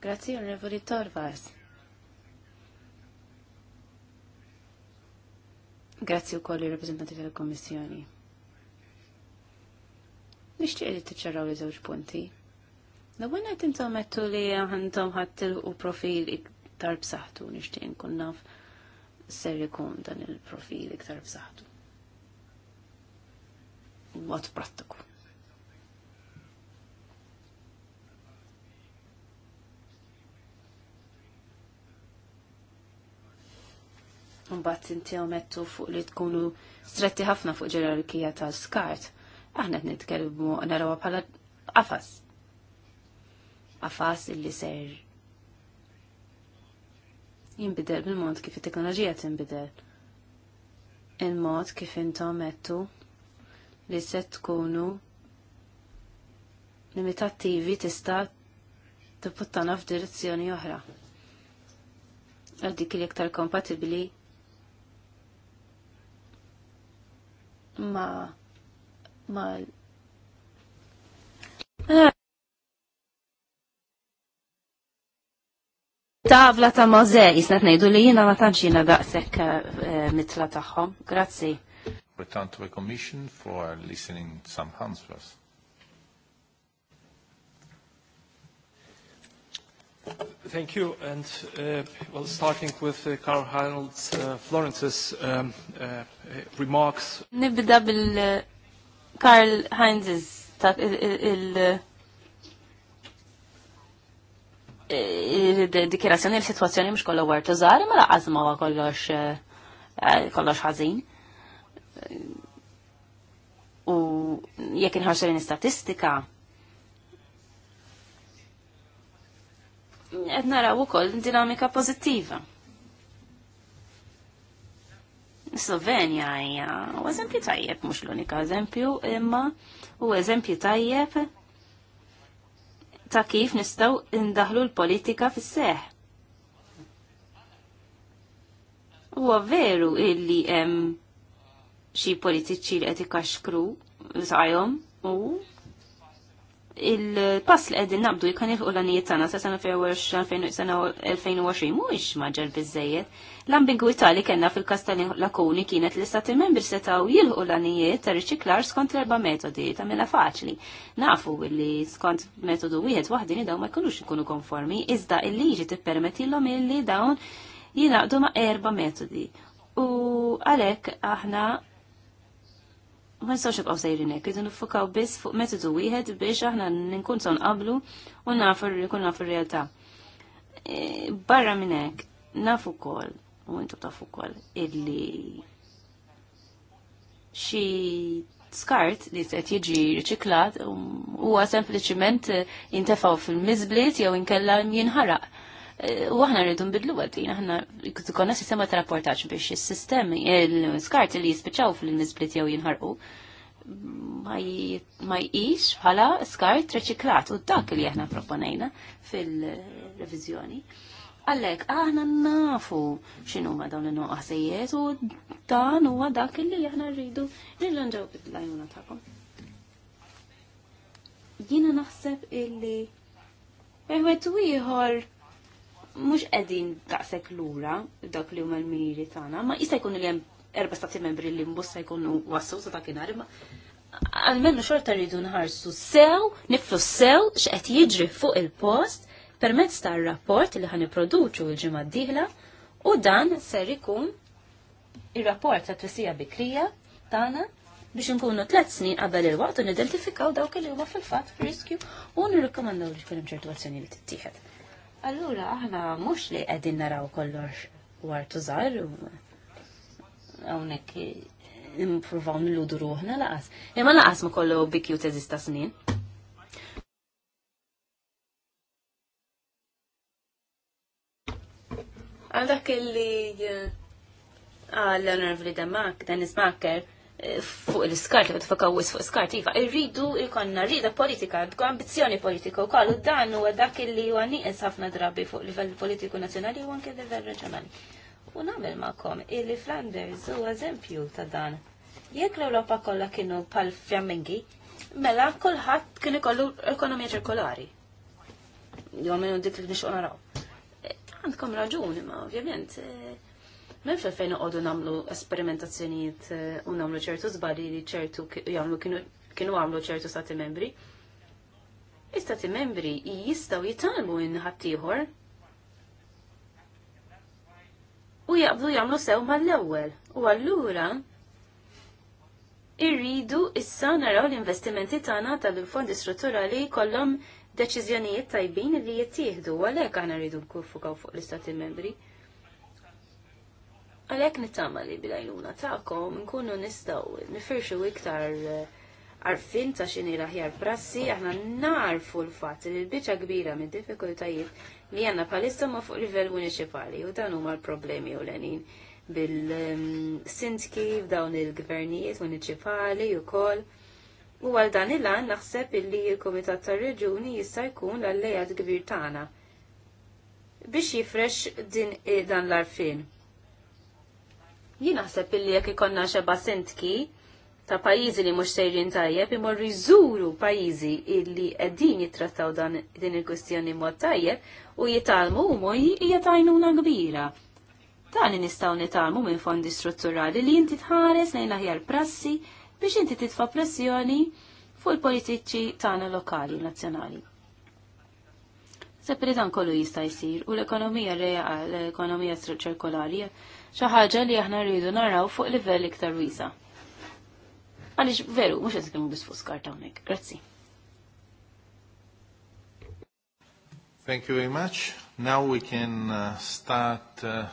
Grazzi, onorevoli Torvas. Grazzi u koll il-rappresentanti tal-Kommissjoni. Nixtieq li tiċċaraw li żewġ punti. L-għuna tintom mettu li għandhom ħattil u profil iktar b'saħtu, nishtiq kunnaf naf ser ikun dan il-profil iktar b'saħtu. Mod prattiku. Mbatt inti mettu fuq li tkunu stretti ħafna fuq ġerarkija tal-skart. Aħna t-nitkelmu narawa bħala qafas għafas illi ser jimbidel bil-mod kif it-teknoloġija tinbidel. Il-mod kif intom għettu li se tkunu limitattivi tista' t-puttana f'direzzjoni oħra. Għal dik li aktar kompatibli ma ma tavla ta' mażè, jisnet nejdu li jina ma tanċina daqsek eh, mitla taħħom. Grazzi. Return to the Commission for listening some hands first. Thank you. And uh, well, starting with uh, Carl Heinold uh, Florence's um, uh, remarks. Nibda bil Carl Heinz's dikirazzjoni l-situazzjoni mhux kollu għartu tużar, ma laqas ma kollox eh, kollox ħażin. U jekk inħarsu statistika qed naraw ukoll dinamika pozittiva. Slovenja hija u eżempju tajjeb mhux l-unika eżempju imma u eżempju tajjeb ta' kif nistaw indaħlu l-politika fis seħ Huwa veru illi hemm xi politiċi li qed ikaxkru saqajhom u il-pass li għedin nabdu jikan il l-għanijiet tana sa' sena 2020 mux maġġar bizzejiet. L-ambigwità li kena fil kastalin lakuni kienet li stati membri setaw jilħu l-għanijiet ta' riċiklar skont l erba metodi ta' mela faċli. Nafu li skont metodu wieħed waħdini daw ma jkunux ikunu konformi, iżda il-liġi t-permeti l-om illi dawn jinaqdu ma' erba metodi. U għalek aħna ma nistawx nibqgħu sejrin hekk, idu nifukaw biss fuq metodu wieħed biex aħna nkun son qablu u nafu li nafu r-realtà. E, barra minn hekk, nafu wkoll u intu tafu wkoll illi xi skart li qed jiġi riċiklat um, huwa sempliċiment jintefgħu fil-miżbliet jew inkella jinħaraq u aħna rridu nbidlu għadin, aħna konna sistema ta' rapportax biex il-sistemi, il-skart li jispiċaw fil nisblit jew jinħarqu, ma jiex bħala skart reċiklat u dak li aħna proponajna fil-revizjoni. Għallek, aħna nafu xinu ma dawn il-nuqqasijiet u dan huwa dak li aħna rridu nil-ġanġaw bid-lajuna ta'kom jina naħseb illi Eħwet u ieħor mhux qegħdin l lura dak li huma l-miri tagħna, ma jista' jkun li hemm erba' stati membri li mbussa jkunu wassu sa dakinhar, ma għalmenu xorta rridu nħarsu sew, niflu sew x'qed jiġri fuq il-post permezz tar-rapport li ħan produċu l-ġimgħa d-dieħla u dan ser ikun ir-rapport ta' twissija bikrija tagħna biex nkunu tlet snin qabel il-waqt u nidentifikaw dawk li huma fil-fatt riskju u nirrikkomandaw li jkun hemm ċertu azzjoni li tittieħed. Allura aħna mhux li qegħdin naraw kollox wartu żgħar hawnhekk nippruvaw nilludu ruħna laqas. Imma laqas ma kollu bikju teżista snin. Għal dak li eh, għal l-onorvli Dennis Makker, fuq l skart li fuq wis fuq skart, jifa, irridu ikonna rida politika, bko ambizjoni politika, u kollu dan huwa dak li huwa nieqes ħafna drabi fuq livell politiku nazzjonali u anke livell reġjonali. U nagħmel il illi Flanders u għazempju ta' dan. Jekk l-Ewropa kollha kienu pal fjammingi, mela kulħadd kien ikollu ekonomija ċirkolari. Jo minn dik li nixqu naraw. Għandkom raġuni, ma ovvjament eh, Minn fe fejn għodu namlu esperimentazzjonijiet eh, u namlu ċertu zbadi li ċertu jamlu kienu għamlu ċertu stati membri. Istati membri jistaw jitalmu inħattijħor u jgħabdu jamlu sew l ewwel U allura irridu issa naraw l-investimenti tagħna tal-fondi strutturali kollom deċiżjonijiet tajbin li jittieħdu għalhekk għana rridu nkufukaw fuq l-Istati Membri. Għalhekk nittama li bil-għajnuna tagħkom nkunu nistgħu nifirxu iktar eh, għarfin ta' xini raħjar prassi, aħna narfu l-fat li l-bicċa kbira minn diffikultajiet li għanna palissa ma fuq livell municipali u dan huma l-problemi u l-għanin bil-sindki ehm, f'dawn il-gvernijiet municipali u kol. U għal dan il-għan naħseb illi il-Komitat tar reġuni jista' jkun l-allejat kbir tagħna biex jifrex din eh, dan l-arfin. Jien naħseb illi jekk ikonna xeba sentki ta' pajjiżi li mhux sejrin tajjeb imorru jżuru pajjiżi illi qegħdin jitrattaw dan din il-kwistjoni mod tajjeb u jitalmu huma hija tajnuna kbira. Dan nistgħu nitalmu minn fondi strutturali li inti tħares lejn aħjar prassi biex inti titfa' pressjoni fuq il-politiċi tagħna lokali nazzjonali. Sepp li dan kollu jista' jsir u l-ekonomija reja l-ekonomija ċirkolari xi ħaġa li aħna rridu naraw fuq livell iktar wiesa. Għaliex veru, mhux qed nitkellmu biss fuq skart hawnhekk. Grazzi. Thank you very much. Now we can uh, start uh,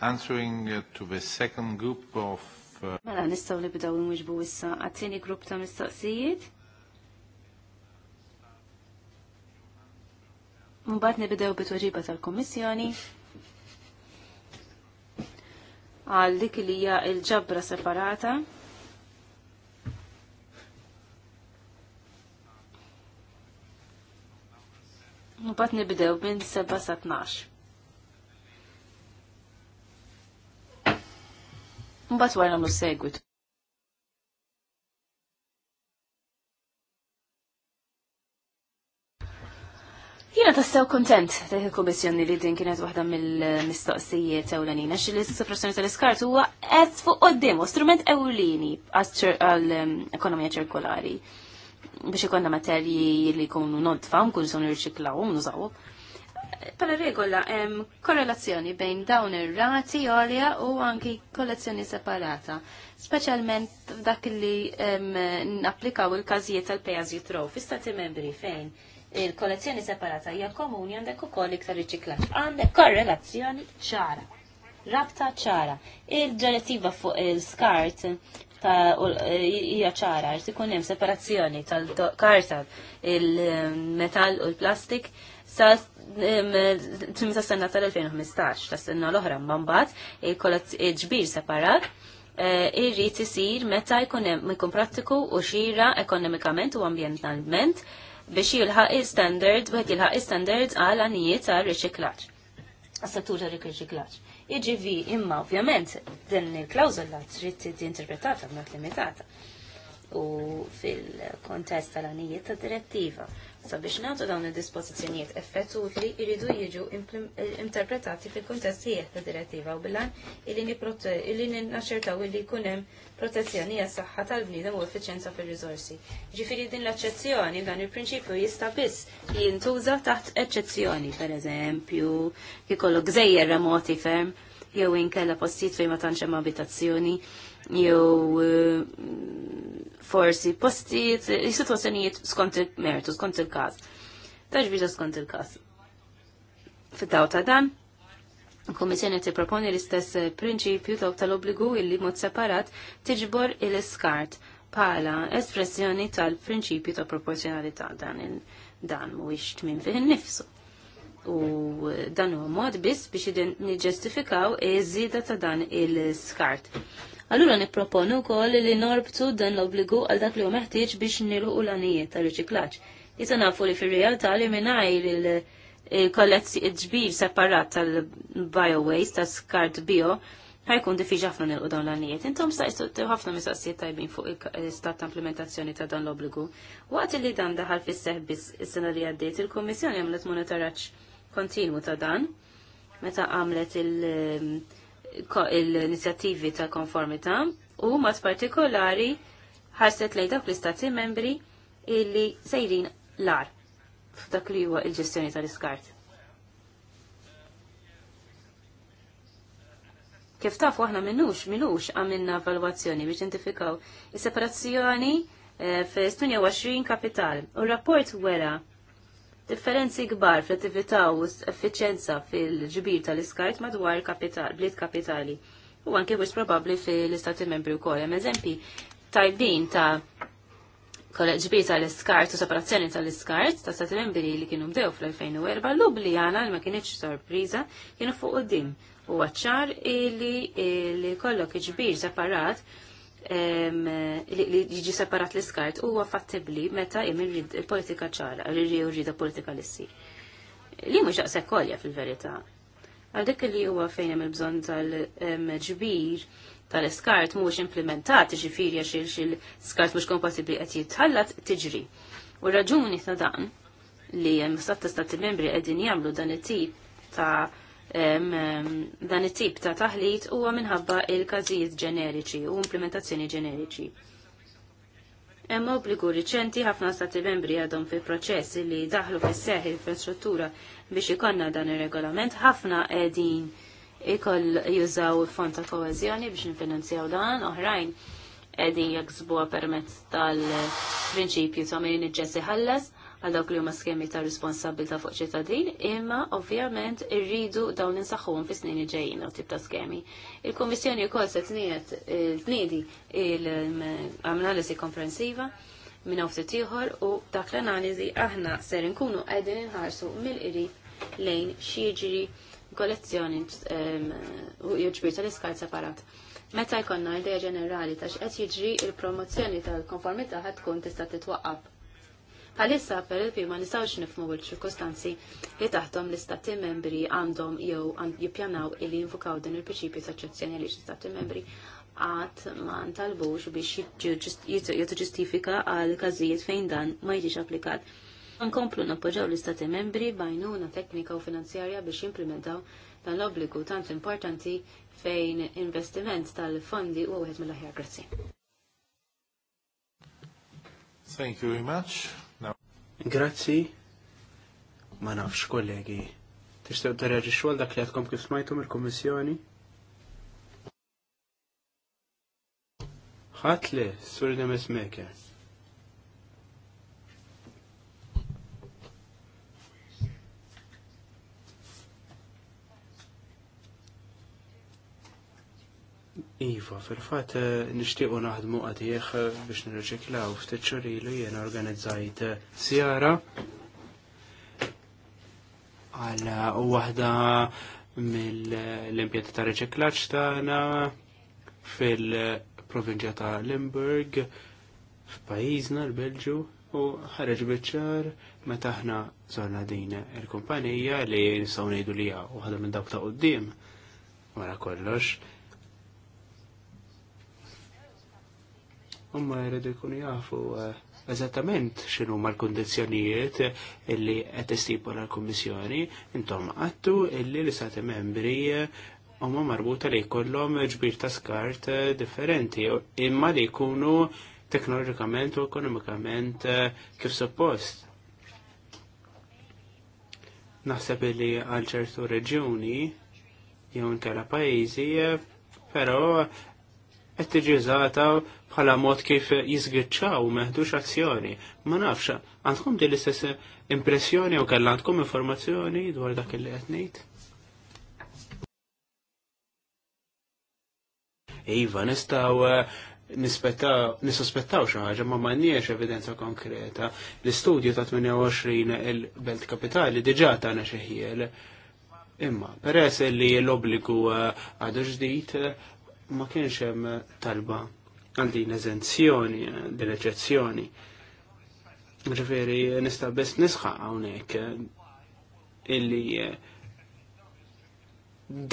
answering uh, to the second group of uh, Mela nistgħu bidaw imwiġbu issa għat-tieni grupp ta' mistaqsijiet. Mbagħad nibdew bitweġiba tal-Kummissjoni għal dik li hija l-ġabra separata. U bat nibdew minn 7 sa 12. Mbagħad wara nagħmlu segwit. Jina tassew kontent ta' il-Kommissjoni li din kienet waħda mill-mistoqsijiet ewlenina xi li s-suppressjoni tal-iskart huwa qed fuq qoddim strument ewlieni għall-ekonomija ċirkolari biex ikonna materji li jkunu nodfa mkun sonu jirċiklaw nużaw. Pala regola, hemm korrelazzjoni bejn dawn ir-rati għolja u anki kollezzjoni separata, speċjalment dak li napplikaw il-każijiet tal-pejaż jitrow fi stati membri fejn il-kollezzjoni separata hija komuni għandek ukoll iktar riċiklaġġ. Għandek korrelazzjoni ċara. Rabta ċara. Il-direttiva fuq il-skart ta' eh, hija ċara, għax ikun hemm separazzjoni tal-karta il-metall u l-plastik sa' tim ta' sena tal-2015, ta' senna l-oħra mbagħad il-ġbir separat eh, irrid isir meta jkun hemm prattiku u xira ekonomikament u ambjentalment biex jilħaq standards, wieħed jilħaq standards għal għanijiet għal riċiklaġġ. għas għal ta' riċiklaġġ. imma ovvjament din il klawzola trid tiġi interpretata b'mod limitata u fil-kontest tal għanijiet ta' direttiva. Sabiex nagħtu dawn id-dispożizzjonijiet effettutli jridu jiġu interpretati fil-kontest ta' direttiva u bilan illi naċċertaw li jkun hemm protezzjoni għas saħħa tal-bniedem u effiċenza fir rizorsi Ġifiri din l-eċċezzjoni dan il-prinċipju jista' biss jintuża taħt eċċezzjoni, pereżempju, kikollu gżejjer remoti ferm, jew inkella postijiet fejn ma tantx hemm abitazzjoni, jew eh, forsi postijiet, eh, situazzjonijiet skont il-mertu, skont il-każ. Taġbiġa skont il-każ. Fittaw ta' dan, Il-Kommissjoni tipproponi l-istess prinċipju tal-obbligu illi mod separat tiġbor il skart bħala espressjoni tal-prinċipju ta' proporzjonalità dan dan mhuwiex tmim fih innifsu u dan huwa mod biss biex niġġustifikaw iż-żieda ta' dan il-skart. Allura nipproponu wkoll li norbtu dan l-obbligu għal dak li huwa meħtieġ biex nilħu l-għanijiet tal-riċiklaġġ. Issa nafu li fir-realtà li mingħajr kollezzi ġbir separat tal-biowaste, tal-skart bio, ħajkun diffiċ ħafna nilqu dawn l-għanijiet. Intom stajstu ħafna mistoqsijiet tajbin fuq il-stat ta' implementazzjoni ta' dan l-obligu. Waqt li dan daħal fis seħbis is-sena li għaddiet, il-Kommissjoni għamlet monitoraċ kontinu ta' dan meta għamlet il-inizjattivi ta' konformità u mat partikolari ħarset lejn dawk l-istati membri illi sejrin l-ar f'dak li huwa il-ġestjoni tal-iskart. Kif taf aħna minnux, minnux għamilna valwazzjoni biex identifikaw is-separazzjoni eh, f-28 kapital. U rapport wera differenzi kbar fl-attività u effiċenza fil-ġbir tal-iskart madwar kapital, blit kapitali. U anke wis probabbli fil-istati membri wkoll. Hemm eżempi tajbin ta' kolleġbi tal-iskart u separazzjoni tal-iskart ta' stati li kienu bdew fl-2004 l-Ublijana li ma kienieċ sorpriża kienu fuq qudiem u għacċar li kollok iġbir separat li jiġi separat l-iskart huwa fattibli meta jemil politika ċara, li rrida politika l issi Li mhux daqshekk kolja fil-verità. Għal dik li huwa fejn hemm il-bżonn tal-ġbir tal-iskart mhux implementat ġifiri għax il-skart mhux kompatibbli qed jitħallat tiġri. U raġuni ta' dan li hemm satta stati membri qegħdin jagħmlu dan it-tip ta' dan it-tip ta' taħlit huwa minħabba il-każijiet ġeneriċi u implementazzjoni ġeneriċi. Hemm obbligu riċenti ħafna stati membri għadhom fi proċess li daħlu fis-seħħ infrastruttura biex ikonna dan ir-regolament ħafna qegħdin ikoll jużaw il-fond ta' koezjoni biex nifinanzjaw dan, oħrajn edin jaksbuha permezz tal-prinċipju ta' min iġġessi ħallas għal dawk li huma skemi ta' responsabilta fuq ċittadin, imma ovvjament irridu dawn insaħħuhom fis snin ġejjin u tip ta' skemi. Il-Kummissjoni wkoll se tniet eh, tniedi l-analisi komprensiva minn ftit ieħor u dak l-analiżi aħna ser inkunu qegħdin inħarsu mill-qrib lejn xi jiġri kollezzjoni u jġbir tal-iskart separat. Meta jkollna idea ġenerali ta' x'qed jiġri il-promozzjoni tal-konformità ħad tkun tista' titwaqab. Bħalissa per il ma nistgħux nifhmu l-ċirkostanzi li taħtom l-istati membri għandhom jew jippjanaw illi jinfukaw din il-prinċipju ta' ċezzjoni li l-istati membri għat ma ntalbux biex jitġustifika għal każijiet fejn dan ma jiġix applikat Nkomplu nappoġġaw l-Istati membri bajnuna teknika u finanzjarja biex jimplementaw dan l-obbligu tant importanti fejn investiment tal-fondi u għed mill-aħjar grazzi. Thank you very much. Now... Grazzi. Ma nafx kollegi. Tistgħu tarreġixxu xol dak li għadkom kif smajtu il-Kummissjoni? Ħatli, le, Sur Demes Iva, fil-fat eh, nishtiqu naħdmu għadieħ eh, biex nirriċiklaw ftit li jien organizzajt sjara eh, għal wahda mill-impjata ta' riċiklaġġ tagħna fil-provinċja ta' Limburg f'pajjiżna l-Belġu u ħareġ bieċar ma taħna zorna din il-kumpanija li nistgħu ngħidu li u waħda minn dawk ta' quddiem wara kollox umma jridu jkunu jafu eh, eżattament x'inhu mal-kundizzjonijiet illi qed istipu l-Kummissjoni intom għattu illi l-istati membri eh, huma marbuta li jkollhom ġbir ta' skart eh, differenti imma li jkunu teknologikament u ekonomikament kif suppost. Naħseb li għal ċertu reġjuni jew nkella pajjiżi, però qed tiġi bħala mod kif jiżgiċċaw meħdux azzjoni. Ma nafx, għandkom din l-istess impressjoni u kellha għandkom informazzjoni dwar dak li qed ngħid? Iva, nistgħu eh, nisospettaw xi ħaġa ma m'għandniex evidenza konkreta. L-istudju ta' 28 il-Belt Kapitali diġà tagħna xi ħiel. Imma, peress li l-obbligu eh, għadu ġdid ma kienx hemm talba għal din eżenzjoni, din eġezzjoni Ġifieri nista' biss nisħaq hawnhekk illi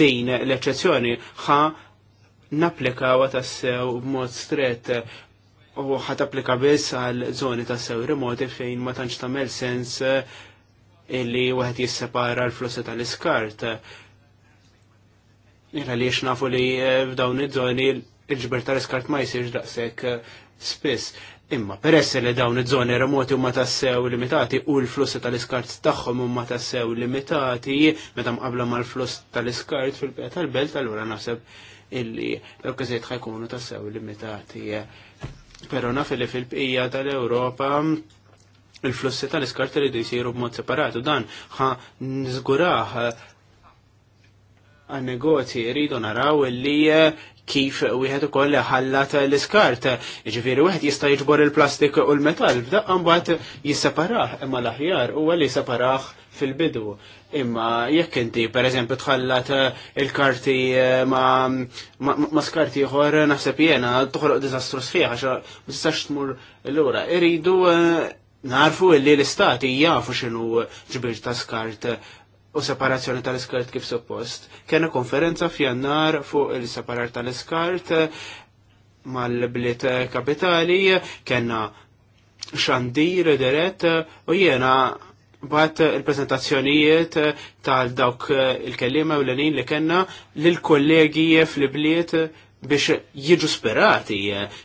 din l-eċezzjoni ħa napplika wa tassew b'mod stret u ħat applika biss għal żoni tassew remoti fejn ma tantx tagħmel sens illi waħed jissepara l-flussi tal-iskart għaliex nafu li eh, f'dawn id żoni il-ġbir tal-iskart ma jsirx daqshekk eh, spiss. Imma peress li dawn id żoni remoti huma tassew limitati u l-flussi tal-iskart tagħhom huma tassew limitati meta mqabla mal-fluss tal-iskart fil-bqija tal-belt allura naħseb illi l iżejt ħajkunu tassew limitati. Però naf li fil-bqija tal-Ewropa il-flussi tal-iskart iridu jsiru b'mod separatu dan ħa nżguraħ għal negozji rridu naraw li eh, kif wieħed ukoll ħallat l-iskart. Ġifieri wieħed jista' jġbor il-plastik u l-metall, b'daqqa mbagħad jisseparaħ imma l-aħjar huwa li separaħ fil-bidu. Imma jekk inti pereżempju tħallat eh, il-karti eh, ma, ma, ma skarti ieħor naħseb jiena toħloq diżastru sfiħ għax ma tistax tmur ura Iridu narfu li l-istati jafu x'inhu ġbir ta' skart u separazzjoni tal-iskart kif suppost. Kena konferenza f'jannar fuq il-separar tal-iskart eh, mal-bliet kapitali, kena xandir dirett u jena bat il-prezentazzjonijiet tal-dawk il-kellima u l-nin li kena l-kollegi fl-bliet biex jiġu sperati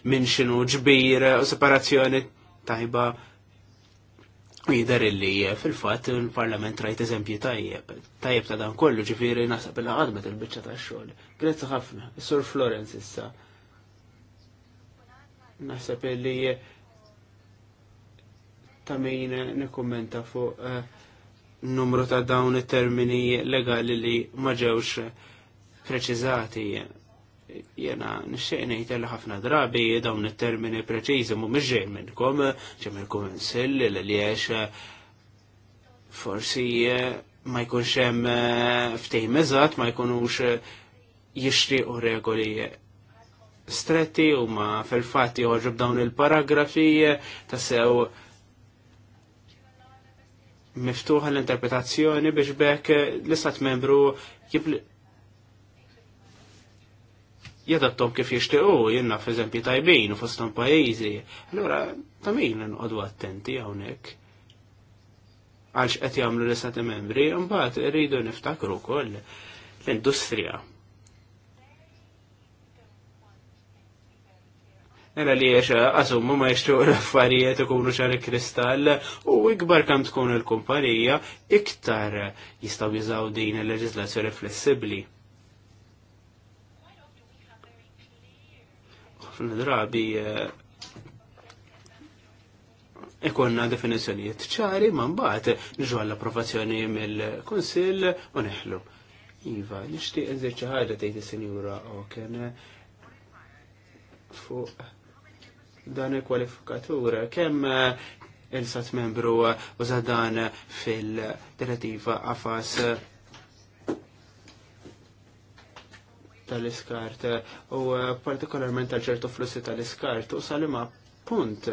minn xinu ġbir u separazzjoni tajba Jider illi eh, fil-fat il-parlament rajt eżempji tajjeb. Tajjeb ta' dan kollu ġifiri nasab il għadmet il-bicċa ta' xogħol. Grazzi ħafna, Sur Florence issa. Naħseb illi eh, ta' min nikkummenta fuq eh, numru ta' dawn it-termini legali li ma ġewx preċiżati jena nixxieq ngħid li ħafna drabi dawn it-termini preċiżi mhumiex ġej minnkom, ġej minnkom insill li għiex eh, forsi eh, ma jkunx hemm eh, ftehim eżatt, ma jkunux jixtiequ regoli stretti u ma fil-fatt joħorġu b'dawn il-paragrafi ta' sew miftuħa l-interpretazzjoni biex bekk l-istat membru jadattom kif jishtiqo, jenna f'eżempji tajbin u fostan pajizi. Allora, ta' min attenti hawnhekk. Għalx qed jagħmlu l-istati membri, mbagħad irridu niftakru wkoll l-industrija. Nella li jiex għasum ma jishtuq l-affarijiet ikunu xar kristall u ikbar kam tkun il-kumpanija iktar jistaw jizaw din il-leġislazzjoni flessibli. ħafna drabi eh, ikonna definizjonijiet ċari ma mbagħad niġu għall-approvazzjoni mill-Kunsill u neħlu. Iva, nixtieq inżir xi ħaġa senjura u kien Oken fuq dan il-kwalifikatur kemm eh, il-sat membru zadan fil-direttiva għafas tal-iskart u uh, partikolarment tal ċertu flussi tal-iskart u salima punt.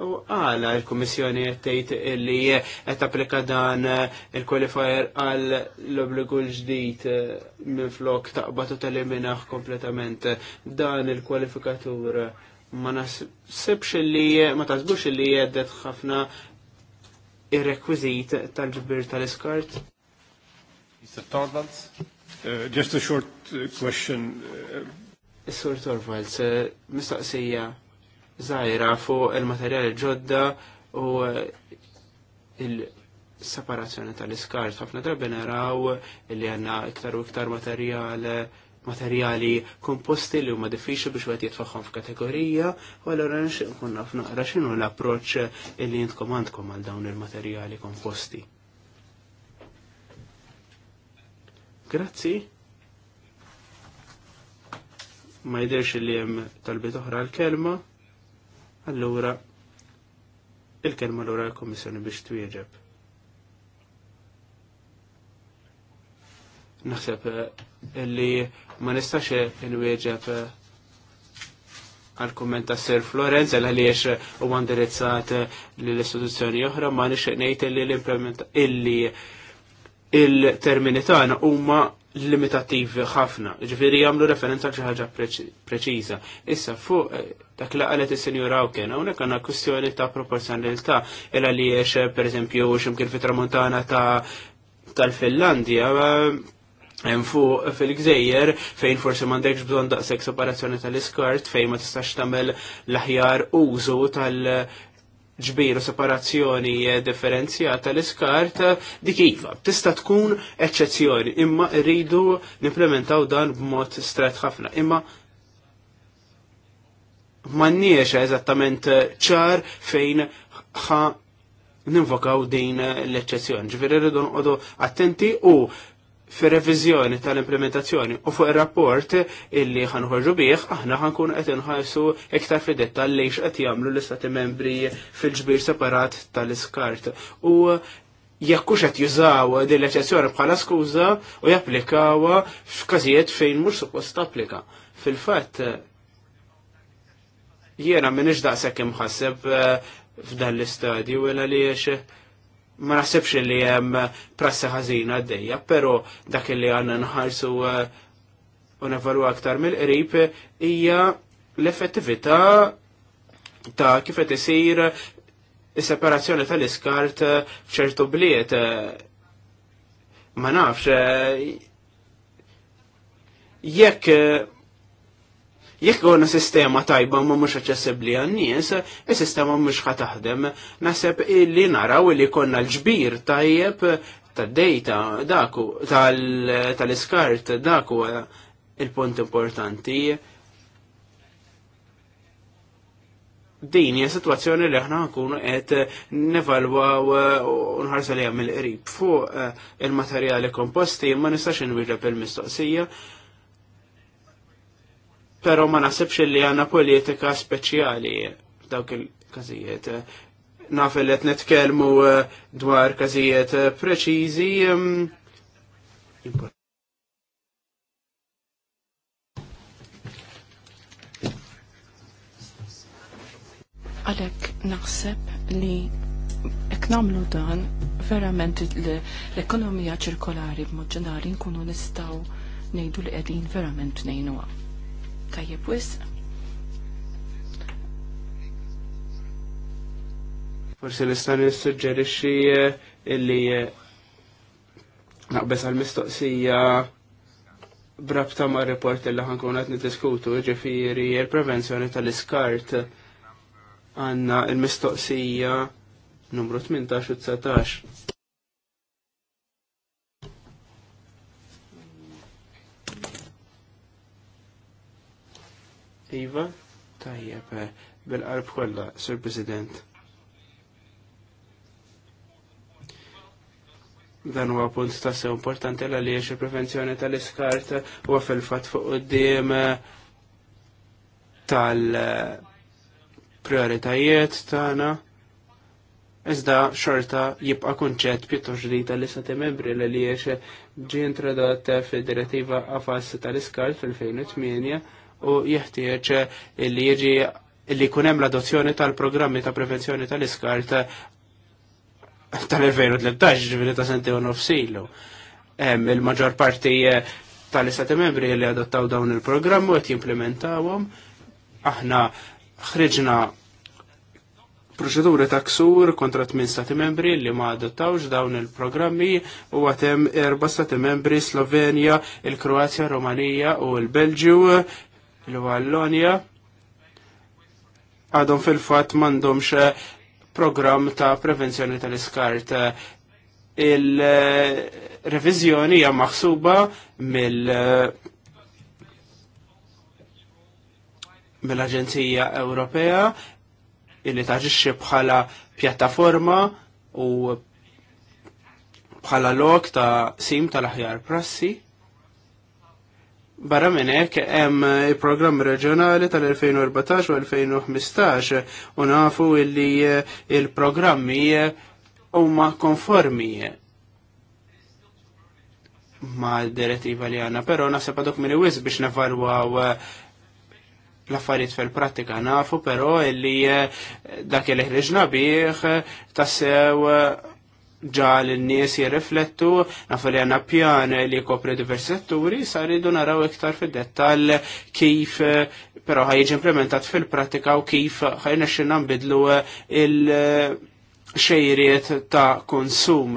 U għala il-Komissjoni għettejt illi jett applika dan uh, il-qualifier għal l-obligu l-ġdijt uh, minn flok taqbatu tal-eliminaħ kompletament dan il-kwalifikatur ma nasibx illi ma tasbux illi jeddet ħafna ir-rekwizit tal-ġbir tal-iskart. Mr. Torvalds. Uh, just a short uh, question. Uh, Is-Sur Torvalds, uh, mistaqsija zaħira fuq il-materjali ġodda u il-separazzjoni tal-iskart. Ħafna drabi naraw li għanna iktar u iktar materjali materjali komposti li huma diffiċli biex wieħed jitfaħħom f'kategorija, u allura nixtieq nkun naf naqra x'inhu l-approċċ li jintkom għandkom għal dawn il-materjali komposti. Grazzi. Ma jidirx li jem talbit oħra l-kelma. Allura, il-kelma l-ura l-Komissjoni biex twieġeb. Naħseb eh, li ma nistax inwieġeb eh, għal-kommenta Sir Florenz, għal għaliex u għandirizzat eh, l-istituzzjoni oħra, ma nixqnejt li l-implementa illi il-termini tagħna huma limitativ ħafna, ġifiri jagħmlu referenza għal xi ħaġa preċiża. Issa fuq eh, dak li qalet is u Hawken, hawnhekk għandna kwistjoni ta' proporzjonalità il għaliex pereżempju x'imkien fit-Tramuntana ta' tal-Finlandja hemm fuq fil-gżejjer fejn forsi m'għandekx bżonn daqshekk separazzjoni tal-iskart fejn ma tistax tagħmel l-aħjar użu tal- ġbir u separazzjoni differenzjata l-iskart dik iva. Tista' tkun eċċezzjoni, imma rridu nimplementaw dan b'mod stret ħafna. Imma manniex eżattament ċar fejn ħa ninvokaw din l-eċċezzjoni. Ġifieri rridu nqogħdu attenti u fir-reviżjoni tal-implementazzjoni u fuq ir-rapport illi ħanħorġu bih aħna ħankun qed inħarsu iktar fi dettall lejx qed jagħmlu l-istati membri fil-ġbir separat tal-iskart. U jekk hux qed jużaw din l-eċezzjoni bħala skuża u japplikawha f'każijiet fejn mhux suppost tapplika. Fil-fatt jiena m'iniex daqshekk imħasseb eh, f'dan l-istadju wela li ma naħsebx li hemm prassa ħażina għaddejja, però dak li għandna nħarsu eh, u nevalwa aktar mill-qrib hija l-effettività ta' kif qed isir is-separazzjoni tal-iskart f'ċertu bliet. Ma nafx eh, jekk Jekk għonna sistema tajba ma mux aċċessibli għannis, il-sistema mux ħataħdem. nasib li naraw li konna l-ġbir tajjeb tad-dejta daku, tal-iskart daku il-punt importanti. Din hija sitwazzjoni li aħna nkunu qed nevalwaw u nħarsa li il qrib fuq eh, il-materjali komposti ma nistax inwieġeb il-mistoqsija pero ma nasibx li għanna politika speċjali dawk il-kazijiet. Naf li qed nitkellmu eh, dwar kazijiet eh, preċiżi. Mm, Għalek naħseb li eknamlu dan verament l-ekonomija ċirkolari b'mod ġenerali nkunu nistaw nejdu li qegħdin verament nejnuha. Tajjeb wis. Forsi nista' nissuġġerixxi eh, illi eh, naqbess għal-mistoqsija brabta ma' report illi ħankun għatni diskutu ġifiri il-prevenzjoni tal-iskart għanna il-mistoqsija numru 18 u 19. Iva, tajjeb, eh, bil-qalb kollha, Sir President. Dan huwa punt ta' sew importanti l għaliex il-prevenzjoni tal-iskart huwa fil-fatt fuq quddiem eh, tal-prioritajiet tagħna. Iżda xorta jibqa' kunċett pjuttost ġdid tal istati membri li għaliex ġie introdotta fid-direttiva A'Fas tal-iskart fil-2008 u jeħtieġ li jiġi li jkun hemm l-adozzjoni tal-programmi ta' prevenzjoni tal-iskart tal-2013 ġivini ta' senti nofsilu. Il-maġġor parti eh, tal-istati membri li adottaw dawn il-programm u qed jimplementawhom. Aħna ħriġna proċeduri ta' ksur kontra tmien stati membri li ma adottawx dawn il-programmi u għatem erba stati membri Slovenja, il-Kroazja, Romania u l-Belġju l-Wallonja għadhom fil-fat xe eh, program ta' prevenzjoni tal-iskart. Eh, Il-revizjoni hija maħsuba mill- eh, mill-Aġenzija Ewropea illi taġixxi bħala pjattaforma u bħala lok ta' sim tal-aħjar prassi. Barra minn hekk hemm il-programm reġjonali tal-2014 u 2015 u nafu illi eh, il-programmi eh, huma konformi eh, ma' direttiva li għanna, pero naħseb għadok minn iwis biex nevalwaw l-affarijiet fil-pratika nafu, pero illi dak li ħriġna bih tassew ġa l-nies jirriflettu, nafu li għanna pjan li kopri diversi setturi, saridu naraw iktar fid-dettal kif eh, pero ħajġi implementat fil-pratika u kif ħajna xinna bidlu eh, il- eh, xejriet ta' konsum.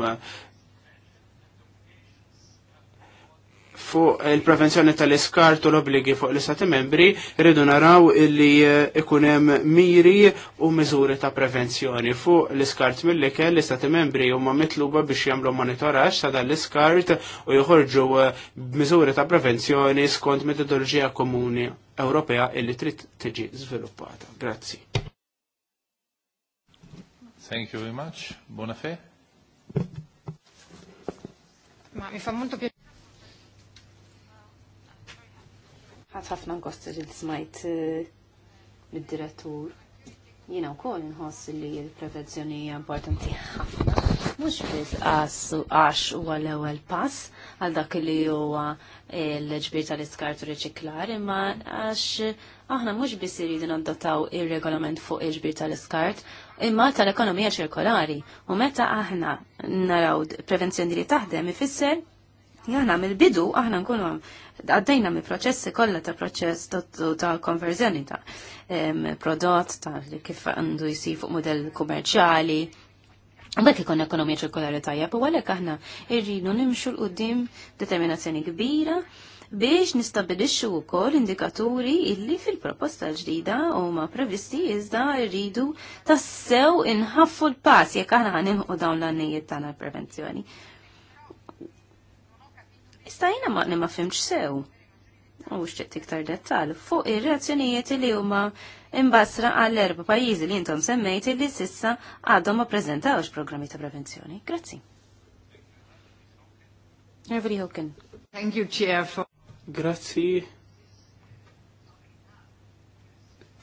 fuq il-prevenzjoni tal u l-obligi fuq l-istati membri, rridu naraw illi eh, ikunem miri u miżuri ta' prevenzjoni fuq l-iskart mill-ikel l-istati membri huma mitluba biex jamlu monitoraċ ta' dan l-iskart u joħorġu eh, miżuri ta' prevenzjoni skont metodologija komuni Ewropea illi trid tiġi sviluppata. Grazzi. Thank you very much. Buona fe. Ma mi fa molto piacere. ħadd ħafna nkost li smajt e, mid-direttur. Jiena wkoll nħoss li l-prevenzjoni hija importanti ħafna. Mhux biss għax huwa l-ewwel pass għal dak li huwa l-ġbir tal-iskart u riċiklar, imma għax aħna mhux biss iridu nadottaw ir-regolament fuq il-ġbir tal-iskart, imma tal-ekonomija ċirkolari. U meta aħna naraw prevenzjoni li taħdem ifisser Jana mill-bidu aħna nkunu għaddejna mill proċessi kollha ta' proċess ta' konverżjoni ta' prodott ta' kif għandu jsir fuq model kummerċjali. Bekk ikun ekonomija ċirkolari tajjeb u għalhekk aħna irridu nimxu l qudiem determinazzjoni kbira biex nistabilixxu wkoll indikaturi illi fil-proposta l-ġdida huma previsti iżda rridu tassew inħaffu l-pass jekk aħna ħaninħu dawn l-għannijiet tagħna l-prevenzjoni. Stajna ma' ma fimx sew. U xċet tiktar dettal fuq ir-reazzjonijiet li huma imbasra għall erba pajjiżi li intom semmejti li sissa għadhom ma prezentawx programmi ta' prevenzjoni. Grazzi. Every Hawken. Thank you, Chair. For... Grazzi.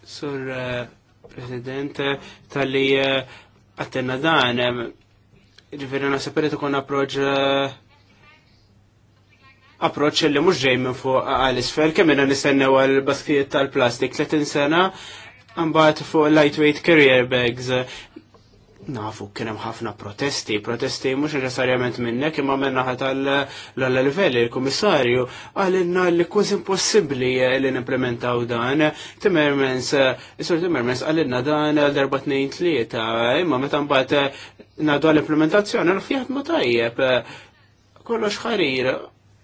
Sur uh, President, tal-li uh, eh, għattenna dan, eh, ġifiri uh, na sapere tkun approċ approċ li mhux ġej minn fuq għal isfel kemm inna nistennew għal baskijiet tal-plastik 30 sena mbagħad fuq lightweight carrier bags. Nafu kien hemm ħafna protesti, protesti mhux neċessarjament minnek imma minn naħa tal livell il-kummissarju għalinna li kważi impossibbli li nimplementaw dan. timmermens, isur Timmermans għalinna dan għal darba tnejn tlieta, imma meta mbagħad ngħadu għall-implementazzjoni l-fjat ma tajjeb kollox ħarir,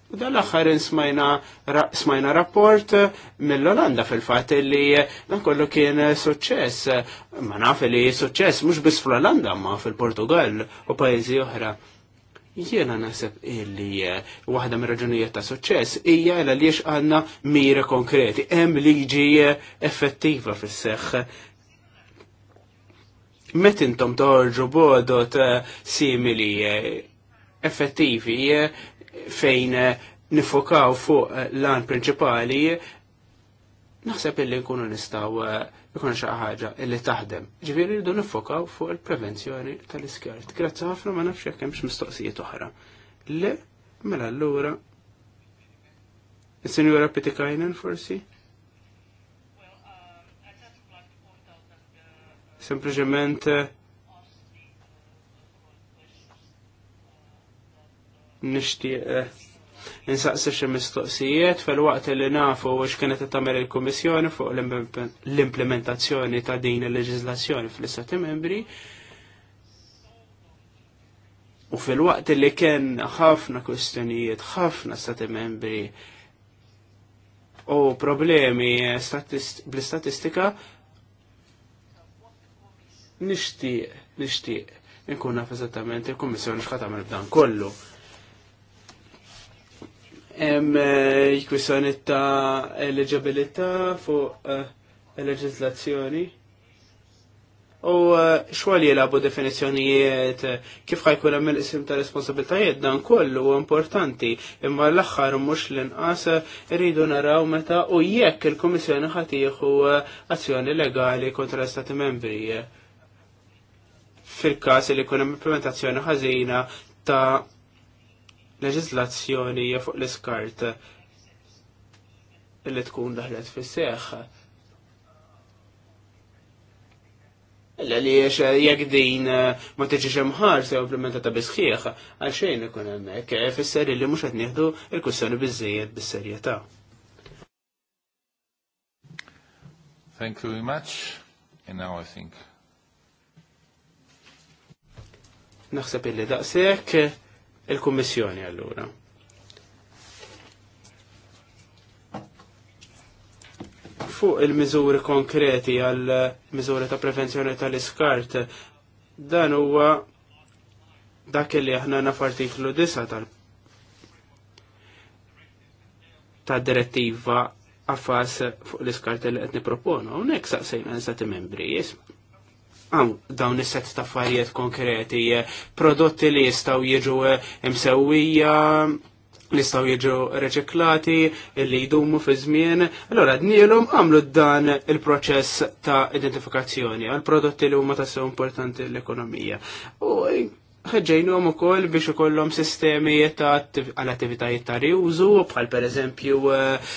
U dal aħħar smajna rapport eh, mill-Olanda fil-fat li eh, dan kollu kien eh, suċċess. Ma naf li suċċess mhux biss fl-Olanda ma fil-Portugal u pajjiżi oħra. Jiena naħseb illi waħda mir raġunijiet ta' suċċess hija l għaliex għandna mira konkreti, hemm liġi effettiva fis-seħħ. Met intom toħorġu bodot simili effettivi fejn eh, nifokaw fuq eh, l-an prinċipali naħseb illi nkunu nistaw jkun eh, xi ħaġa illi taħdem. Ġifieri rridu nifokaw fuq il-prevenzjoni tal-iskert. Grazzi ħafna ma nafx jekk hemmx mistoqsijiet oħra. Le, mela allura Is-Sinjura Pitikajnen forsi? uh nixtieq eh, Insaqsi xi mistoqsijiet fil-waqt li nafu x kienet tagħmel il-Kummissjoni fuq l-implementazzjoni ta' din il-leġiżlazzjoni fl-Istati Membri. U fil-waqt li kien ħafna kwistjonijiet, ħafna Stati Membri u problemi eh, bl-istatistika nixtieq, nixtieq, nkun naf il-Kummissjoni x'ħat tagħmel b'dan kollu. Hemm eh, kwistjoni ta' eligibilità fuq eh, il-leġiżlazzjoni. U eh, xogħol jilagħbu definizzjonijiet kif ħajkun hemm il-qsim ta' responsabiltajiet dan kollu importanti, imma l-aħħar mhux l-inqas iridu naraw meta u jekk il-Kummissjoni ħadd azzjoni legali kontra l-Stati membri fil-kas li hemm implementazzjoni ħażina ta' leġislazzjoni fuq l-iskart li tkun daħlet fis seħħ Illa li jiex jek din eh, ma tiġi xemħar se ta' bisħieħ, għalxejn ikun hemmhekk, eh, fisser li mhux qed nieħdu l-kwistjoni biżejjed bis-serjetà. Thank you very much. And now I think. Naħseb illi daqshekk il-Kummissjoni allura. Fuq il-miżuri konkreti għal miżuri ta' prevenzjoni tal-iskart, dan huwa dak li aħna naf artiklu 9 tal ta' direttiva għafas fuq l-iskart li qed niproponu. Hawnhekk saqsejna nsa membri jisma' għam dawn is-set ta' affarijiet konkreti, eh, prodotti li jistaw jiġu eh, msewwija, li jistaw jiġu reċiklati, li jdumu fi żmien. Allora dnielhom għamlu dan il-proċess ta' identifikazzjoni għal prodotti li huma tassew importanti l-ekonomija. U ħeġġejnu għom ukoll biex ikollhom sistemi ta' għal attivitajiet ta' riużu bħal pereżempju eh,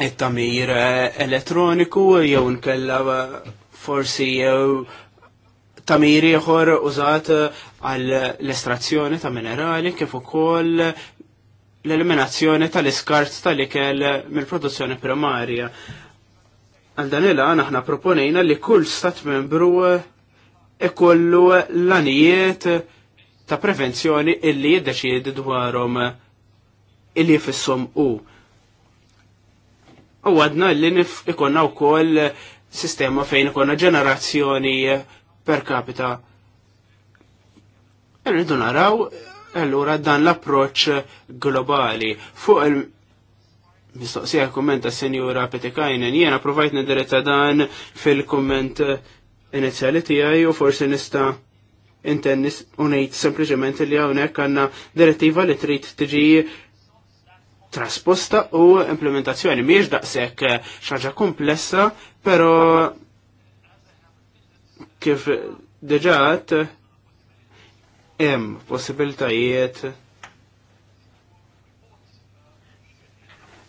it-tamir elettroniku jew nkella forsi eh, tamir ieħor użat eh, għal l-estrazzjoni ta' minerali kif ukoll l-eliminazzjoni tal-iskart tal-ikel mill-produzzjoni primarja. Għal dan il aħna proponejna li kull stat membru eh, ikollu l-anijiet ta' prevenzjoni illi jiddeċiedi dwarhom illi jfissom u. U għadna li ikonna u koll sistema fejn ikonna ġenerazzjoni eh, per capita. Rridu naraw eh, allura dan l-approċ globali. Fuq il- mistoqsija kommenta senjura Petikajnen, jena provajt nidiretta dan fil-komment eh, inizjali tijaj u forsi nista intennis unajt sempliciment li għawnek għanna direttiva li trid tiġi trasposta u implementazzjoni miex daqshekk eh, xaġa komplessa, pero kif deġat hemm possibiltajiet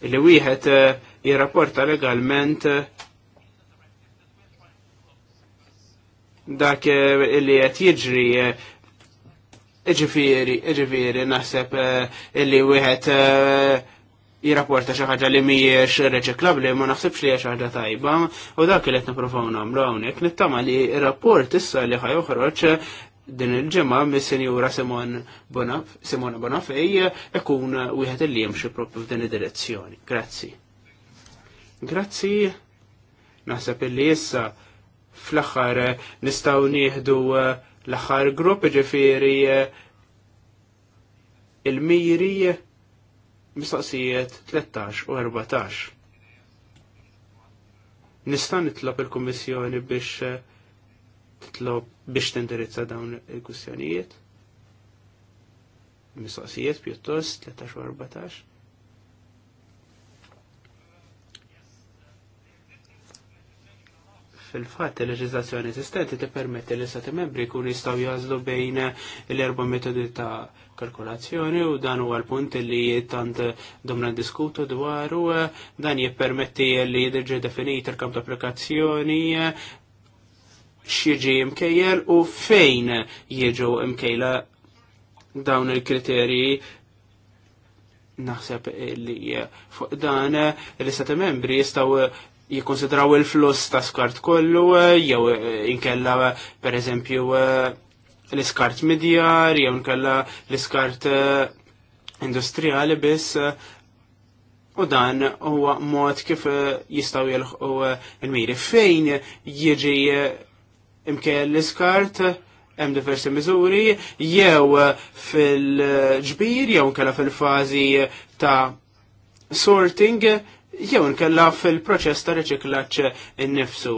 li wieħed eh, jirrapporta legalment eh, dak li qed jiġri Iġifieri, iġifieri, naħseb eh, illi wieħed eh, jirrapporta xi ħaġa li mhijiex reċiklabbli ma naħsibx li hija ħaġa tajba u dak li qed nippruvaw nagħmlu hawnhekk nittama li rapport issa li ħaj joħroġ din il-ġimgħa mis-Sinjura Simon Bonaf, Simona Bonafej ikun wieħed illi jimxi proprju f'din id-direzzjoni. Grazzi. Grazzi. Naħseb illi issa fl-aħħar nistgħu nieħdu uh, l-axar grupp ġifiri il-miri mistoqsijiet 13 u 14. Nista' nitlob il-Kummissjoni biex eh, titlob biex tindirizza dawn il kussjonijiet Mistoqsijiet pjuttost 13 u 14? Fil-fatt, il-leġizlazzjoni esistenti tippermetti li stati membri kun jistaw jazlu bejn l-erba metodi ta' kalkolazzjoni u dan huwa l-punt li tant domna diskutu dwar u dan jippermetti li jidġi definit il-kamp ta' applikazzjoni xieġi mkejjel u fejn jieġu mkejla dawn il-kriterji naħseb li fuq dan l-istati membri jistaw jikkonsidraw il-flus ta' skart kollu, eh, jew eh, inkella eh, per eżempju l-iskart midjar, jew inkella l-iskart industrijali biss. U dan huwa mod kif jistaw jilħu il-miri. Fejn jieġi imkejl l-iskart, hemm diversi miżuri, jew fil-ġbir, jew inkella fil-fażi ta' sorting, jew nkella fil-proċess ta' riċiklaġġ innifsu.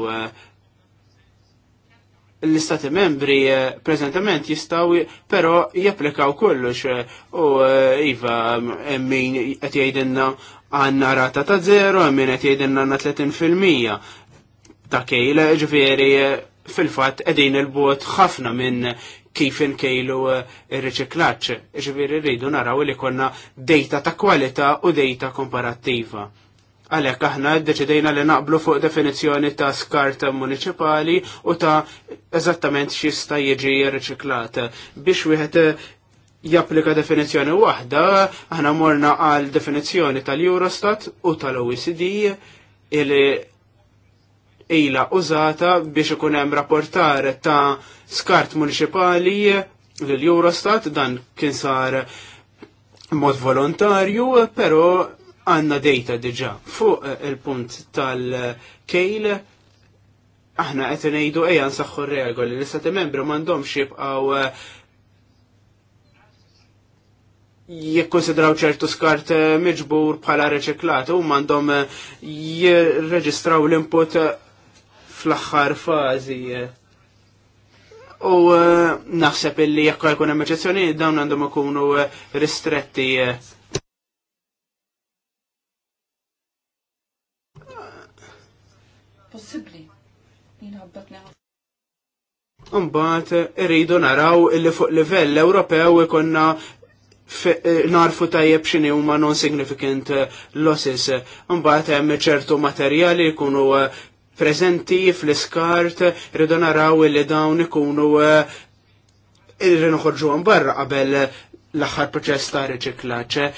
L-istati membri eh, prezentament jistaw però japplikaw kollox eh, u eh, iva mm, emmin qed jgħidilna għandna rata ta' zero, min qed jgħidilna għandna 30% ta' kejl, ġifieri fil-fatt qegħdin il-bot ħafna minn kif inkejlu ir-riċiklaġġ. Ġifieri rridu naraw li konna data ta' kwalità u data komparattiva. Għalhekk aħna ddeċidejna li naqblu fuq definizzjoni ta' skart municipali u ta' eżattament xista jiġi riċiklat. Biex wieħed japplika definizzjoni waħda, aħna morna għal definizzjoni tal-Eurostat u tal-OECD illi ila użata biex ikun hemm rapportar ta' skart municipali l-Eurostat dan kien sar mod volontarju, pero għanna data diġa fuq eh, il-punt tal-kejl aħna qed ngħidu ejja nsaħħu regoli li stati membru m'għandhomx jibqgħu eh, jikkonsidraw ċertu skart eh, miġbur bħala reċiklat u m'għandhom jirreġistraw l-input fl-aħħar fażi. U naħseb illi jekk jkun hemm eċezzjoni dawn għandhom ikunu ristretti possibbli. Jien ħabbat Mbagħad eh, irridu naraw li fuq livell Ewropew ikonna eh, narfu tajjeb x'inhi huma non significant eh, losses. Mbagħad hemm ċertu materjali jkunu prezenti fl-iskart, irridu naraw li dawn ikunu irridu noħorġuhom barra qabel l-aħħar proċess ta' riċiklaġġ.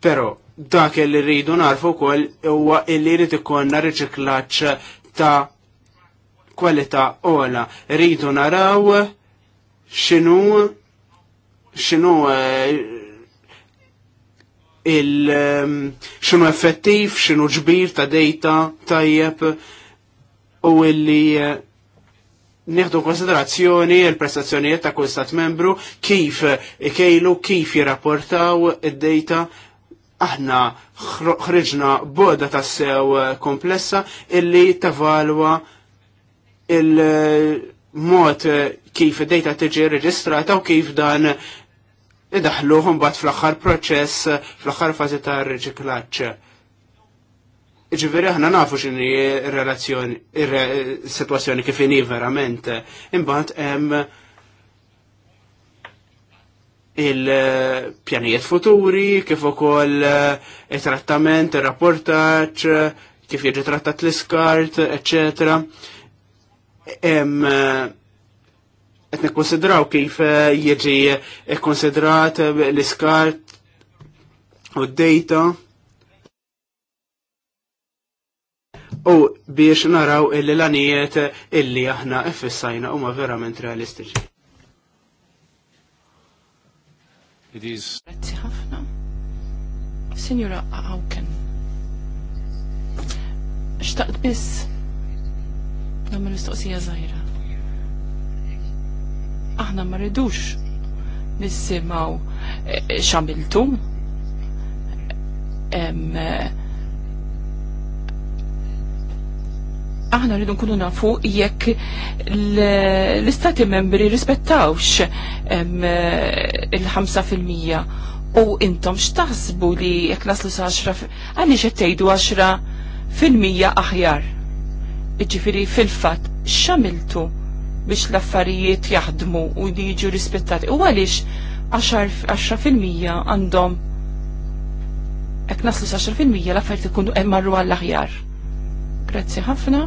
Però dak li rridu narfu wkoll huwa illi jrid ikollna riċiklaġġ ta' kwalità ola. Rridu naraw xinu xinu eh, il mm, xinu effettiv, xinu ġbir ta' dejta tajjeb u illi eh, nieħdu konsiderazzjoni il-prestazzjonijiet ta' kull stat membru kif ikejlu kif jirrapportaw id-dejta aħna ħriġna boda ta' sew eh, komplessa illi tavalwa il-mod eh, kif id-data tiġi reġistrata u kif dan idaħluhom bat fl axar proċess, eh, fl axar fazi ta' reġiklaċ. Iġveri ħna nafu xini relazzjoni, situazzjoni kif ini verament. Imbat, hemm il-pjanijiet futuri, kif ukoll eh, il-trattament, il-rapportaċ, kif jiġi trattat l-iskart, etc. Hemm qed kif eh, jiġi eh, konsidrat l-iskart u d-data. U biex naraw il-lanijiet illi aħna effissajna huma verament realistiċi. It is. Grazzi ħafna. Signora Hawken. Xtaqt biss nagħmel mistoqsija żgħira. Aħna ma rridux nisimgħu eh, x'għamiltu. Em, eh, aħna rridu nkunu nafu jekk l-istati membri rispettawx eh, il-5% u intom xtaħsbu li jekk naslu sa' 10 għalli xettejdu 10% aħjar. Iġifiri fil-fat xamiltu biex l-affarijiet jaħdmu u jiġu rispettati. U għalix 10% għandhom jekk naslu sa' 10% l-affarijiet ikunu emmarru eh, għall-aħjar. Grazzi ħafna.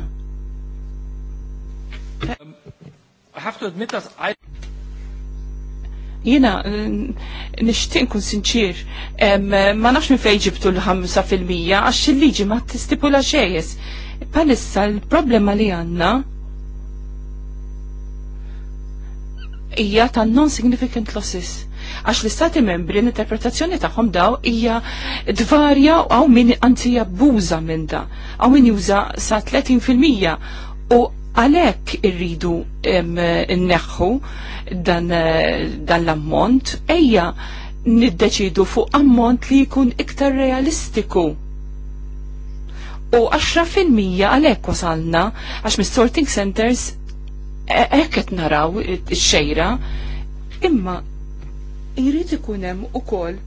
Jina, nishtin kun sinċir, ma nafx minn fejġibtu l-5% għax il-liġi ma t-stipula xejes. Palissa l-problema li għanna hija ta' non-significant losses. Għax l-istati membri l-interpretazzjoni tagħhom daw hija dvarja għaw min għanti jabbuża minn da, għaw min juża sa' 30% u Għalek irridu neħħu dan, dan l-ammont, eja niddeċidu fuq ammont li jkun iktar realistiku. U 10% għalek wasalna, għax mis-sorting centers e, ekket naraw xejra, imma jrid ikun hemm ukoll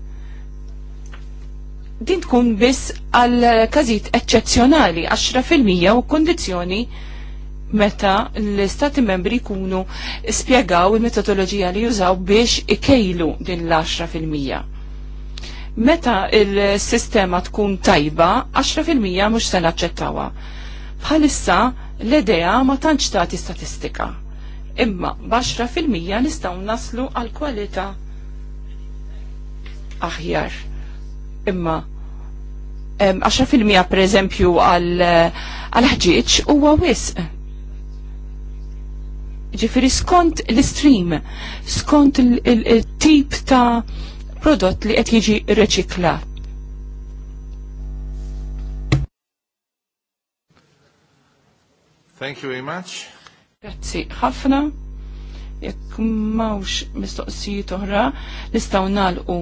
din tkun biss għal każijiet eċċezzjonali 10% u kondizzjoni meta l-istati membri kunu spiegaw il-metodologija li jużaw biex ikejlu din l-10%. Meta il-sistema tkun tajba, 10% mux se naċċettawa. Bħalissa l-idea ma tantx tagħti statistika. Imma b'10% nistgħu naslu għal kwalità aħjar. Imma 10% per eżempju għal ħġieġ huwa wisq Ġifiri skont l-stream, skont il-tip ta' prodott li qed jiġi reċiklat. Thank you very much. Grazzi ħafna. Jekk mawx mistoqsijiet oħra, nistgħu nagħlqu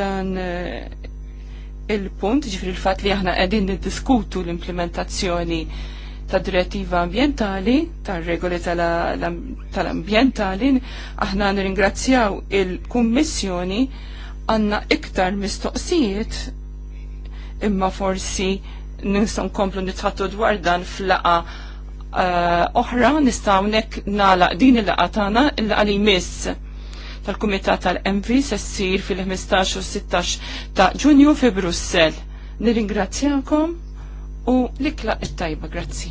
dan eh, il-punt, ġifri l fat li aħna qegħdin niddiskutu l-implementazzjoni ta' direttiva ambientali, ta' regoli tal-ambientali, aħna nirringrazzjaw il-Kummissjoni għanna iktar mistoqsijiet imma forsi nistaw nkomplu nitħattu dwar dan fl-laqa eh, oħra nistaw nek nalaq din il-laqa tagħna il-laqa li miss tal-Kumitat tal-MV se ssir fil-15 u 16 ta' Ġunju fi Brussell. Nirringrazzjakom u l-ikla it-tajba, grazzi.